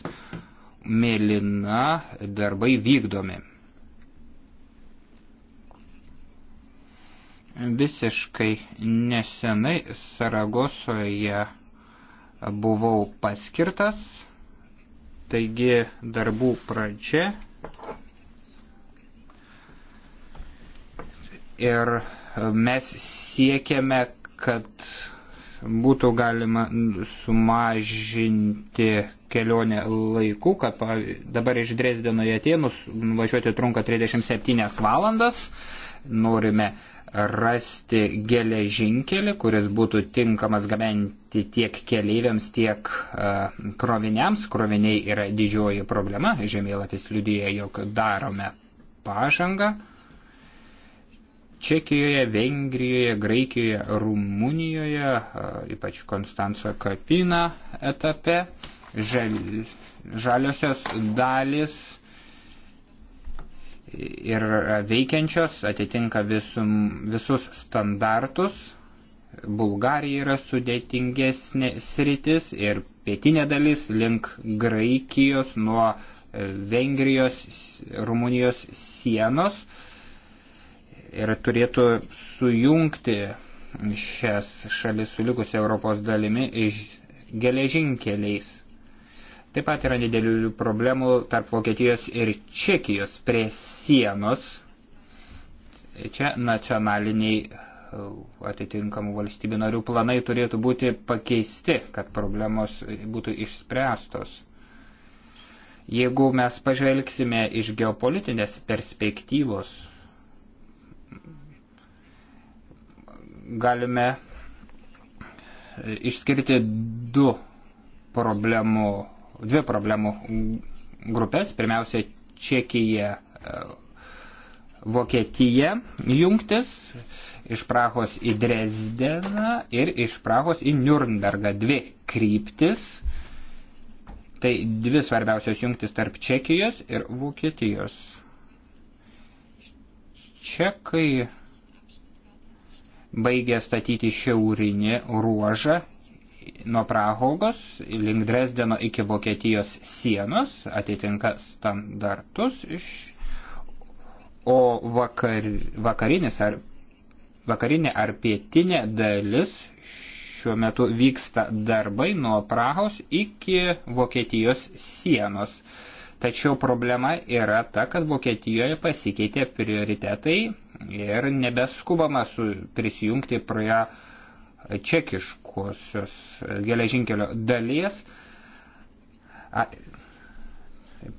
mėlyna darbai vykdomi. Visiškai nesenai Saragosoje buvau paskirtas, taigi darbų pradžia ir e, mes siekiame, kad būtų galima sumažinti kelionę laiku, kad dabar iš Dresdeno į Atenus važiuoti trunka 37 valandas. Norime rasti geležinkelį, kuris būtų tinkamas gabenti tiek keleiviams, tiek uh, kroviniams. Kroviniai yra didžioji problema. Žemėlapis liudyja, jog darome pažangą. Uh, Čekijoje, Vengrijoje, Graikijoje, Rumunijoje, ypač Konstanco Kapina etape, žal, žaliosios dalis ir veikiančios atitinka visum, visus standartus. Bulgarija yra sudėtingesnė sritis ir pietinė dalis link Graikijos nuo e, Vengrijos, Rumunijos sienos ir turėtų sujungti šias šalis su likusia Europos dalimi iš geležinkeliais. Taip pat yra didelių problemų tarp Vokietijos ir Čekijos prie sienos. Čia nacionaliniai e, atitinkamų valstybių narių planai turėtų būti pakeisti, kad problemos būtų išspręstos. Jeigu mes pažvelgsime iš geopolitinės perspektyvos, galime išskirti du problemų, dvi problemų grupės. Pirmiausia, Čekija, e, Vokietija jungtis iš Prahos į Dresdeną ir iš Prahos į Nürnbergą. Dvi kryptis. Tai dvi svarbiausios jungtis tarp Čekijos ir Vokietijos. Čekai baigė statyti šiaurinį ruožą nuo Prahogos link Dresdeno iki Vokietijos sienos, atitinka standartus iš, o vakar, vakarinis ar, vakarinė ar pietinė dalis šiuo metu vyksta darbai nuo Prahos iki Vokietijos sienos. Tačiau problema yra ta, kad Vokietijoje pasikeitė prioritetai ir nebeskubama su prisijungti prie čekiškosios geležinkelio dalies.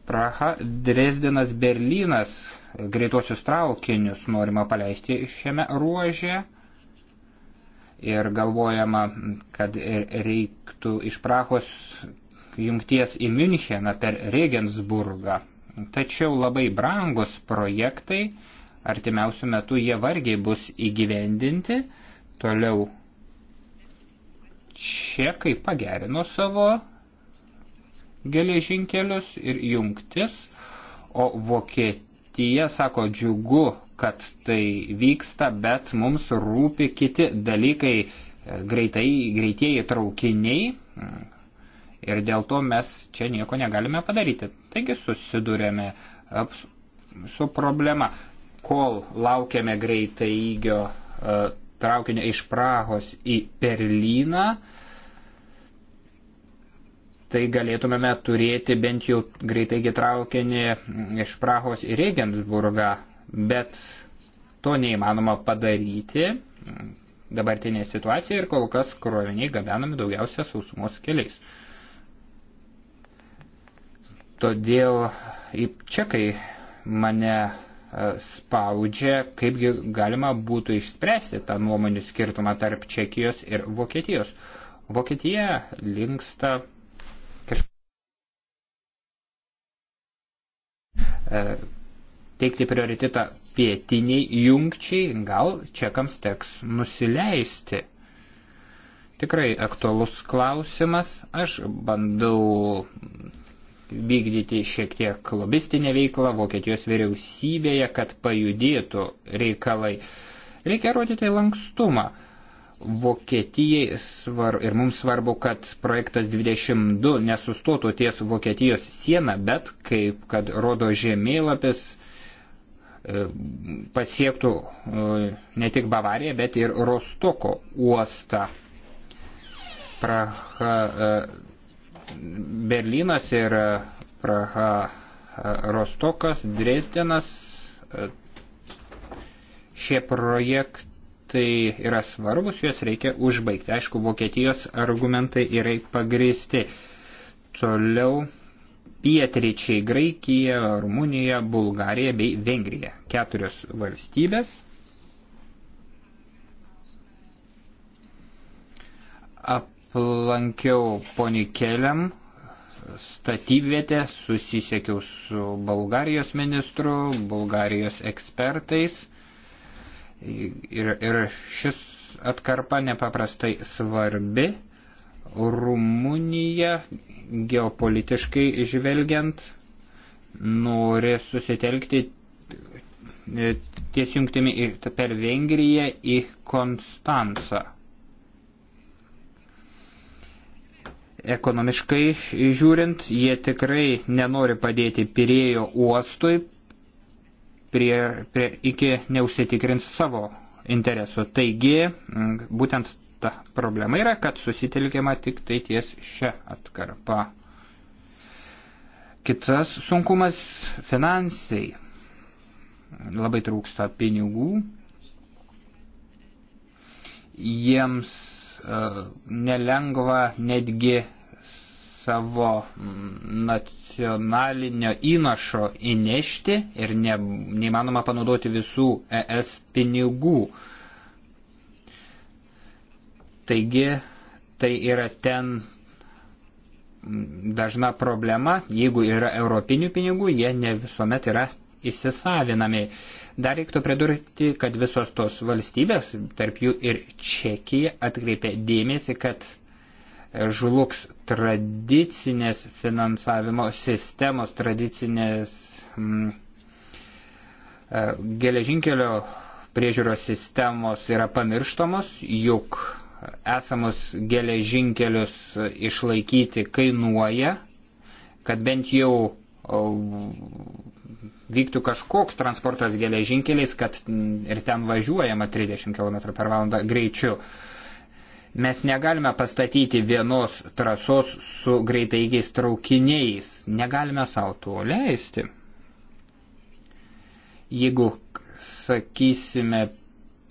Praha, Dresdenas, Berlynas greitosius traukinius norima paleisti šiame ruože ir galvojama, kad reiktų iš Prahos jungties į Müncheną per Regensburgą. Tačiau labai brangus projektai artimiausių metų jie vargiai bus įgyvendinti. Toliau čekai pagerino savo geležinkelius ir jungtis, o Vokietija sako džiugu, kad tai vyksta, bet mums rūpi kiti dalykai, greitai, greitieji traukiniai ir dėl to mes čia nieko negalime padaryti. Taigi susidurėme su problema kol laukiame greitai įgio e, traukinio iš Prahos į Berlyną, tai galėtumėme turėti bent jau greitaigi traukinį iš Prahos į Regensburgą, bet to neįmanoma padaryti dabartinė situacija ir kol kas kroviniai gabenami daugiausia sausumos keliais. Todėl čekai mane E, spaudžia, kaipgi galima būtų išspręsti tą nuomonių skirtumą tarp Čekijos ir Vokietijos. Vokietija linksta kažkaip e, teikti prioritetą pietiniai jungčiai, gal čekams teks nusileisti. Tikrai aktualus klausimas, aš bandau vykdyti šiek tiek lobistinę veiklą Vokietijos vyriausybėje, kad pajudėtų reikalai. Reikia rodyti lankstumą. Vokietijai svar, ir mums svarbu, kad projektas 22 nesustotų ties Vokietijos siena, bet kaip kad rodo žemėlapis e, pasiektų e, ne tik Bavariją, bet ir Rostoko uostą. Praha, e, Berlynas ir e, Praha e, Rostokas, Dresdenas. E, šie projektai yra svarbus, juos reikia užbaigti. Aišku, Vokietijos argumentai yra pagristi. Toliau pietryčiai Graikija, Rumunija, Bulgarija bei Vengrija. Keturios valstybės. Ap lankiau ponikeliam statybvietę, susisiekiau su Bulgarijos ministru, Bulgarijos ekspertais ir, ir šis atkarpa nepaprastai svarbi. Rumunija geopolitiškai žvelgiant nori susitelkti ties jungtimi per Vengriją į Konstansą. ekonomiškai žiūrint, jie tikrai nenori padėti Pirėjo uostui, prie, prie, iki neužsitikrins savo interesų. Taigi, būtent ta problema yra, kad susitelkiama tik tai ties šią atkarpą. Kitas sunkumas - finansai. Labai trūksta pinigų. Jiems uh, nelengva netgi savo mm, nacionalinio įnašo įnešti ir ne, neįmanoma panaudoti visų ES pinigų. Taigi tai yra ten mm, dažna problema, jeigu yra europinių pinigų, jie ne visuomet yra įsisavinami. Dar reiktų pridurti, kad visos tos valstybės, tarp jų ir Čekija, atkreipė dėmesį, kad žlugs tradicinės finansavimo sistemos, tradicinės mm, e, geležinkelio priežiūros sistemos yra pamirštamos, juk esamus geležinkelius išlaikyti kainuoja, kad bent jau e, vyktų kažkoks transportas geležinkeliais, kad ir ten važiuojama 30 km per valandą greičiu. Uh, Mes negalime pastatyti vienos trasos su greitaigiais traukiniais. Negalime savo to leisti. Jeigu sakysime,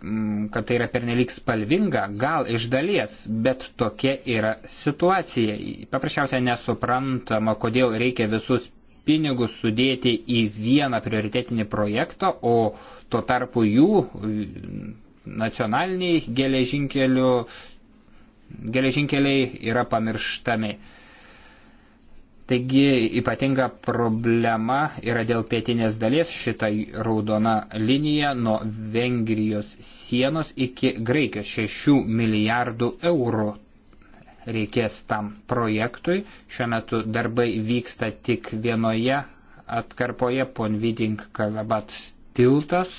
mm, kad tai yra pernelyg spalvinga, gal iš dalies, bet tokia yra situacija. Paprasčiausiai nesuprantama, kodėl reikia visus pinigus sudėti į vieną prioritetinį projektą, o tuo tarpu jų mm, nacionaliniai geležinkelių geležinkeliai yra pamirštami. Taigi ypatinga problema yra dėl pietinės dalies šitą raudoną liniją nuo Vengrijos sienos iki Graikijos 6 milijardų eurų reikės tam projektui. Šiuo metu darbai vyksta tik vienoje atkarpoje Ponviding Kalabat tiltas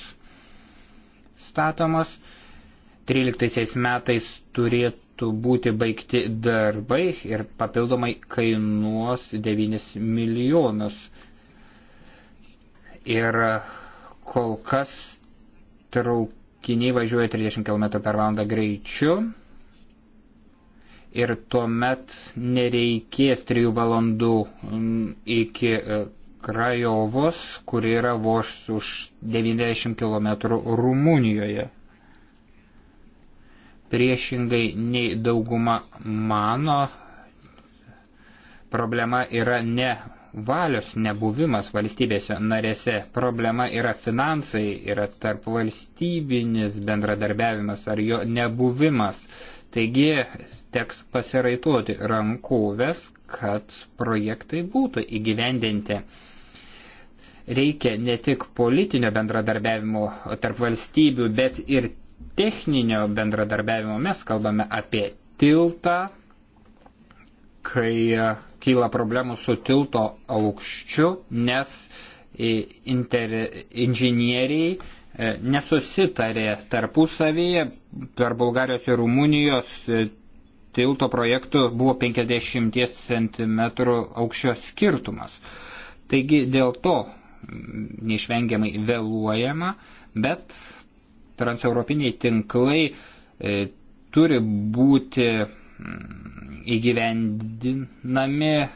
statomas. 13 metais turėtų turėtų būti baigti darbai ir papildomai kainuos 9 milijonus. Ir kol kas traukiniai važiuoja 30 km per valandą greičiu ir tuomet nereikės 3 valandų mm, iki e, Krajovos, kur yra vos už 90 km Rumunijoje. Priešingai nei dauguma mano, problema yra ne valios nebuvimas valstybėse narėse, problema yra finansai, yra tarp valstybinis bendradarbiavimas ar jo nebuvimas. Taigi teks pasiraituoti rankovės, kad projektai būtų įgyvendinti. Reikia ne tik politinio bendradarbiavimo tarp valstybių, bet ir techninio bendradarbiavimo mes kalbame apie tiltą, kai kyla problemų su tilto aukščiu, nes inter, inžinieriai e, nesusitarė tarpusavyje per Bulgarijos ir Rumunijos e, tilto projektų buvo 50 cm aukščio skirtumas. Taigi dėl to neišvengiamai vėluojama, bet transeuropiniai tinklai e, turi būti mm, įgyvendinami e,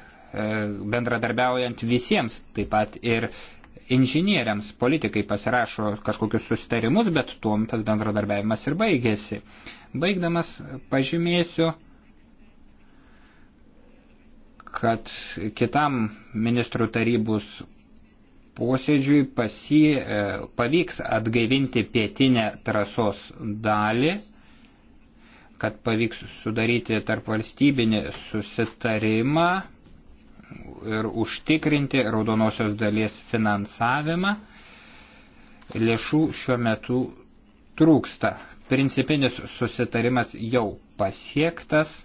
bendradarbiaujant visiems, taip pat ir inžinieriams politikai pasirašo kažkokius susitarimus, bet tuom tas bendradarbiavimas ir baigėsi. Baigdamas pažymėsiu, kad kitam ministrų tarybos posėdžiui pasi, e, pavyks atgaivinti pietinę trasos dalį, kad pavyks sudaryti tarp valstybinį susitarimą ir užtikrinti raudonosios dalies finansavimą. Lėšų šiuo metu trūksta. Principinis susitarimas jau pasiektas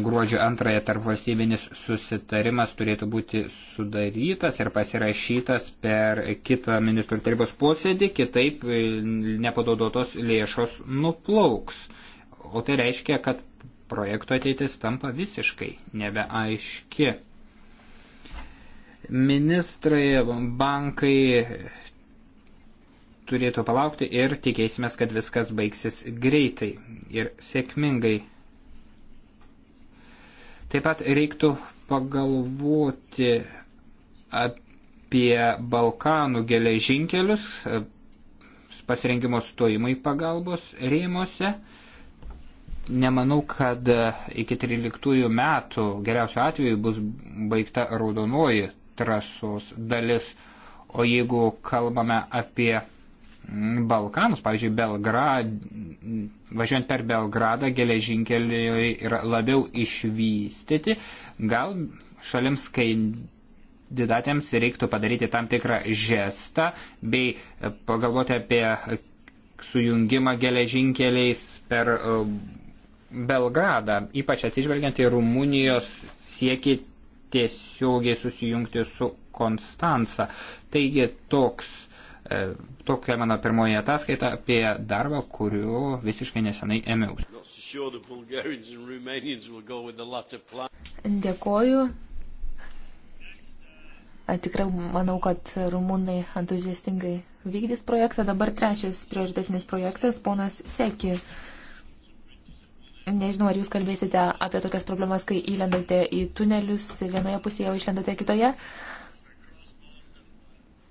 gruodžio antrąją tarpvalstybinis susitarimas turėtų būti sudarytas ir pasirašytas per kitą ministrų tarybos posėdį, kitaip e, nepadodotos lėšos nuplauks. O tai reiškia, kad projekto ateitis tampa visiškai nebeaiški. Ministrai, bankai turėtų palaukti ir tikėsime, kad viskas baigsis greitai ir sėkmingai Taip pat reiktų pagalvoti apie Balkanų geležinkelius pasirengimo stojimui pagalbos rėmose. Nemanau, kad iki 13 metų geriausio atveju bus baigta raudonoji trasos dalis. O jeigu kalbame apie Balkanus, pavyzdžiui, Belgrad, važiuojant per Belgradą geležinkeliai yra labiau išvystyti, gal šalims kandidatėms reiktų padaryti tam tikrą žestą bei pagalvoti apie sujungimą geležinkeliais per e, Belgradą, ypač atsižvelgiant į Rumunijos siekį tiesiogiai susijungti su Konstanca. Taigi toks E, tokia mano pirmoji ataskaita apie darbą, kuriuo visiškai nesenai ėmiausi. Dėkoju. Tikrai manau, kad rumūnai entuziastingai vykdys projektą. Dabar trečias prioritetinis projektas, ponas Seki. Nežinau, ar jūs kalbėsite apie tokias problemas, kai įlendate į tunelius vienoje pusėje, o išlendate kitoje.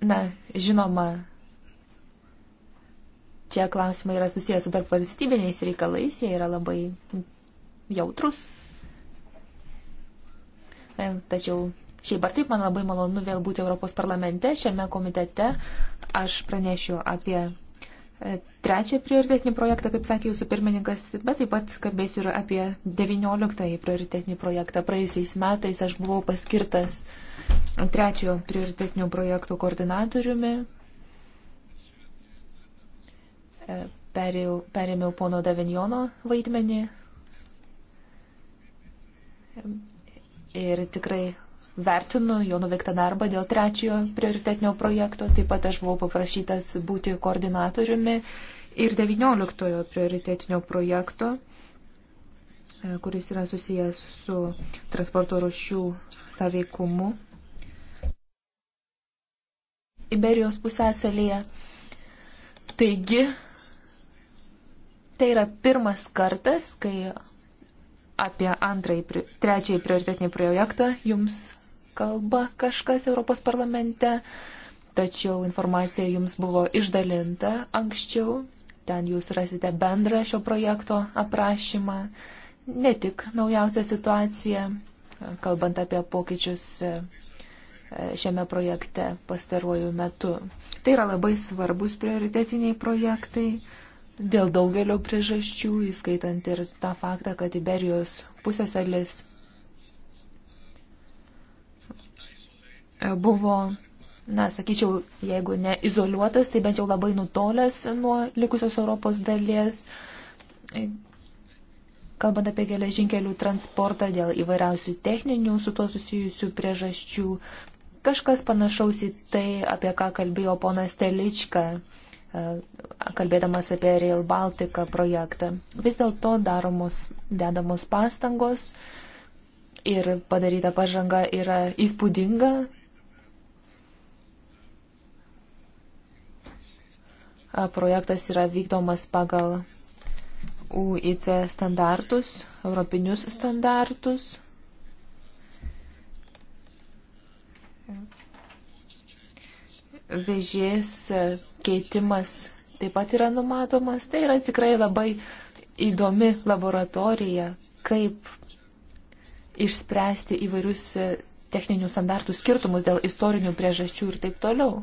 Na, žinoma, Čia klausimai yra susijęs su tarp valstybiniais reikalais, jie yra labai jautrus. E, tačiau šiaip ar taip man labai malonu vėl būti Europos parlamente, šiame komitete. Aš pranešiu apie e, trečią prioritetinį projektą, kaip sakė jūsų pirmininkas, bet taip pat kalbėsiu ir apie 19-ąjį prioritetinį projektą. Praėjusiais metais aš buvau paskirtas trečiojo prioritetinių projektų koordinatoriumi E, perėjau, perėmiau pono Davignono vaidmenį ir tikrai vertinu jo nuveiktą darbą dėl trečiojo prioritetinio projekto. Taip pat aš buvau paprašytas būti koordinatoriumi ir 19 prioritetinio projekto, e, kuris yra susijęs su transporto rušių saveikumu Iberijos pusėsalyje. Taigi, Tai yra pirmas kartas, kai apie antrąjį, trečiąjį prioritetinį projektą jums kalba kažkas Europos parlamente, tačiau informacija jums buvo išdalinta anksčiau. Ten jūs rasite bendrą šio projekto aprašymą, ne tik naujausią situaciją, kalbant apie pokyčius e, šiame projekte pastaruoju metu. Tai yra labai svarbus prioritetiniai projektai dėl daugelio priežasčių, įskaitant ir tą faktą, kad Iberijos pusėsalis e, buvo, na, sakyčiau, jeigu ne izoliuotas, tai bent jau labai nutolęs nuo likusios Europos dalies. E, kalbant apie geležinkelių transportą dėl įvairiausių techninių su tuo susijusių priežasčių, kažkas panašaus į tai, apie ką kalbėjo ponas Telička E, kalbėdamas apie Rail Baltica projektą. Vis dėlto daromos, dedamos pastangos ir padaryta pažanga yra įspūdinga. E, projektas yra vykdomas pagal UIC standartus, europinius standartus. vežės keitimas taip pat yra numatomas. Tai yra tikrai labai įdomi laboratorija, kaip išspręsti įvairius techninių standartų skirtumus dėl istorinių priežasčių ir taip toliau.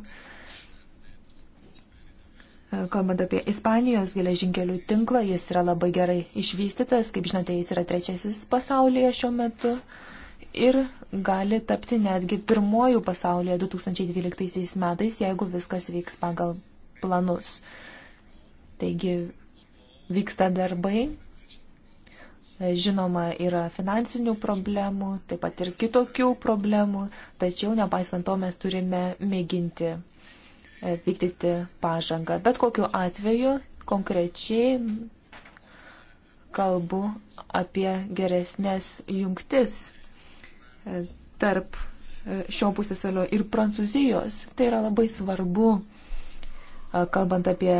Kalbant apie Ispanijos geležinkelių tinklą, jis yra labai gerai išvystytas, kaip žinote, jis yra trečiasis pasaulyje šiuo metu. Uh, ir gali tapti netgi pirmojų pasaulyje 2012 metais, jeigu viskas vyks pagal planus. Taigi vyksta darbai, Žinoma, yra finansinių problemų, taip pat ir kitokių problemų, tačiau nepaisant to mes turime mėginti e, vykdyti pažangą. Bet kokiu atveju konkrečiai kalbu apie geresnės jungtis tarp e, šio pusėsalio ir Prancūzijos. Tai yra labai svarbu, e, kalbant apie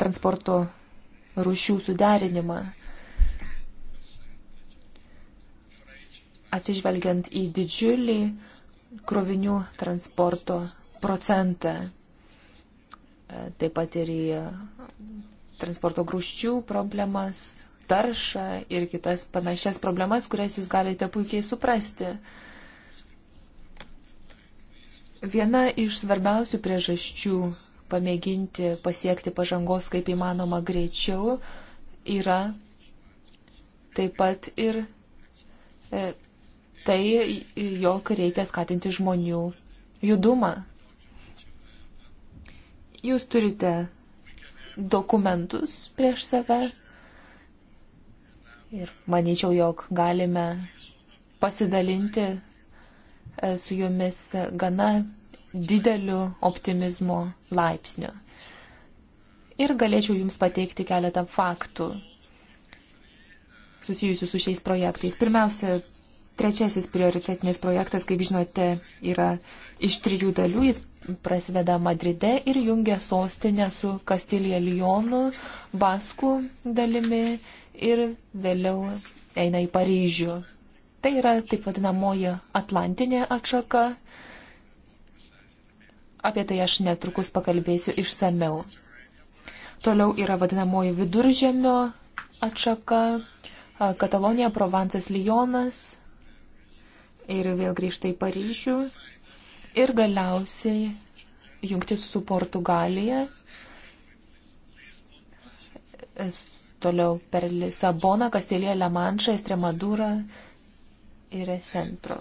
transporto rūšių suderinimą. Atsižvelgiant į didžiulį krovinių transporto procentą, e, taip pat ir į transporto grūščių problemas, taršą ir kitas panašias problemas, kurias jūs galite puikiai suprasti. Viena iš svarbiausių priežasčių pamėginti pasiekti pažangos kaip įmanoma greičiau yra taip pat ir e, tai, jog reikia skatinti žmonių judumą. Jūs turite dokumentus prieš save, ir manyčiau, jog galime pasidalinti e, su jumis gana dideliu optimizmo laipsniu. Ir galėčiau jums pateikti keletą faktų susijusių su šiais projektais. Pirmiausia, trečiasis prioritetinis projektas, kaip žinote, yra iš trijų dalių. Jis prasideda Madride ir jungia sostinę su Kastilija Lyonu, Baskų dalimi ir vėliau eina į Paryžių. Tai yra taip vadinamoji Atlantinė atšaka. Apie tai aš netrukus pakalbėsiu išsameu. Toliau yra vadinamoji viduržėmio atšaka, Katalonija, Provansas, Lyonas ir vėl grįžta į Paryžių ir galiausiai jungtis su Portugalija toliau per Lisaboną, Kastilėje, Lemanšą, Estremadūrą ir Esentro.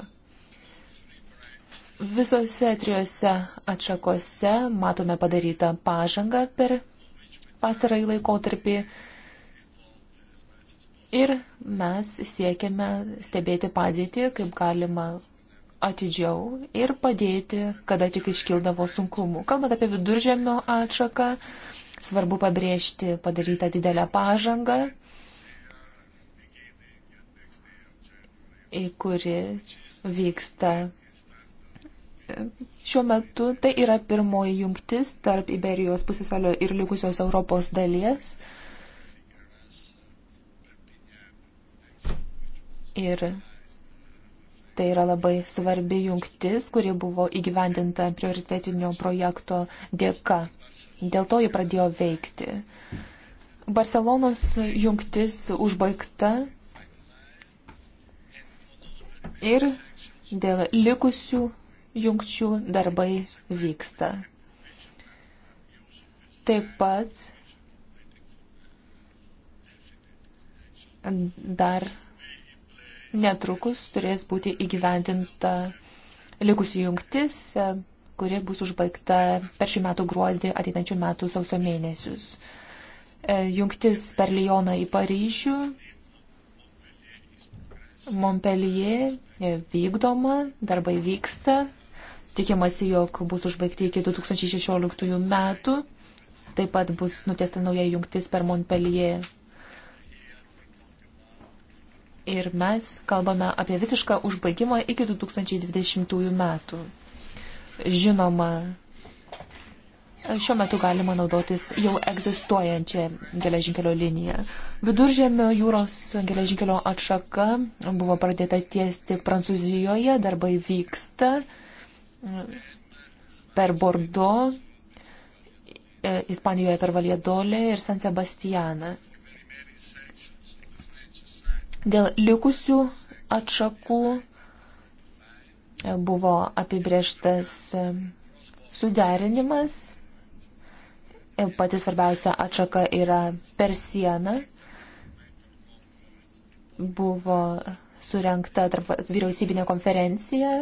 Visose trijose atšakose matome padarytą pažangą per pastarąjį laikotarpį ir mes siekiame stebėti padėtį, kaip galima atidžiau ir padėti, kada tik iškildavo sunkumų. Kalbant apie viduržėmio atšaką, Svarbu pabrėžti padarytą didelę pažangą, kuri vyksta šiuo metu. Tai yra pirmoji jungtis tarp Iberijos pusisalio ir likusios Europos dalies. Ir Tai yra labai svarbi jungtis, kuri buvo įgyvendinta prioritetinio projekto dėka. Dėl to jį pradėjo veikti. Barcelonos jungtis užbaigta ir dėl likusių jungčių darbai vyksta. Taip pat dar netrukus turės būti įgyvendinta likusi jungtis, e, kuri bus užbaigta per šių metų gruodį ateinančių metų sausio mėnesius. E, jungtis per Lyoną į Paryžių, Montpellier e, vykdoma, darbai vyksta, tikimasi, jog bus užbaigti iki 2016 metų, taip pat bus nutiesta nauja jungtis per Montpellier ir mes kalbame apie visišką užbaigimą iki 2020 metų. Žinoma, šiuo metu galima naudotis jau egzistuojančią geležinkelio liniją. Viduržėmio jūros geležinkelio atšaka buvo pradėta tiesti Prancūzijoje, darbai vyksta per Bordeaux, e, Ispanijoje per Valiedolį ir San Sebastianą. Dėl likusių atšakų e, buvo apibrieštas e, suderinimas. E, pati svarbiausia atšaka yra per sieną. Buvo surenkta vyriausybinė konferencija.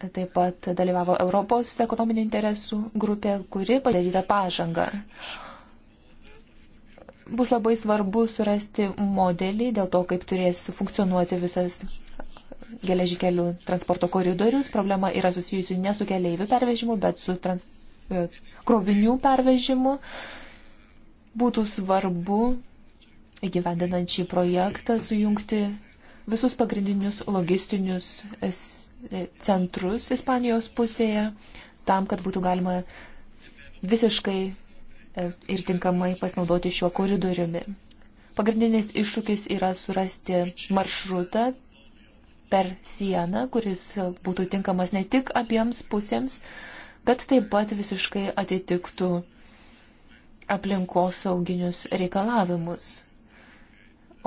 Taip pat dalyvavo Europos ekonominių interesų grupė, kuri padaryta pažanga. Bus labai svarbu surasti modelį dėl to, kaip turės funkcionuoti visas geležikelių transporto koridorius. Problema yra susijusi ne su keleivių pervežimu, bet su trans... E, krovinių pervežimu. Būtų svarbu įgyvendinant šį projektą sujungti visus pagrindinius logistinius e, centrus Ispanijos pusėje, tam, kad būtų galima visiškai E, ir tinkamai pasinaudoti šiuo koridoriumi. Pagrindinis iššūkis yra surasti maršrutą per sieną, kuris būtų tinkamas ne tik abiems pusėms, bet taip pat visiškai atitiktų aplinkos sauginius reikalavimus.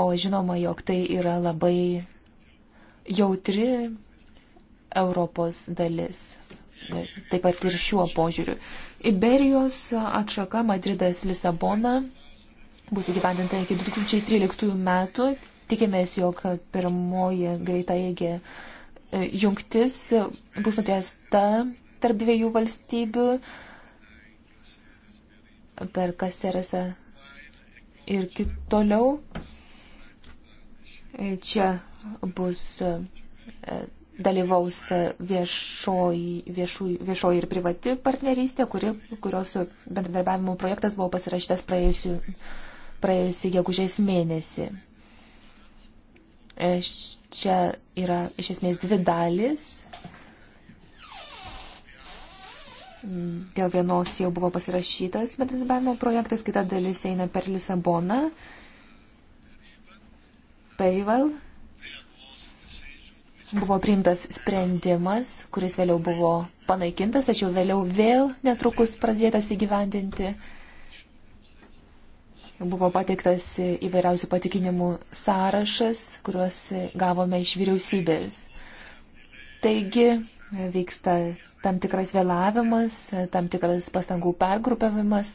O žinoma, jog tai yra labai jautri Europos dalis taip pat ir šiuo požiūriu. Iberijos atšaka Madridas Lisabona bus įgyvendinta iki 2013 metų. Tikimės, jog pirmoji greitaeigė e, jungtis bus nutiesta tarp dviejų valstybių per Kaserasą ir toliau. E, čia bus e, dalyvaus viešoji, viešų, viešoji ir privati partnerystė, kuri, kurios bendradarbiavimo projektas buvo pasirašytas praėjusiu, praėjusiu gegužės mėnesį. E, čia yra iš esmės dvi dalis. Dėl vienos jau buvo pasirašytas bendradarbiavimo projektas, kita dalis eina per Lisaboną. Perival buvo priimtas sprendimas, kuris vėliau buvo panaikintas, tačiau vėliau vėl netrukus pradėtas įgyvendinti. Buvo pateiktas įvairiausių patikinimų sąrašas, kuriuos gavome iš vyriausybės. Taigi vyksta tam tikras vėlavimas, tam tikras pastangų pergrupavimas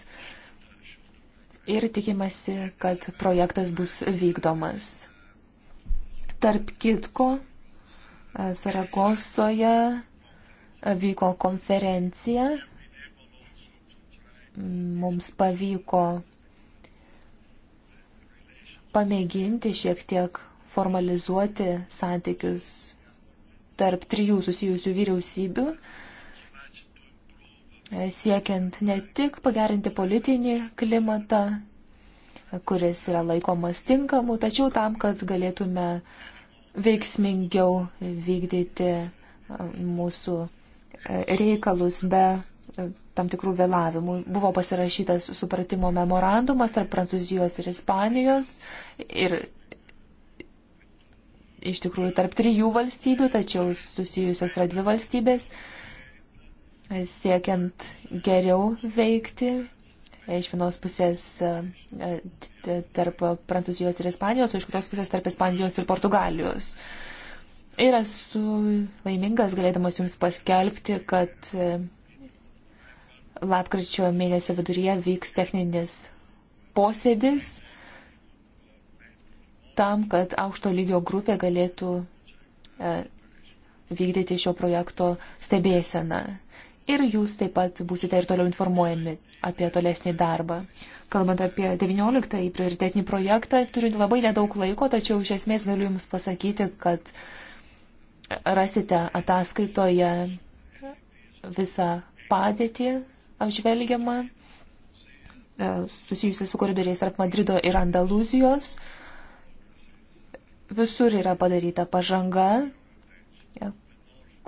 ir tikimasi, kad projektas bus vykdomas. Tarp kitko, Saragosoje vyko konferencija. Mums pavyko pamėginti šiek tiek formalizuoti santykius tarp trijų susijusių vyriausybių, siekiant ne tik pagerinti politinį klimatą, kuris yra laikomas tinkamu, tačiau tam, kad galėtume uh, veiksmingiau vykdyti mūsų reikalus be tam tikrų vėlavimų. Buvo pasirašytas supratimo memorandumas tarp Prancūzijos ir Ispanijos ir iš tikrųjų tarp trijų valstybių, tačiau susijusios yra dvi valstybės, siekiant geriau veikti iš vienos pusės e, e, tarp Prancūzijos ir Ispanijos, o iš kitos pusės tarp Ispanijos ir Portugalijos. Ir esu laimingas galėdamas Jums paskelbti, kad e, lapkričio mėnesio viduryje vyks techninis posėdis tam, kad aukšto lygio grupė galėtų vykdyti šio projekto stebėseną ir jūs taip pat būsite ir toliau informuojami apie tolesnį darbą. Kalbant apie 19-ąjį prioritetinį projektą, turiu labai nedaug laiko, tačiau iš esmės galiu Jums pasakyti, kad rasite ataskaitoje visą padėtį apžvelgiamą e, susijusi su koridoriais tarp Madrido ir Andalūzijos. Visur yra padaryta pažanga,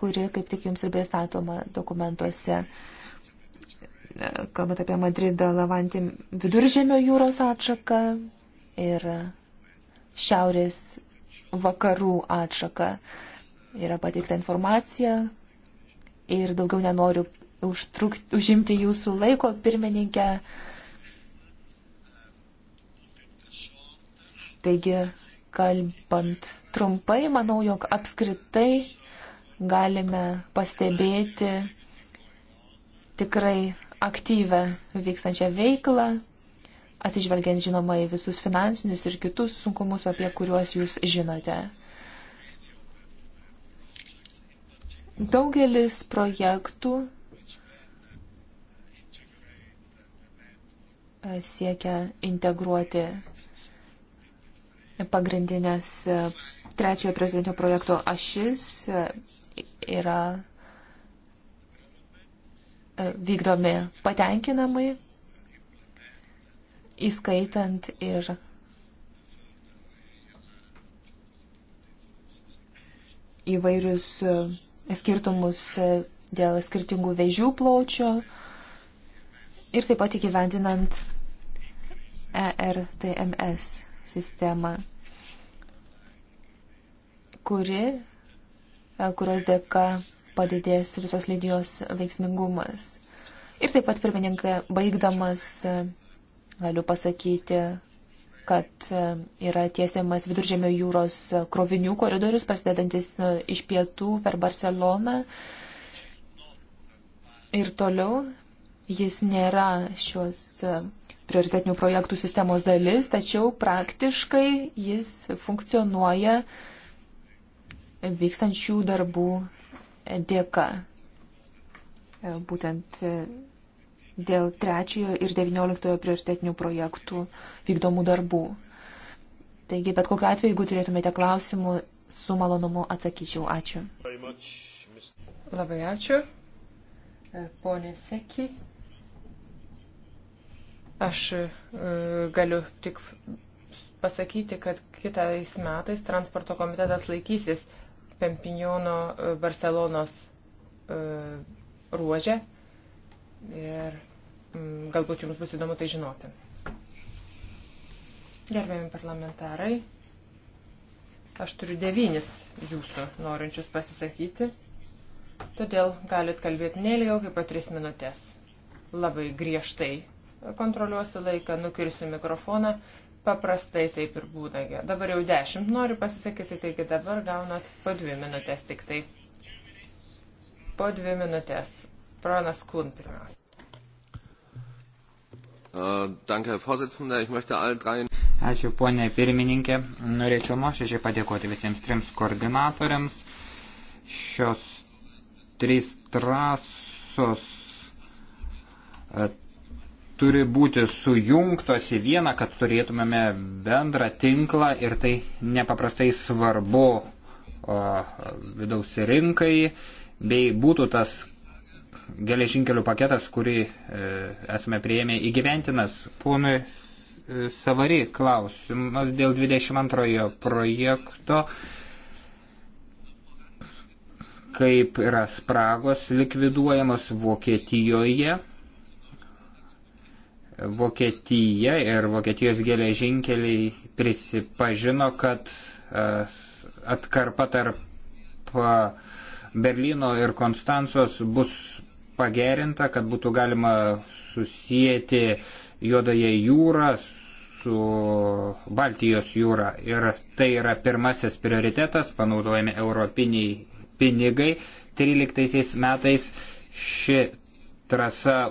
kuri kaip tik jums ir pristatoma dokumentuose, kalbant apie Madridą, Lavantį viduržėmio jūros atšaką ir šiaurės vakarų atšaką. Yra pateikta informacija ir daugiau nenoriu užtruk, užimti jūsų laiko, pirmininkė. Taigi, kalbant trumpai, manau, jog apskritai galime pastebėti tikrai aktyvę vykstančią veiklą, atsižvelgiant žinoma į visus finansinius ir kitus sunkumus, apie kuriuos jūs žinote. Daugelis projektų siekia integruoti pagrindinės trečiojo prezidento projekto ašis yra e, vykdomi patenkinamai, įskaitant ir įvairius e, skirtumus e, dėl skirtingų vėžių pločio ir taip pat įgyvendinant ERTMS sistemą, kuri E, kurios dėka padidės visos lydijos veiksmingumas. Ir taip pat, pirmininkai, baigdamas, e, galiu pasakyti, kad e, yra tiesiamas viduržėmio jūros krovinių koridorius, prasidedantis iš pietų per Barceloną. Ir toliau jis nėra šios prioritetinių projektų sistemos dalis, tačiau praktiškai jis funkcionuoja uh, vykstančių darbų dėka. Būtent dėl trečiojo ir devynioliktojo prioritetinių projektų vykdomų darbų. Taigi, bet kokiu atveju, jeigu turėtumėte klausimų, su malonumu atsakyčiau. Ačiū. Labai ačiū. E, Pone Seki. Aš e, galiu tik pasakyti, kad kitais metais transporto komitetas laikysis Pempinjono e, Barcelonos e, ruožę ir galbūt jums bus įdomu tai žinoti. Gerbėjami parlamentarai, aš turiu devynis jūsų norinčius pasisakyti, todėl galit kalbėti neilgiau kaip po tris minutės. Labai griežtai kontroliuosiu laiką, nukirsiu mikrofoną Paprastai taip ir būna. Dabar jau dešimt noriu pasisakyti, taigi dabar gaunat po dvi minutės tik tai. Po dvi minutės. Pranas Kun pirmiausia. Uh, danke, Herr Vorsitzender. Ich möchte allen dreien. Ačiū, ponė pirmininkė. Norėčiau nuoširdžiai padėkoti visiems trims koordinatoriams. Šios trys trasos turi būti sujungtos į vieną, kad turėtumėme bendrą tinklą ir tai nepaprastai svarbu o, vidaus rinkai, bei būtų tas geležinkelių paketas, kurį e, esame prieėmę įgyventinas. Ponui e, Savary klausimas dėl 22 projekto, kaip yra spragos likviduojamos Vokietijoje Vokietija ir Vokietijos geležinkeliai prisipažino, kad e, atkarpa tarp e, Berlyno ir Konstancos bus pagerinta, kad būtų galima susijęti Juodąją jūrą su Baltijos jūra. Ir tai yra pirmasis prioritetas, panaudojami europiniai pinigai. 13 metais ši Trasa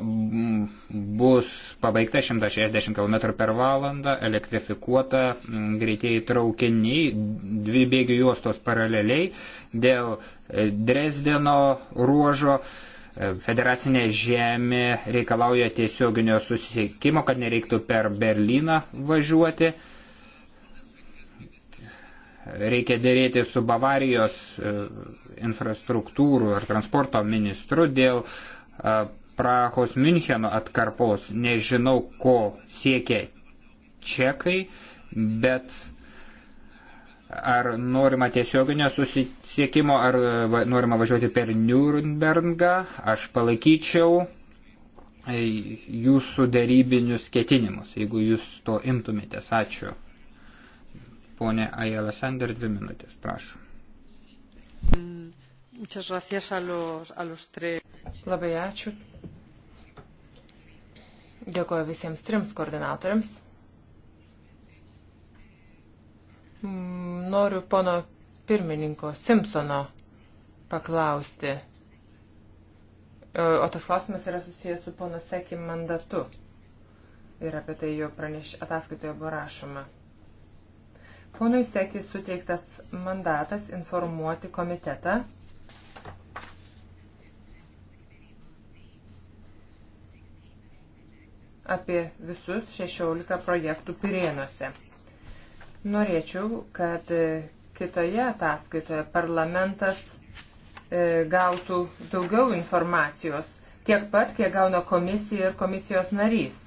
bus pabaigta 160 km per valandą, elektrifikuota mm, greitieji traukiniai, dvi bėgių juostos paraleliai dėl e, Dresdeno ruožo. E, federacinė žemė reikalauja tiesioginio susisiekimo, kad nereiktų per Berliną važiuoti reikia dėrėti su Bavarijos e, infrastruktūrų ir transporto ministru dėl Prahos Müncheno atkarpos. Nežinau, ko siekia čekai, bet ar norima tiesioginio susisiekimo, ar va, norima važiuoti per Nürnbergą, aš palaikyčiau e, jūsų darybinius ketinimus, jeigu jūs to imtumėtės. Ačiū. Pone Ajala Sander, dvi minutės, prašom. Labai ačiū Dėkuoju visiems trims koordinatoriams. Noriu pono pirmininko Simpsono paklausti. E, o tas klausimas yra susijęs su pono Sekim mandatu. Ir apie tai jo praneš, ataskaitoje buvo rašoma. Ponui Sekis suteiktas mandatas informuoti komitetą apie visus 16 projektų Pirėnuose. Norėčiau, kad e, kitoje ataskaitoje parlamentas e, gautų daugiau informacijos, tiek pat, kiek gauna komisija ir komisijos narys.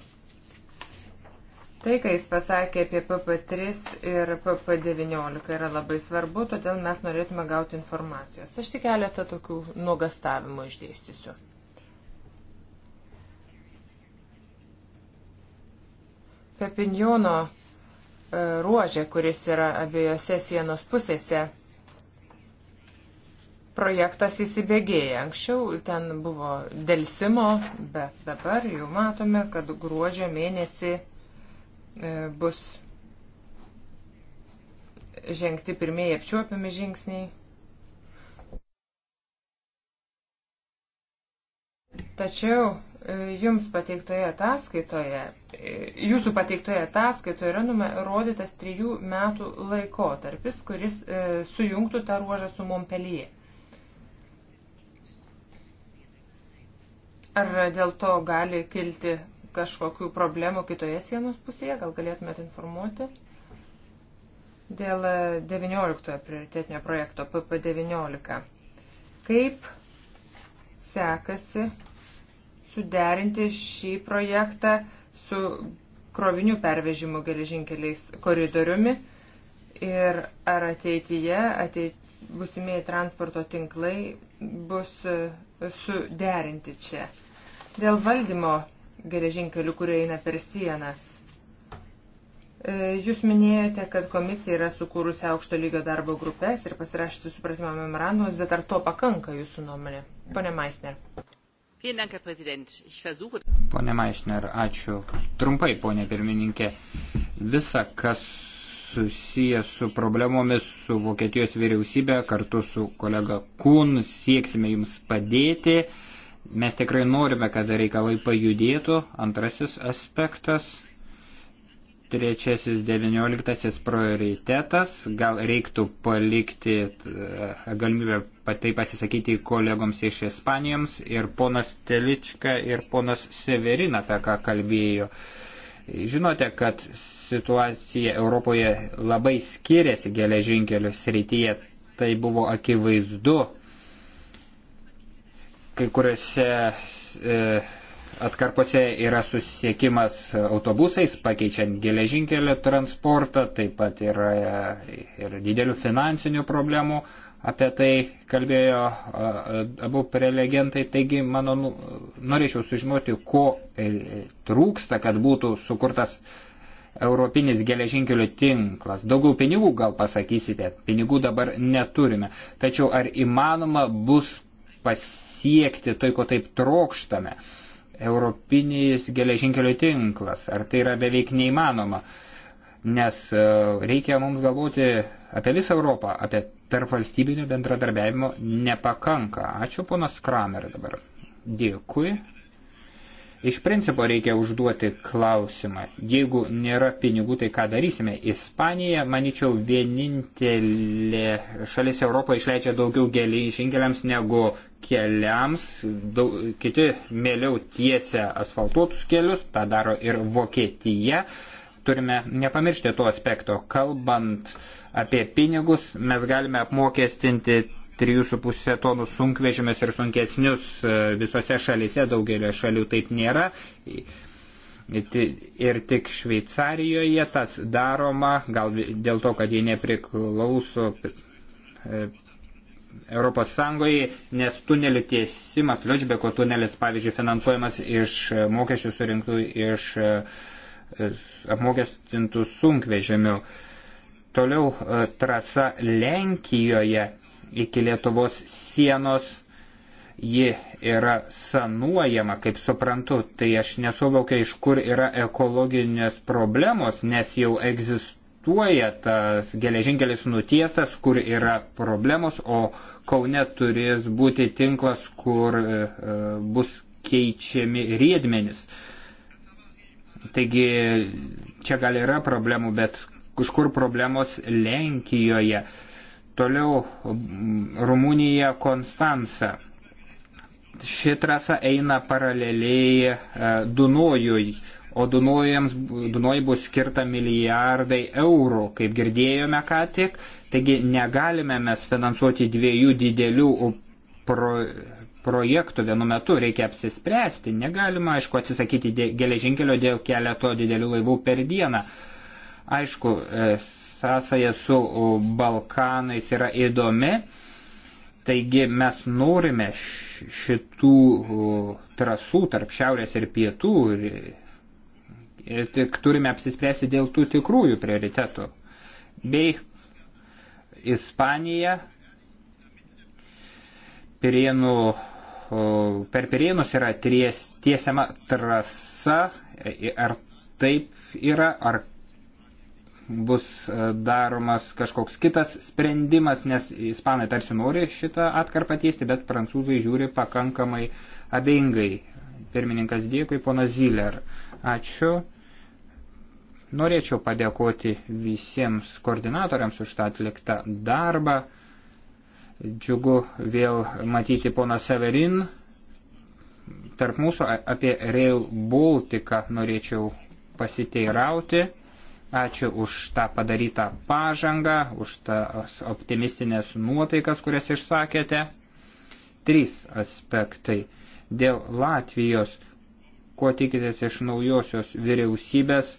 Tai, ką jis pasakė apie PP3 ir PP19 yra labai svarbu, todėl mes norėtume gauti informacijos. Aš tik keletą tokių nuogastavimų išdėstysiu. Pepinjono e, ruožė, kuris yra abiejose sienos pusėse, projektas įsibėgėja. Anksčiau ten buvo dėlsimo, bet dabar jau matome, kad gruodžio mėnesį e, bus žengti pirmieji apčiuopiami žingsniai. Tačiau E, jums pateiktoje ataskaitoje, e, jūsų pateiktoje ataskaitoje yra nurodytas trijų metų laikotarpis, kuris e, sujungtų tą ruožą su Montpellier. Ar dėl to gali kilti kažkokių problemų kitoje sienos pusėje? Gal galėtumėte informuoti? Dėl 19 prioritetinio projekto PP19. Kaip sekasi suderinti šį projektą su krovinių pervežimų geležinkeliais koridoriumi ir ar ateityje ateit, busimieji transporto tinklai bus e, suderinti čia. Dėl valdymo geležinkelių, kurie eina per sienas. E, jūs minėjote, kad komisija yra sukūrusi aukšto lygio darbo grupės ir pasirašyti supratimo memorandumus, bet ar to pakanka jūsų nuomonė? Pone Maisner. Pone Maišner, ačiū. Trumpai, ponė pirmininkė, visa, kas susijęs su problemomis su Vokietijos vyriausybė, kartu su kolega Kun, sieksime jums padėti. Mes tikrai norime, kad reikalai pajudėtų. Antrasis aspektas trečiasis devynioliktasis prioritetas, gal reiktų palikti e, galimybę tai pasisakyti kolegoms iš Ispanijams ir ponas Telička ir ponas Severina apie ką kalbėjo. Žinote, kad situacija Europoje labai skiriasi geležinkelių srityje, tai buvo akivaizdu. Kai kuriuose e, atkarpose yra susiekimas autobusais, pakeičiant geležinkelio transportą, taip pat yra e, ir didelių finansinių problemų, apie tai kalbėjo abu prelegentai, taigi mano nu, norėčiau sužinoti, ko e, trūksta, kad būtų sukurtas europinis geležinkelių tinklas. Daugiau pinigų gal pasakysite, pinigų dabar neturime, tačiau ar įmanoma bus pasiekti tai, ko taip trokštame. Uh, europinis geležinkelio tinklas. Ar tai yra beveik neįmanoma? Nes e, reikia mums galvoti apie visą Europą, apie tarp valstybinio bendradarbiavimo nepakanka. Ačiū ponas Kramer dabar. Dėkui. Iš principo reikia užduoti klausimą. Jeigu nėra pinigų, tai ką darysime? Ispanija, manyčiau, vienintelė šalis Europoje išleidžia daugiau geležinkeliams negu keliams. Daug, kiti mėliau tiesia asfaltuotus kelius, tą daro ir Vokietija. Turime nepamiršti to aspekto. Kalbant apie pinigus, mes galime apmokestinti 3,5 tonų sunkvežimės ir sunkesnius e, visose šalise, daugelio šalių taip nėra. Ir tik Šveicarijoje tas daroma, gal dėl to, kad jie nepriklauso e, Europos Sąjungoje, nes tunelių tiesimas, Liučbeko tunelis, pavyzdžiui, finansuojamas iš e, mokesčių surinktų iš apmokestintų sunkvežimių. Toliau trasa Lenkijoje iki Lietuvos sienos. Ji yra sanuojama, kaip suprantu, tai aš nesuvokiu, iš kur yra ekologinės problemos, nes jau egzistuoja tas geležinkelis nutiestas, kur yra problemos, o Kaune turės būti tinklas, kur e, e bus keičiami riedmenis. Taigi čia gal yra problemų, bet kažkur problemos Lenkijoje. E, Toliau mm, Rumunija Konstanca. Ši trasa eina paraleliai e, Dunojui, o Dunojui bus skirta milijardai eurų, kaip girdėjome ką tik. Taigi negalime mes finansuoti dviejų didelių pro, projektų vienu metu, reikia apsispręsti. Negalima, aišku, atsisakyti geležinkelio dėl keleto didelių laivų per dieną. Aišku, sąsaja su Balkanais yra įdomi. Taigi mes norime šitų trasų tarp šiaurės ir pietų ir, ir tik turime apsispręsti dėl tų tikrųjų prioritetų. Bei Ispanija Pirienų, per Pirienus yra ties, tiesiama trasa, ar taip yra, ar bus e, daromas kažkoks kitas sprendimas, nes ispanai tarsi nori šitą atkarpą tiesti, bet prancūzai žiūri pakankamai abejingai. Pirmininkas dėkui, ponas Ziller. Ačiū. Norėčiau padėkoti visiems koordinatoriams už tą atliktą darbą. Džiugu vėl matyti poną Severin. Tarp mūsų apie Rail Baltica norėčiau pasiteirauti. Ačiū už tą padarytą pažangą, už tas optimistinės nuotaikas, kurias išsakėte. Trys aspektai. Dėl Latvijos, ko tikitės iš naujosios vyriausybės,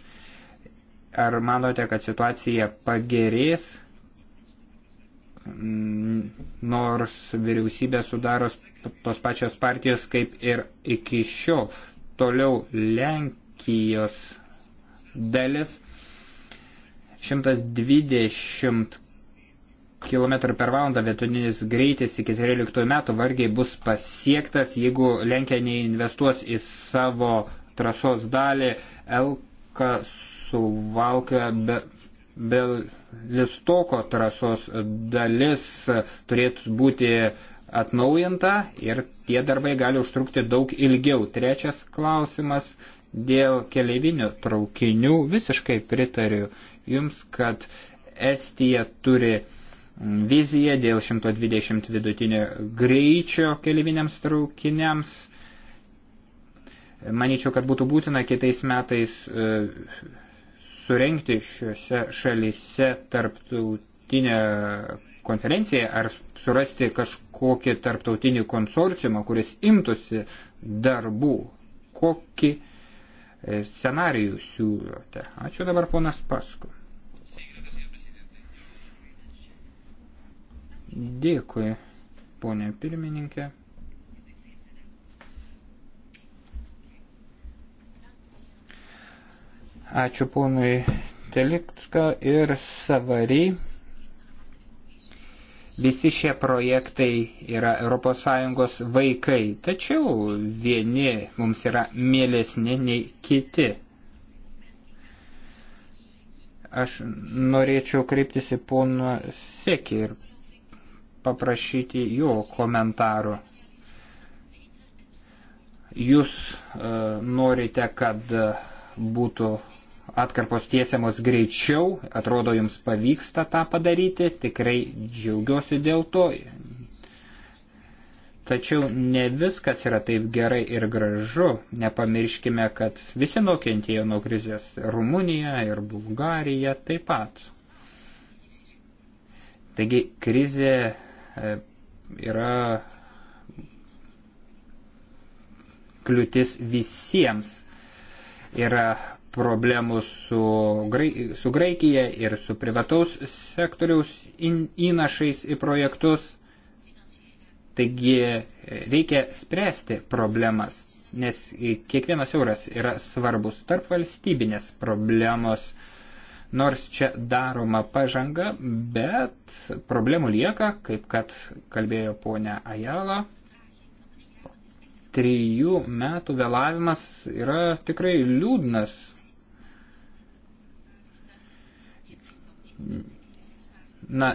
ar manote, kad situacija pagerės, nors vyriausybė sudaro tos pačios partijos kaip ir iki šiol. Toliau Lenkijos dalis 120 km per valandą vietoninis greitis iki 13 metų vargiai bus pasiektas, jeigu Lenkija neinvestuos į savo trasos dalį Elka suvalka be, be listoko trasos dalis turėtų būti atnaujinta ir tie darbai gali užtrukti daug ilgiau. Trečias klausimas dėl keleivinių traukinių visiškai pritariu jums, kad Estija turi viziją dėl 120 vidutinio greičio keliviniams traukiniams. Manyčiau, kad būtų būtina kitais metais e, surenkti šiuose šalyse tarptautinę konferenciją ar surasti kažkokį tarptautinį konsorciumą, kuris imtųsi darbų. Kokį E, scenarijų siūlote. Ačiū dabar ponas Pasku. Dėkui, ponė pirmininkė. Ačiū ponui Telikska ir Savary. Visi šie projektai yra ES vaikai, tačiau vieni mums yra mielesni nei kiti. Aš norėčiau kreiptis į poną Sekį ir paprašyti jo komentarų. Jūs e, norite, kad būtų atkarpos tiesiamos greičiau, atrodo jums pavyksta tą padaryti, tikrai džiaugiuosi dėl to. Tačiau ne viskas yra taip gerai ir gražu. Nepamirškime, kad visi nukentėjo nuo krizės - Rumunija ir Bulgarija taip pat. Taigi krizė e, yra kliūtis visiems. Yra problemų su, Graik, su Graikija ir su privataus sektoriaus in, įnašais į projektus. Taigi e, reikia spręsti problemas, nes e, kiekvienas euras yra svarbus tarp valstybinės problemos. Nors čia daroma pažanga, bet problemų lieka, kaip kad kalbėjo ponia Ajala, trijų metų vėlavimas yra tikrai liūdnas Na,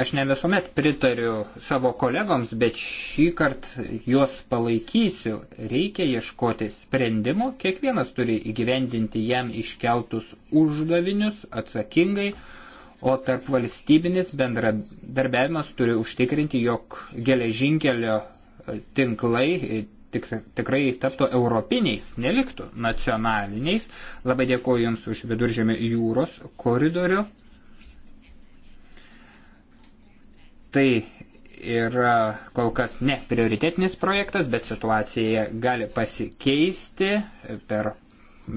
aš ne visuomet pritariu savo kolegoms, bet šį kartą juos palaikysiu. Reikia ieškoti sprendimo, kiekvienas turi įgyvendinti jam iškeltus uždavinius atsakingai, o tarp valstybinis bendradarbiavimas turi užtikrinti, jog geležinkelio e, tinklai e, tik, tikrai taptų europiniais, neliktų nacionaliniais. Labai dėkuoju Jums už viduržėmio jūros koridorių Tai yra kol kas ne prioritetinis projektas, bet situacija gali pasikeisti per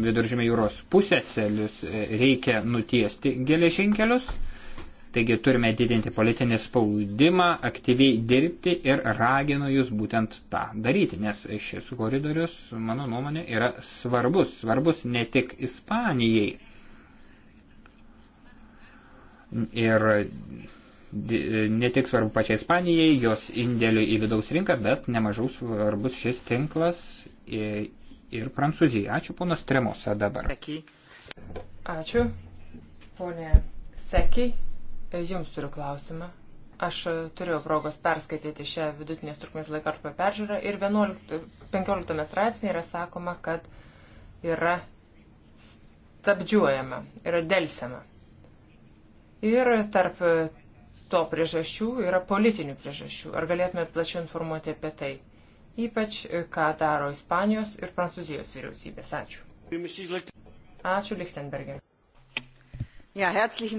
viduržymio jūros pusėselius e, reikia nutiesti geležinkelius. Taigi turime didinti politinį spaudimą, aktyviai dirbti ir raginu jūs būtent tą daryti, nes šis koridorius, mano nuomonė, yra svarbus. Svarbus ne tik Ispanijai. Ir E, ne tik svarbu pačiai Ispanijai, jos indėliui į vidaus rinką, bet nemažiau svarbus šis tinklas ir, ir Prancūzijai. Ačiū ponas Tremosa dabar. Ačiū. Pone Seki, e, jums turiu klausimą. Aš turėjau progos perskaityti šią vidutinės trukmės laikotarpio peržiūrą ir 11, 15 straipsnė yra sakoma, kad yra stabdžiuojama, yra delsiama. Ir tarp to priežasčių yra politinių priežasčių. Ar galėtumėt plačiau informuoti apie tai? Ypač, e, ką daro Ispanijos ir Prancūzijos vyriausybės. Ačiū. Ačiū, Lichtenberger. Ja,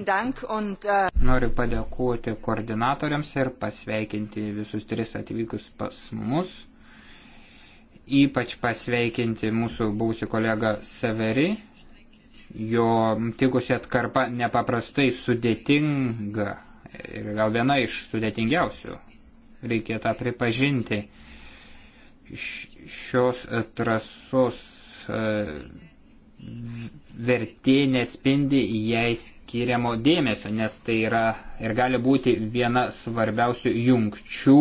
dank und, uh... Noriu padėkoti koordinatoriams ir pasveikinti visus tris atvykus pas mus. Ypač pasveikinti mūsų būsį kolegą Severi, jo tikusi atkarpa nepaprastai sudėtinga ir gal viena iš sudėtingiausių, reikia tą pripažinti. Šios e, trasos e, vertė neatspindi jai skiriamo dėmesio, nes tai yra ir gali būti viena svarbiausių jungčių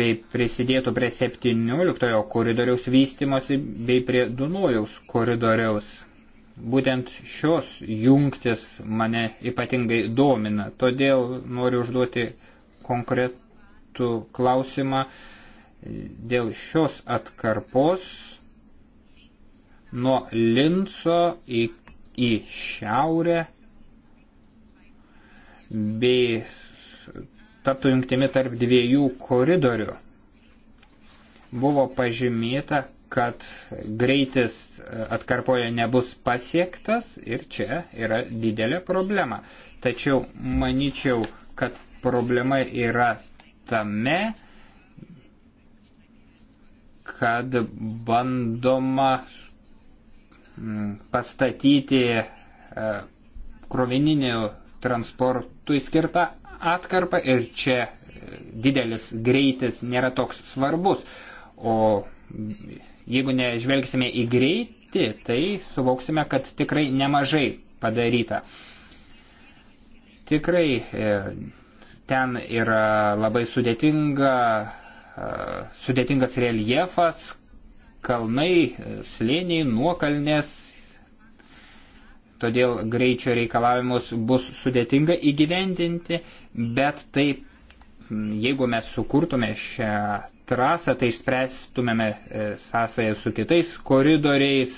bei prisidėtų prie 17 koridoriaus vystimosi bei prie Dunojaus koridoriaus. Būtent šios jungtis mane ypatingai domina, todėl noriu užduoti konkretų klausimą dėl šios atkarpos nuo Linco į, į šiaurę bei taptų jungtimi tarp dviejų koridorių. Buvo pažymėta, kad greitis e, atkarpoje nebus pasiektas ir čia yra didelė problema. Tačiau manyčiau, kad problema yra tame, kad bandoma pastatyti e, krovininių transportui skirtą atkarpą ir čia e, didelis greitis nėra toks svarbus, o jeigu nežvelgsime į greitį, tai suvoksime, kad tikrai nemažai padaryta. Tikrai e, ten yra labai sudėtinga, e, sudėtingas reljefas, kalnai, e, slėniai, nuokalnės, todėl greičio reikalavimus bus sudėtinga įgyvendinti, bet taip, jeigu mes sukurtume šią trasą, tai spręstumėme e, sąsąją su kitais koridoriais.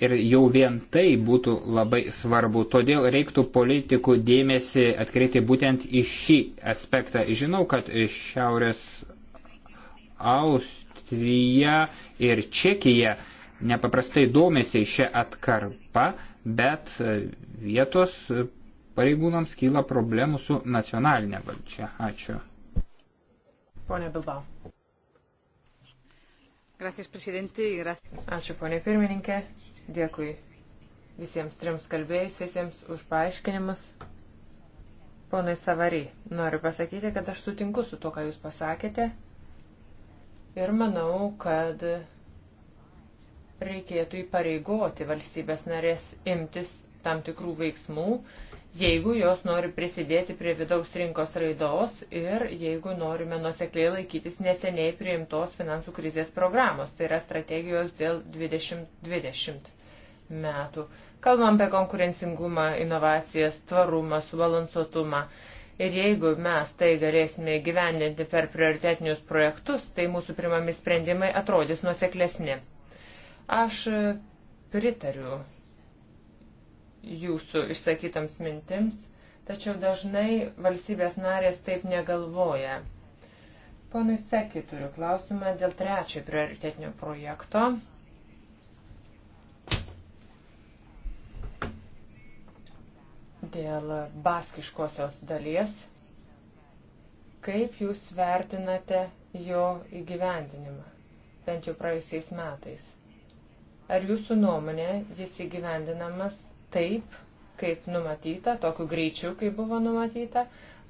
Ir jau vien tai būtų labai svarbu. Todėl reiktų politikų dėmesį atkreipti būtent į šį aspektą. Žinau, kad Šiaurės Austrija ir Čekija nepaprastai domėsi šią atkarpą, bet e, vietos e, pareigūnams kyla problemų su nacionalinė valdžia. Ačiū. Pone Bilbao. Gracias, Gracias. Ačiū, ponė pirmininkė. Dėkui visiems trims kalbėjusiesiems už paaiškinimus. Ponai Savary, noriu pasakyti, kad aš sutinku su to, ką Jūs pasakėte. Ir manau, kad reikėtų įpareigoti valstybės narės imtis tam tikrų veiksmų, jeigu jos nori prisidėti prie vidaus rinkos raidos ir jeigu norime nusekliai laikytis neseniai priimtos finansų krizės programos, tai yra strategijos dėl 2020 metų. Kalbam apie konkurencingumą, inovacijas, tvarumą, subalansuotumą. Ir jeigu mes tai galėsime gyvendinti per prioritetinius projektus, tai mūsų primami sprendimai atrodys nuoseklesni. Aš pritariu jūsų išsakytoms mintims, tačiau dažnai valstybės narės taip negalvoja. Ponui Seki turiu klausimą dėl trečiojo prioritetinio projekto. Dėl baskiškosios dalies. Kaip jūs vertinate jo įgyvendinimą, bent jau praėjusiais metais? Ar jūsų nuomonė jis įgyvendinamas taip, kaip numatyta, tokiu greičiu, kaip buvo numatyta,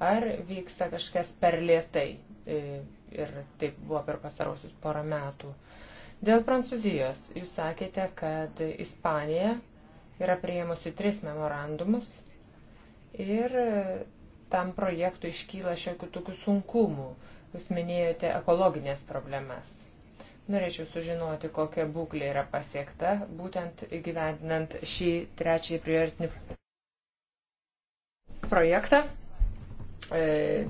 ar vyksta kažkas per lietai. E, ir taip buvo per pastarosius porą metų. Dėl Prancūzijos, jūs sakėte, kad Ispanija yra prieimusi tris memorandumus ir e, tam projektui iškyla šiokių tokių sunkumų. Jūs minėjote ekologinės problemas. Norėčiau sužinoti, kokia būklė yra pasiekta, būtent įgyvendinant šį trečiąjį prioritinį projektą. E,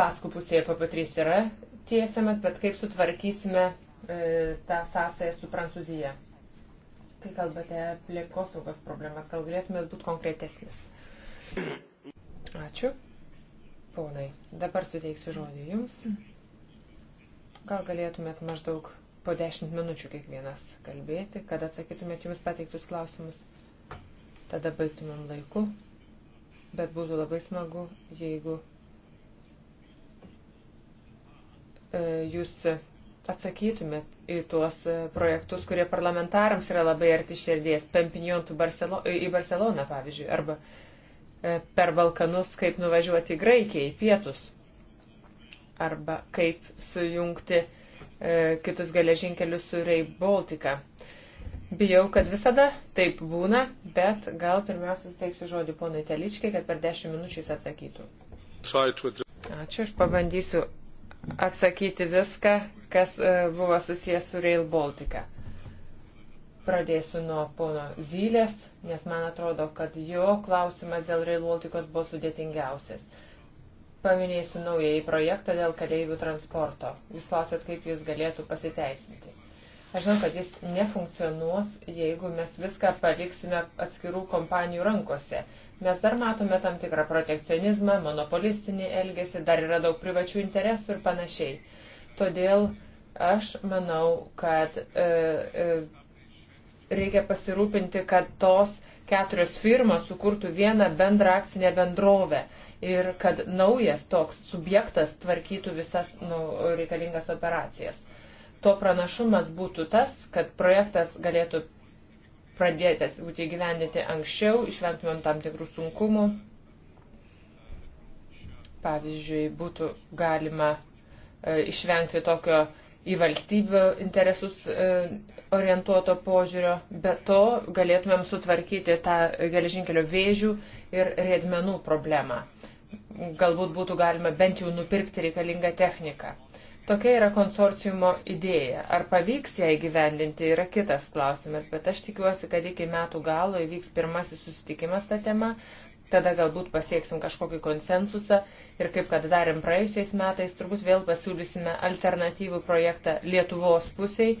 Baskų pusėje PP3 yra tiesiamas, bet kaip sutvarkysime e, tą sąsąją su Prancūzija? Kai kalbate apie kosaugos problemas, gal galėtumėt būti konkretesnis? Ačiū. Ponai, dabar suteiksiu žodį jums. Mm. Gal galėtumėt maždaug po 10 minučių kiekvienas kalbėti, kad atsakytumėt jums pateiktus klausimus. Tada baigtumėm laiku. Bet būtų labai smagu, jeigu e, jūs atsakytumėt į tuos e, projektus, kurie parlamentarams yra labai arti širdies, Pempinion Barcelo, į Barceloną, pavyzdžiui, arba e, per Balkanus, kaip nuvažiuoti į Graikiją, į pietus arba kaip sujungti e, kitus geležinkelius su Rail Baltica. Bijau, kad visada taip būna, bet gal pirmiausia suteiksiu žodį ponui Teličkai, kad per 10 minučių jis atsakytų. Ačiū, aš pabandysiu atsakyti viską, kas e, buvo susijęs su Rail Baltica. Pradėsiu nuo pono Zylės, nes man atrodo, kad jo klausimas dėl Rail Balticos buvo sudėtingiausias. Paminėsiu naująjį projektą dėl kareivių transporto. Jūs klausėt, kaip jis galėtų pasiteisinti. Aš žinau, kad jis nefunkcionuos, jeigu mes viską paliksime atskirų kompanijų rankose. Mes dar matome tam tikrą protekcionizmą, monopolistinį elgesį, dar yra daug privačių interesų ir panašiai. Todėl aš manau, kad e, e, reikia pasirūpinti, kad tos keturios firmos sukurtų vieną bendrą akcinę bendrovę ir kad naujas toks subjektas tvarkytų visas nu, reikalingas operacijas. To pranašumas būtų tas, kad projektas galėtų pradėtas būti gyvendinti anksčiau, išvengtumėm tam tikrų sunkumų. Pavyzdžiui, būtų galima e, išvengti tokio į valstybių interesus e, orientuoto požiūrio, bet to galėtumėm sutvarkyti tą geležinkelio vėžių ir riedmenų problemą galbūt būtų galima bent jau nupirkti reikalingą techniką. Tokia yra konsorciumo idėja. Ar pavyks ją įgyvendinti yra kitas klausimas, bet aš tikiuosi, kad iki metų galo įvyks pirmasis susitikimas tą temą, tada galbūt pasieksim kažkokį konsensusą ir kaip kad darėm praėjusiais metais, turbūt vėl pasiūlysime alternatyvų projektą Lietuvos pusiai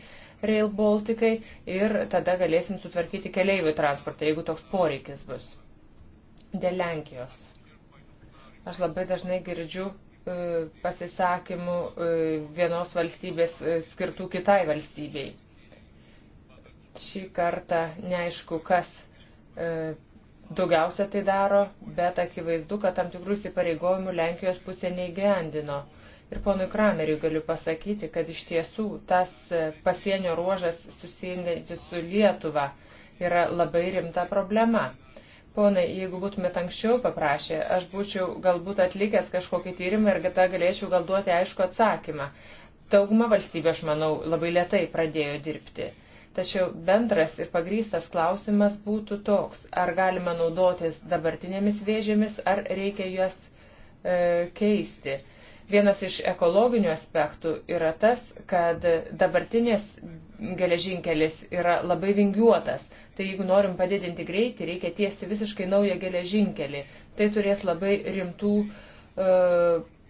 Rail Baltikai ir tada galėsim sutvarkyti keleivių transportą, jeigu toks poreikis bus. Dėl Lenkijos. Aš labai dažnai girdžiu e, pasisakymų e, vienos valstybės e, skirtų kitai valstybei. Šį kartą neaišku, kas daugiausia tai daro, bet akivaizdu, kad tam tikrus įpareigojimų Lenkijos pusė neįgyvendino. Ir ponui Krameriui galiu pasakyti, kad iš tiesų tas pasienio ruožas susijęs su Lietuva yra labai rimta problema. Ponai, jeigu būtumėt anksčiau paprašę, aš būčiau galbūt atlikęs kažkokį tyrimą ir tada galėčiau gal duoti aišku atsakymą. Dauguma valstybė, aš manau, labai lietai pradėjo dirbti. Tačiau bendras ir pagrystas klausimas būtų toks, ar galima naudotis dabartinėmis vėžėmis, ar reikia juos e, keisti. Vienas iš ekologinių aspektų yra tas, kad dabartinės geležinkelis yra labai vingiuotas Tai jeigu norim padidinti greitį, reikia tiesti visiškai naują geležinkelį. Tai turės labai rimtų e,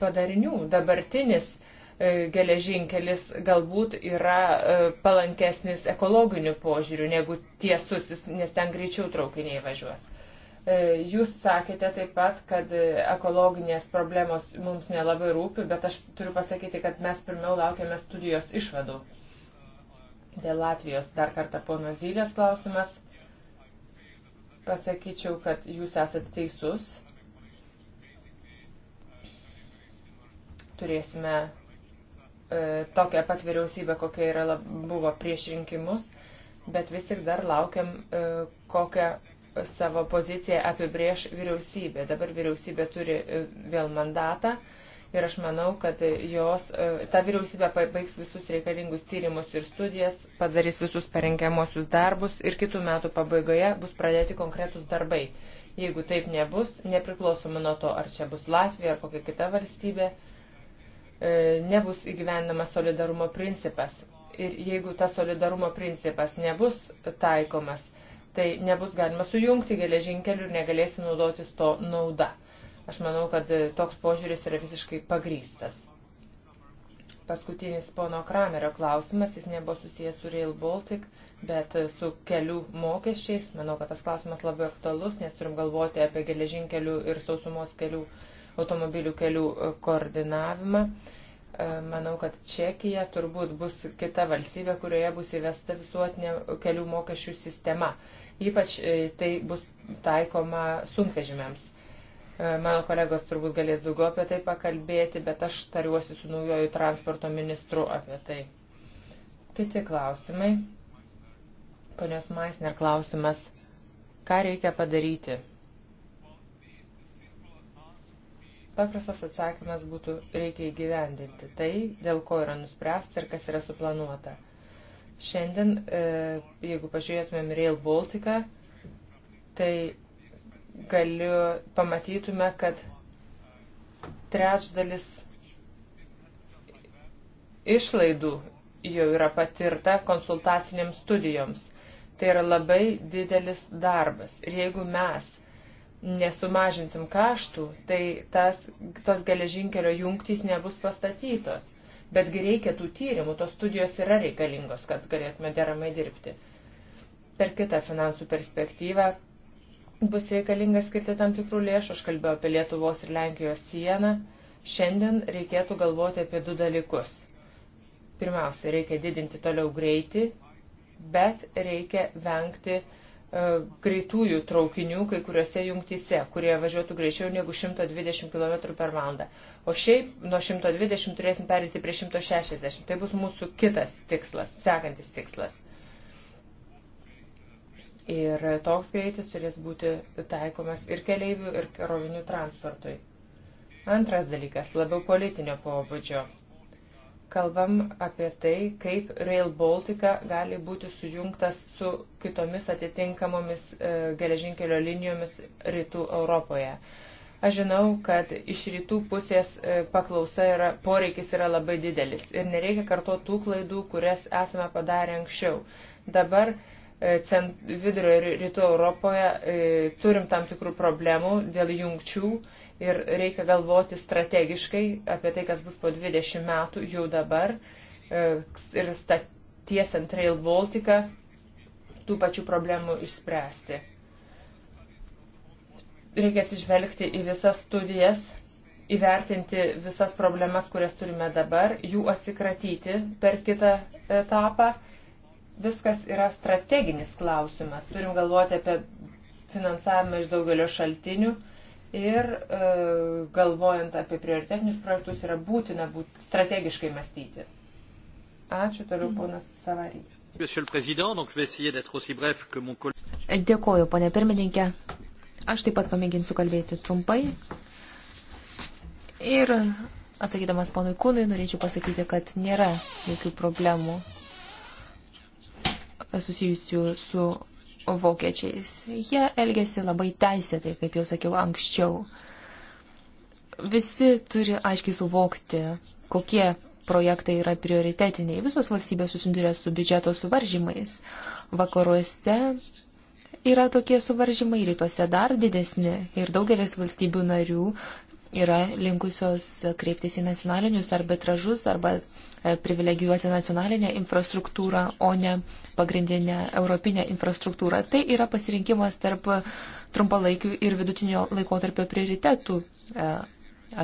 padarinių. Dabartinis e, geležinkelis galbūt yra e, palankesnis ekologiniu požiūriu negu tiesusis, nes ten greičiau traukiniai važiuos. E, jūs sakėte taip pat, kad e, ekologinės problemos mums nelabai rūpi, bet aš turiu pasakyti, kad mes pirmiau laukiame studijos išvadų. Dėl Latvijos dar kartą pono Zylės klausimas. Pasakyčiau, kad jūs esate teisus. Turėsime e, tokią pat vyriausybę, kokia yra, lab, buvo prieš rinkimus, bet vis tik dar laukiam, e, kokią savo poziciją apibrieš vyriausybė. Dabar vyriausybė turi e, vėl mandatą. E, ir aš manau, kad jos, e, ta vyriausybė baigs visus reikalingus tyrimus ir studijas, padarys visus parengiamosius darbus ir kitų metų pabaigoje bus pradėti konkretus darbai. Jeigu taip nebus, nepriklausomai nuo to, ar čia bus Latvija ar kokia kita valstybė, e, nebus įgyvendama solidarumo principas. Ir jeigu tas solidarumo principas nebus taikomas, tai nebus galima sujungti geležinkelių ir negalėsim naudotis to nauda. Aš manau, kad e, toks požiūris yra visiškai pagrystas. Paskutinis pono Kramerio klausimas, jis nebuvo susijęs su Rail Baltic, bet e, su kelių mokesčiais. Manau, kad tas klausimas labai aktualus, nes turim galvoti apie geležinkelių ir sausumos kelių, automobilių kelių e, koordinavimą. Manau, kad Čekija turbūt bus kita valstybė, kurioje bus įvesta visuotinė kelių mokesčių sistema. Ypač tai bus taikoma sunkvežimiams E, mano kolegos turbūt galės daugiau apie tai pakalbėti, bet aš tariuosi su naujoju transporto ministru apie tai. Kiti klausimai. Ponios Maisner klausimas. Ką reikia padaryti? Paprastas atsakymas būtų reikia įgyvendinti tai, dėl ko yra nuspręsta ir kas yra suplanuota. Šiandien, e, jeigu pažiūrėtumėm Rail Baltica, tai galiu, pamatytume, kad trečdalis išlaidų jau yra patirta konsultacinėms studijoms. Tai yra labai didelis darbas. Ir jeigu mes nesumažinsim kaštų, tai tas, tos geležinkelio jungtys nebus pastatytos. Betgi reikia tų tyrimų, tos studijos yra reikalingos, kad galėtume deramai dirbti. Per kitą finansų perspektyvą bus reikalinga skirti tam tikrų lėšų. Aš kalbėjau apie Lietuvos ir Lenkijos sieną. Šiandien reikėtų galvoti apie du dalykus. Pirmiausia, reikia didinti toliau greitį, bet reikia vengti e, greitųjų traukinių kai kuriuose jungtyse, kurie važiuotų greičiau negu 120 km per valandą. O šiaip nuo 120 turėsim perėti prie 160. Tai bus mūsų kitas tikslas, sekantis tikslas. Ir toks greitis turės būti taikomas ir keleivių, ir krovinių transportui. Antras dalykas - labiau politinio pobūdžio. Kalbam apie tai, kaip Rail Baltica gali būti sujungtas su kitomis atitinkamomis e, geležinkelio linijomis rytų Europoje. Aš žinau, kad iš rytų pusės e, paklausa yra, poreikis yra labai didelis ir nereikia karto tų klaidų, kurias esame padarę anksčiau. Dabar E, cent, vidurio ir rytų Europoje e, turim tam tikrų problemų dėl jungčių ir reikia galvoti strategiškai apie tai, kas bus po 20 metų jau dabar e, ir tiesiant Rail Baltica tų pačių problemų išspręsti. Reikės išvelgti į visas studijas, įvertinti visas problemas, kurias turime dabar, jų atsikratyti per kitą etapą viskas yra strateginis klausimas. Turim galvoti apie finansavimą iš daugelio šaltinių ir e, galvojant apie prioritetinius projektus yra būtina būt strategiškai mąstyti. Ačiū toliau, mhm. ponas Savary. Dėkoju, ponė pirmininkė. Aš taip pat pamėginsiu kalbėti trumpai. Ir atsakydamas ponui Kūnui, norėčiau pasakyti, kad nėra jokių problemų susijusių su vokiečiais. Jie elgėsi labai teisėtai, kaip jau sakiau anksčiau. Visi turi aiškiai suvokti, kokie projektai yra prioritetiniai. Visos valstybės susiduria su biudžeto suvaržymais. Vakaruose yra tokie suvaržymai, rytuose dar didesni ir daugelis valstybių narių yra linkusios kreiptis į nacionalinius arbitražus arba, tražus, arba privilegijuoti nacionalinę infrastruktūrą, o ne pagrindinę europinę infrastruktūrą. Tai yra pasirinkimas tarp trumpalaikių ir vidutinio laikotarpio prioritetų, e,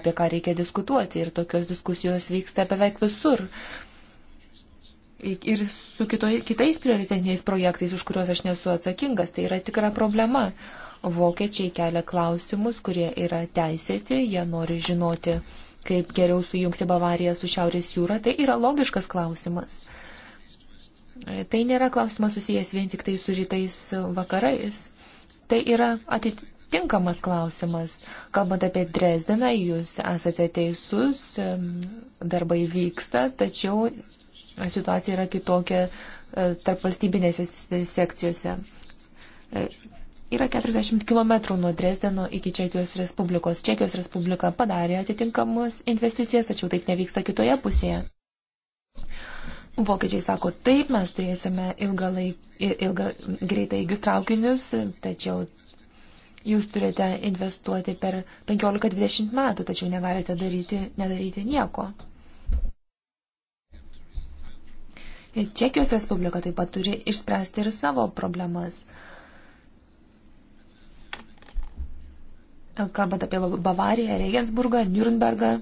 apie ką reikia diskutuoti. Ir tokios diskusijos vyksta beveik visur. Ir su kito, kitais prioritetiniais projektais, už kuriuos aš nesu atsakingas, tai yra tikra problema. Vokiečiai kelia klausimus, kurie yra teisėti, jie nori žinoti kaip geriau sujungti Bavariją su Šiaurės jūra, tai yra logiškas klausimas. Tai nėra klausimas susijęs vien tik tai su rytais vakarais. Tai yra atitinkamas klausimas. Kalbant apie Dresdeną, jūs esate teisus, darbai vyksta, tačiau situacija yra kitokia e, tarp valstybinėse sekcijose. E, yra 40 km nuo Dresdeno iki Čekijos Respublikos. Čekijos Respublika padarė atitinkamus investicijas, tačiau taip nevyksta kitoje pusėje. Vokiečiai sako, taip, mes turėsime ilgą laik, ilgą, greitai įgius traukinius, tačiau jūs turite investuoti per 15-20 metų, tačiau negalite daryti, nedaryti nieko. Čekijos Respublika taip pat turi išspręsti ir savo problemas. kalbant apie Bavariją, Regensburgą, Nürnbergą.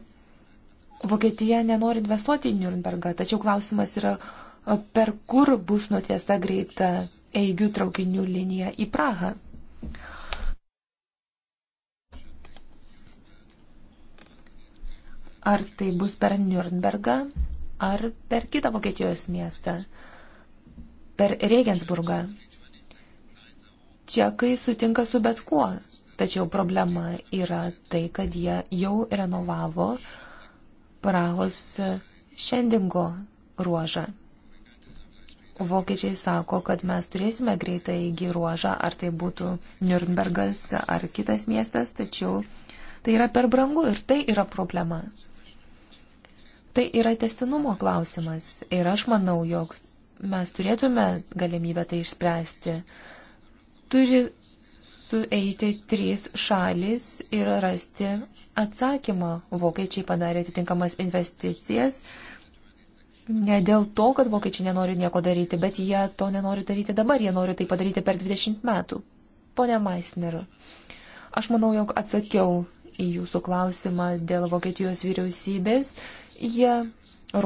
Vokietija nenori investuoti į Nürnbergą, tačiau klausimas yra, per kur bus nutiesta greita eigių traukinių linija į Prahą. Ar tai bus per Nürnbergą, ar per kitą Vokietijos miestą, per Regensburgą. Čekai sutinka su bet kuo, Tačiau problema yra tai, kad jie jau renovavo Prahos e, šiandingo ruožą. Vokiečiai sako, kad mes turėsime greitai įgy ruožą, ar tai būtų Nürnbergas ar kitas miestas, tačiau tai yra per brangu ir tai yra problema. Tai yra testinumo klausimas ir aš manau, jog mes turėtume galimybę tai išspręsti. Turi sueiti trys šalis ir rasti atsakymą. Vokiečiai padarė atitinkamas investicijas. Ne dėl to, kad vokiečiai nenori nieko daryti, bet jie to nenori daryti dabar, jie nori tai padaryti per 20 metų. Pone Maisner, aš manau, jog atsakiau į jūsų klausimą dėl Vokietijos vyriausybės. Jie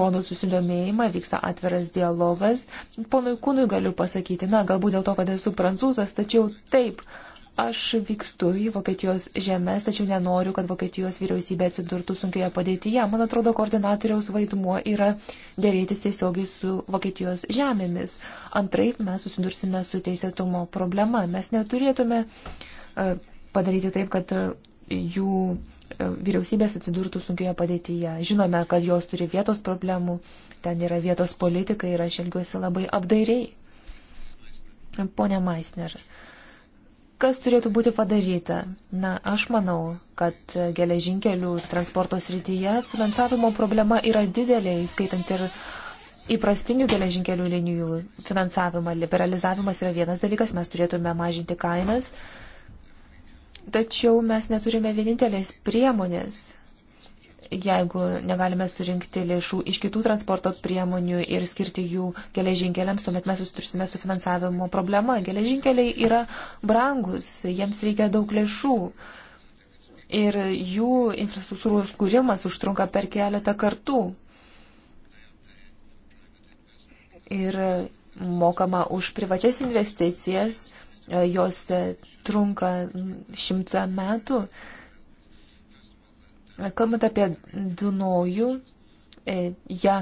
rodo susidomėjimą, vyksta atviras dialogas. Ponui Kūnui galiu pasakyti, na, galbūt dėl to, kad esu prancūzas, tačiau taip, Aš vykstu į Vokietijos žemės, tačiau nenoriu, kad Vokietijos vyriausybė atsidurtų sunkioje padėtyje. Man atrodo, koordinatoriaus vaidmuo yra dėrėtis tiesiogiai su Vokietijos žemėmis. Antraip mes susidursime su teisėtumo problema. Mes neturėtume e, padaryti taip, kad e, jų e, vyriausybės atsidurtų sunkioje padėtyje. Žinome, kad jos turi vietos problemų, ten yra vietos politikai ir aš elgiuosi labai apdairiai. Pone Maisner, Kas turėtų būti padaryta? Na, aš manau, kad geležinkelių transporto srityje finansavimo problema yra didelė, įskaitant ir įprastinių geležinkelių linijų finansavimą. Liberalizavimas yra vienas dalykas, mes turėtume mažinti kainas, tačiau mes neturime vienintelės priemonės jeigu negalime surinkti lėšų iš kitų transporto priemonių ir skirti jų geležinkeliams, tuomet mes susitursime su finansavimo problema. Geležinkeliai yra brangus, jiems reikia daug lėšų. Ir jų infrastruktūros kūrimas užtrunka per keletą kartų. Ir mokama už privačias investicijas, jos trunka šimtą metų. Kalbant apie Dunojų, e, ją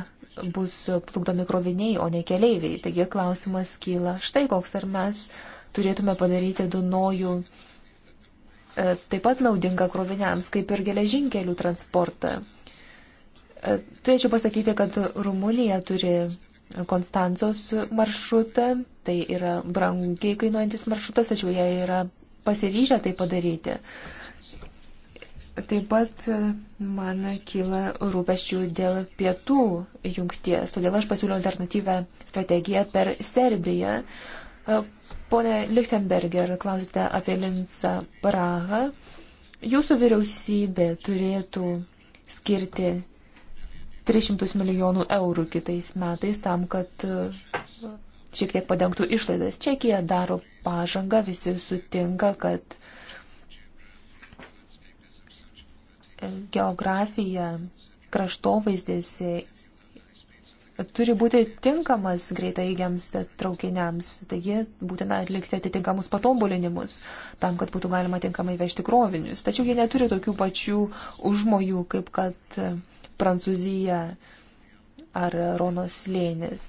bus plukdomi kroviniai, o ne keleiviai. Taigi klausimas kyla štai koks, ar mes turėtume padaryti Dunojų e, taip pat naudinga kroviniams, kaip ir geležinkelių transportą. E, turėčiau pasakyti, kad Rumunija turi Konstancijos maršrutą, tai yra brangiai kainuojantis maršrutas, tačiau jie yra pasiryžę tai padaryti. Uh, Taip pat e, man kyla rūpeščių dėl pietų jungties, todėl aš pasiūliau alternatyvę strategiją per Serbiją. E, pone Lichtenberger, klausite apie Lincą Prahą. Jūsų vyriausybė turėtų skirti 300 milijonų eurų kitais metais tam, kad e, šiek tiek padengtų išlaidas. Čekija daro pažangą, visi sutinka, kad geografija, kraštovaizdis e, turi būti tinkamas greitaigiams traukiniams, taigi būtina atlikti atitinkamus patobulinimus tam, kad būtų galima tinkamai vežti krovinius. Tačiau jie neturi tokių pačių užmojų, kaip kad e, Prancūzija ar Ronos lėnis.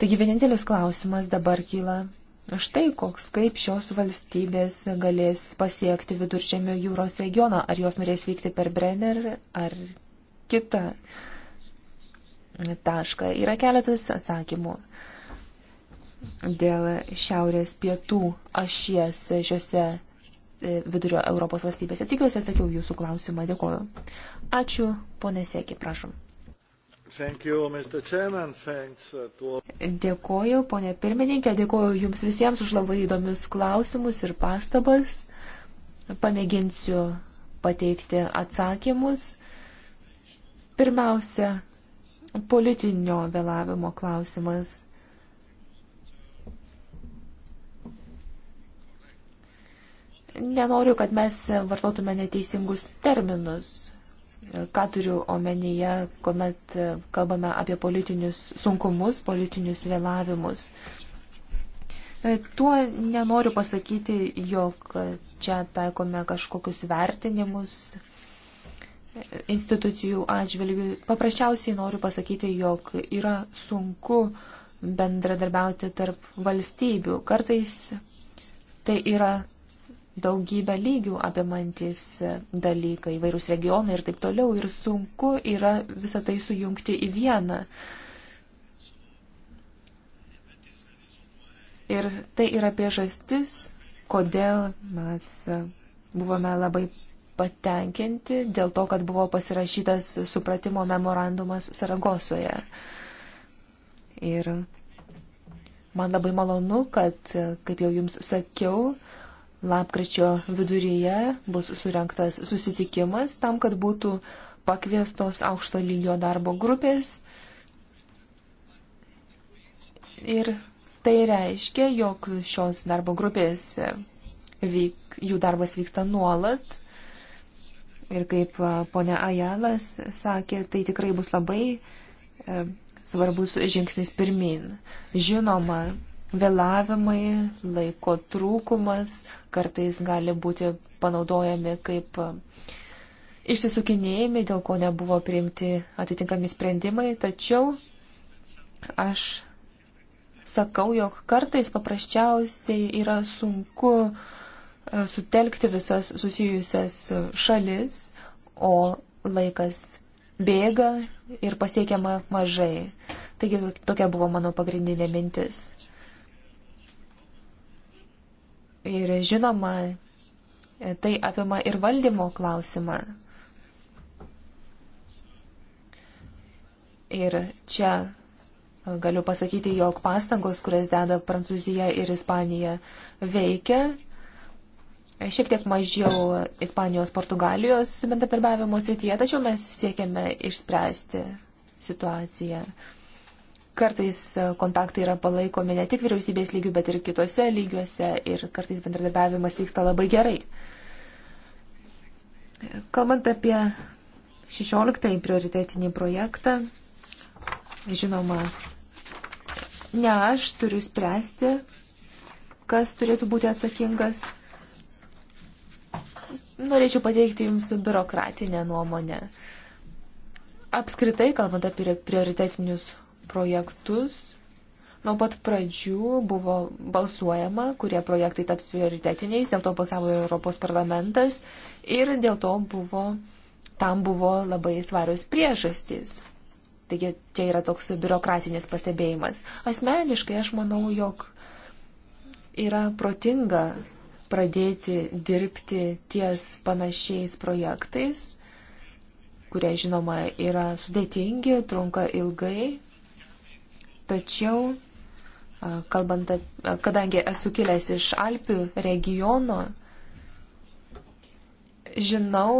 Taigi vienintelis klausimas dabar kyla Štai koks, kaip šios valstybės galės pasiekti viduržėmio jūros regioną, ar jos norės vykti per Brenner ar kitą tašką. Yra keletas atsakymų dėl šiaurės pietų ašies šiuose e, vidurio Europos valstybėse. Tikiuosi atsakiau jūsų klausimą, dėkoju. Ačiū, ponė Sėki, prašom. You, uh, to... Dėkoju, ponė pirmininkė, dėkoju Jums visiems už labai įdomius klausimus ir pastabas. Pamėginsiu pateikti atsakymus. Pirmiausia, politinio vėlavimo klausimas. Nenoriu, kad mes vartotume neteisingus terminus Ką turiu omenyje, kuomet e, kalbame apie politinius sunkumus, politinius vėlavimus. E, tuo nenoriu pasakyti, jog čia taikome kažkokius vertinimus institucijų atžvilgių. Paprasčiausiai noriu pasakyti, jog yra sunku bendradarbiauti tarp valstybių. Kartais tai yra daugybę lygių apimantis dalykai, vairūs regionai ir taip toliau, ir sunku yra visą tai sujungti į vieną. Ir tai yra priežastis, kodėl mes buvome labai patenkinti dėl to, kad buvo pasirašytas supratimo memorandumas Saragosoje. Ir man labai malonu, kad, kaip jau jums sakiau, Lapkričio viduryje bus surinktas susitikimas tam, kad būtų pakviestos aukšto lygio darbo grupės. Ir tai reiškia, jog šios darbo grupės e, vyk, jų darbas vyksta nuolat. Ir kaip e, ponia Ajalas sakė, tai tikrai bus labai e, svarbus žingsnis pirmin. Žinoma, Vėlavimai, laiko trūkumas kartais gali būti panaudojami kaip išsisukinėjimai, dėl ko nebuvo priimti atitinkami sprendimai, tačiau aš sakau, jog kartais paprasčiausiai yra sunku e, sutelkti visas susijusias e, šalis, o laikas bėga ir pasiekiama mažai. Taigi tokia buvo mano pagrindinė mintis. Ir žinoma, tai apima ir valdymo klausimą. Ir čia galiu pasakyti, jog pastangos, kurias deda Prancūzija ir Ispanija, veikia. Šiek tiek mažiau Ispanijos, Portugalijos bendradarbiavimo srityje, tačiau mes siekiame išspręsti situaciją. Kartais e, kontaktai yra palaikomi ne tik vyriausybės lygių, bet ir kitose lygiuose ir kartais bendradarbiavimas vyksta labai gerai. Kalbant apie 16 prioritetinį projektą, žinoma, ne aš turiu spręsti, kas turėtų būti atsakingas. Norėčiau pateikti Jums biurokratinę nuomonę. Apskritai, kalbant apie prioritetinius projektus. Nuo pat pradžių buvo balsuojama, kurie projektai taps prioritetiniais, dėl to balsavo Europos parlamentas ir dėl to buvo, tam buvo labai svarios priežastys. Taigi čia yra toks biurokratinis pastebėjimas. Asmeniškai aš manau, jog yra protinga pradėti dirbti ties panašiais projektais, kurie žinoma yra sudėtingi, trunka ilgai. Tačiau, kalbant, kadangi esu kilęs iš Alpių regiono, žinau,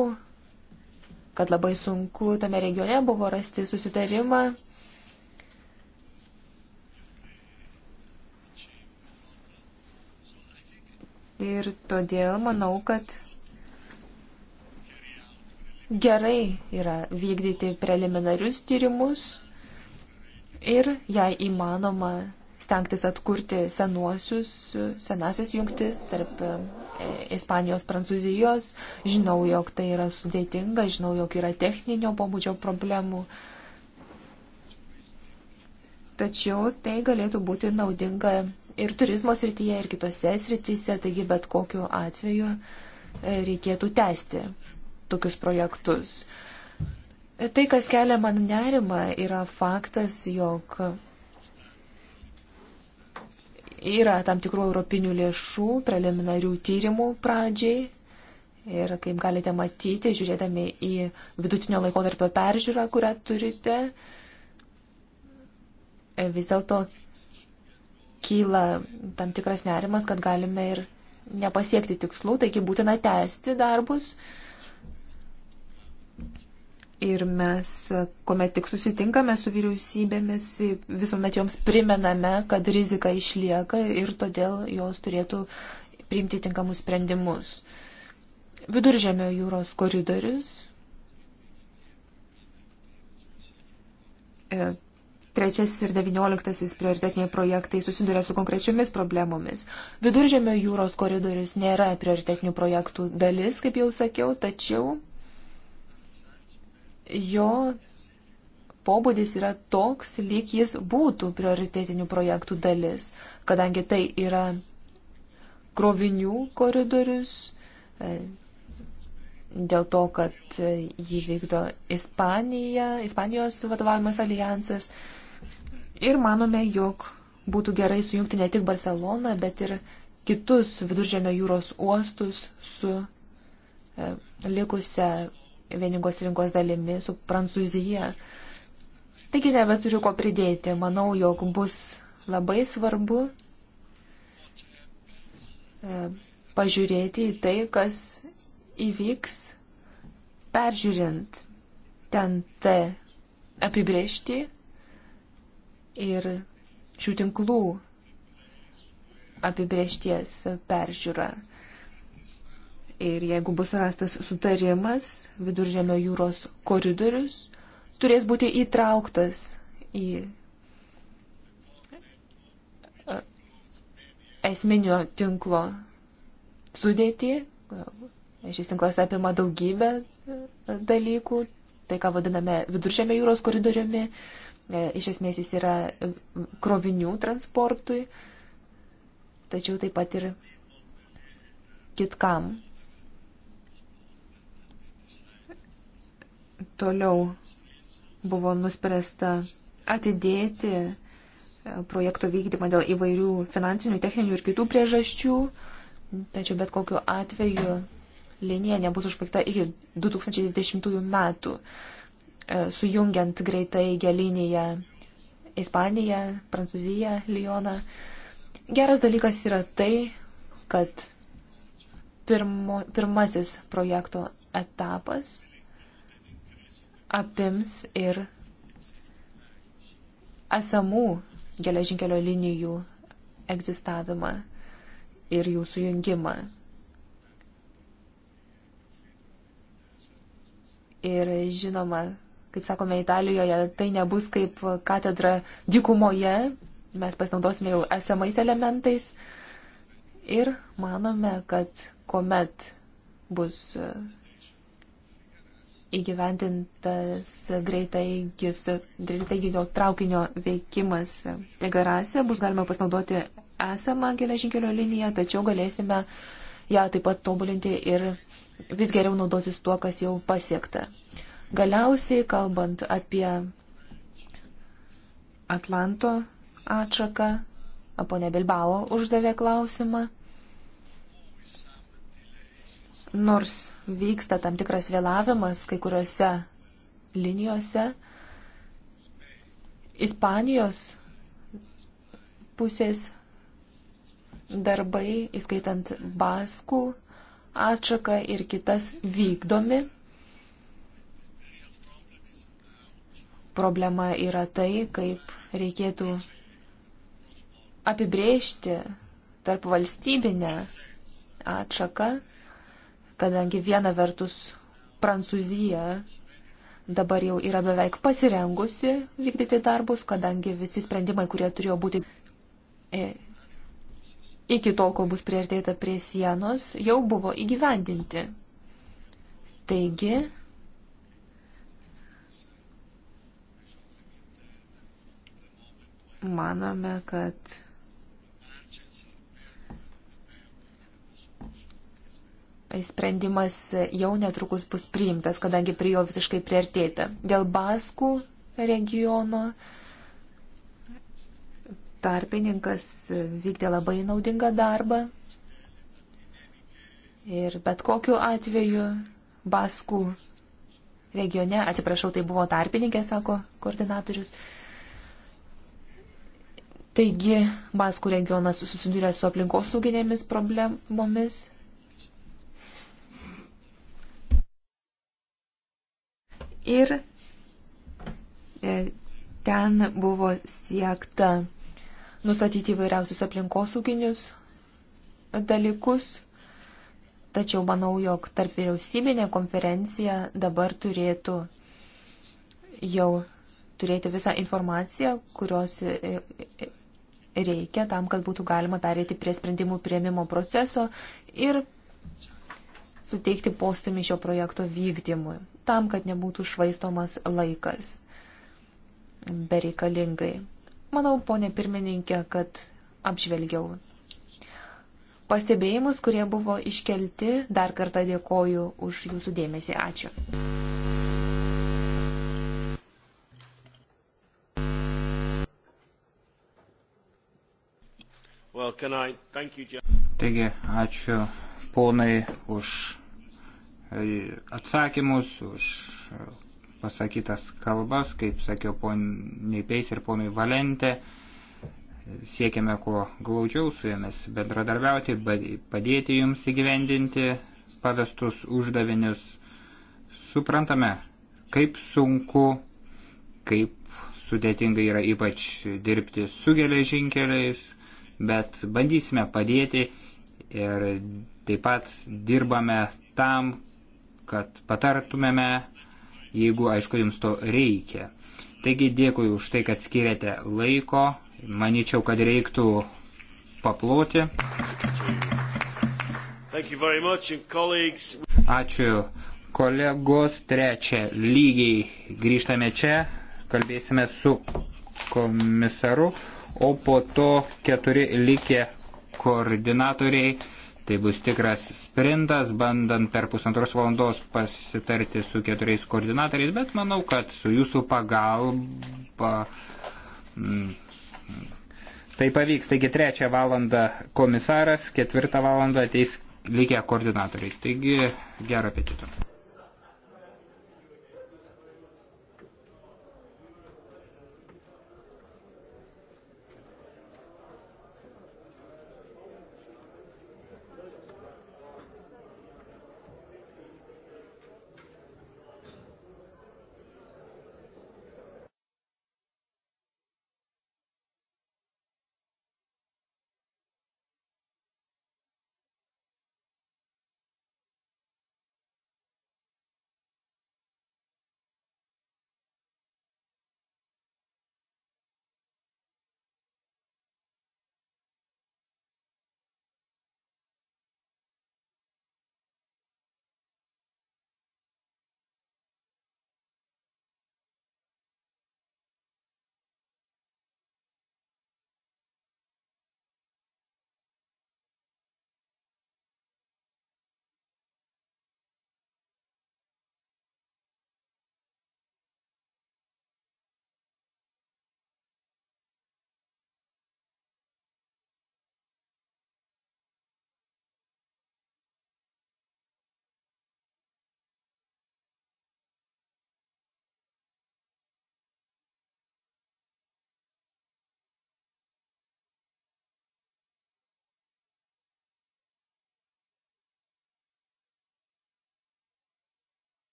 kad labai sunku tame regione buvo rasti susitarimą. Ir todėl manau, kad gerai yra vykdyti preliminarius tyrimus ir, jei įmanoma, stengtis atkurti senuosius, senasias jungtis tarp e, Ispanijos, Prancūzijos. Žinau, jog tai yra sudėtinga, žinau, jog yra techninio pobūdžio problemų. Tačiau tai galėtų būti naudinga ir turizmo srityje, ir kitose srityse, taigi bet kokiu atveju e, reikėtų tęsti tokius projektus. Uh, Tai, kas kelia man nerimą, yra faktas, jog yra tam tikrų europinių lėšų preliminarių tyrimų pradžiai. Ir kaip galite matyti, žiūrėdami į vidutinio laikotarpio peržiūrą, kurią turite, vis dėlto kyla tam tikras nerimas, kad galime ir nepasiekti tikslų, taigi būtina tęsti darbus. Ir mes, kuomet tik susitinkame su vyriausybėmis, visuomet joms primename, kad rizika išlieka ir todėl jos turėtų priimti tinkamus sprendimus. Viduržėmio jūros koridorius. E, Trečiasis ir devynioliktasis prioritetiniai projektai susiduria su konkrečiomis problemomis. Viduržėmio jūros koridorius nėra prioritetinių projektų dalis, kaip jau sakiau, tačiau jo pobūdis yra toks, lyg jis būtų prioritetinių projektų dalis, kadangi tai yra krovinių koridorius, e, dėl to, kad jį vykdo Ispanija, Ispanijos vadovavimas alijansas. Ir manome, jog būtų gerai sujungti ne tik Barceloną, bet ir kitus viduržėmio jūros uostus su e, likusią vieningos rinkos dalimi su Prancūzija. Taigi nebeturiu ko pridėti. Manau, jog bus labai svarbu e, pažiūrėti į tai, kas įvyks peržiūrint ten T apibriežti ir šių tinklų apibriešties peržiūrą. Ir jeigu bus rastas sutarimas, viduržėmio jūros koridorius turės būti įtrauktas į e, esminio tinklo sudėtį. Šis tinklas apima daugybę e, dalykų. Tai, ką vadiname viduržėmio jūros koridoriumi, e, iš esmės jis yra krovinių transportui, tačiau taip pat ir kitkam Toliau buvo nuspręsta atidėti e, projekto vykdymą dėl įvairių finansinių, techninių ir kitų priežasčių, tačiau bet kokiu atveju linija nebus užbaigta iki 2020 metų, e, sujungiant greitai geliniją Ispaniją, Prancūziją, Lyoną. Geras dalykas yra tai, kad pirmo, pirmasis projekto etapas apims ir esamų geležinkelio linijų egzistavimą ir jų sujungimą. Ir žinoma, kaip sakome Italijoje, tai nebus kaip katedra dykumoje, mes pasinaudosime jau esamais elementais ir manome, kad kuomet bus įgyventintas greitaiginio traukinio veikimas Tegarase. Bus galima pasinaudoti esamą geležinkelio liniją, tačiau galėsime ją taip pat tobulinti ir vis geriau naudotis tuo, kas jau pasiekta. Galiausiai, kalbant apie Atlanto atšaką, ponė Bilbao uždavė klausimą nors vyksta tam tikras vėlavimas kai kuriuose linijose, Ispanijos pusės darbai, įskaitant baskų atšaką ir kitas, vykdomi. Problema yra tai, kaip reikėtų apibrėžti tarp valstybinę atšaką kadangi viena vertus Prancūzija dabar jau yra beveik pasirengusi vykdyti darbus, kadangi visi sprendimai, kurie turėjo būti e, iki tol, kol bus priartėta prie sienos, jau buvo įgyvendinti. Taigi, manome, kad sprendimas jau netrukus bus priimtas, kadangi prie jo visiškai priartėta. Dėl Baskų regiono tarpininkas vykdė labai naudingą darbą. Ir bet kokiu atveju Baskų regione, atsiprašau, tai buvo tarpininkė, sako koordinatorius. Taigi, Baskų regionas susidūrė su aplinkosauginėmis problemomis, Ir e, ten buvo siekta nustatyti įvairiausius aplinkosauginius dalykus, tačiau manau, jog tarp vyriausybinė konferencija dabar turėtų jau turėti visą informaciją, kurios e, e, reikia tam, kad būtų galima perėti prie sprendimų prieimimo proceso ir suteikti postumį šio projekto vykdymui, tam, kad nebūtų švaistomas laikas bereikalingai. Manau, ponė pirmininkė, kad apžvelgiau. Pastebėjimus, kurie buvo iškelti, dar kartą dėkoju už jūsų dėmesį. Ačiū. Well, I... you, Taigi, ačiū ponai, už e, atsakymus, už e, pasakytas kalbas, kaip sakiau poniai Peis ir ponui Valente. Siekiame kuo glaudžiau su jumis bendradarbiauti, padėti jums įgyvendinti pavestus uždavinius. Suprantame, kaip sunku, kaip sudėtinga yra ypač dirbti su geležinkeliais, bet bandysime padėti ir Taip pat dirbame tam, kad patartumėme, jeigu aišku jums to reikia. Taigi dėkui už tai, kad skiriate laiko. Maničiau, kad reiktų paploti. Much, Ačiū kolegos. Trečia lygiai grįžtame čia. Kalbėsime su komisaru. O po to keturi likę koordinatoriai. Tai bus tikras sprintas, bandant per pusantros valandos pasitarti su keturiais koordinatoriais, bet manau, kad su jūsų pagalba mm, tai pavyks. Taigi trečią valandą komisaras, ketvirtą valandą ateis likę koordinatoriai. Taigi gerą apetitą.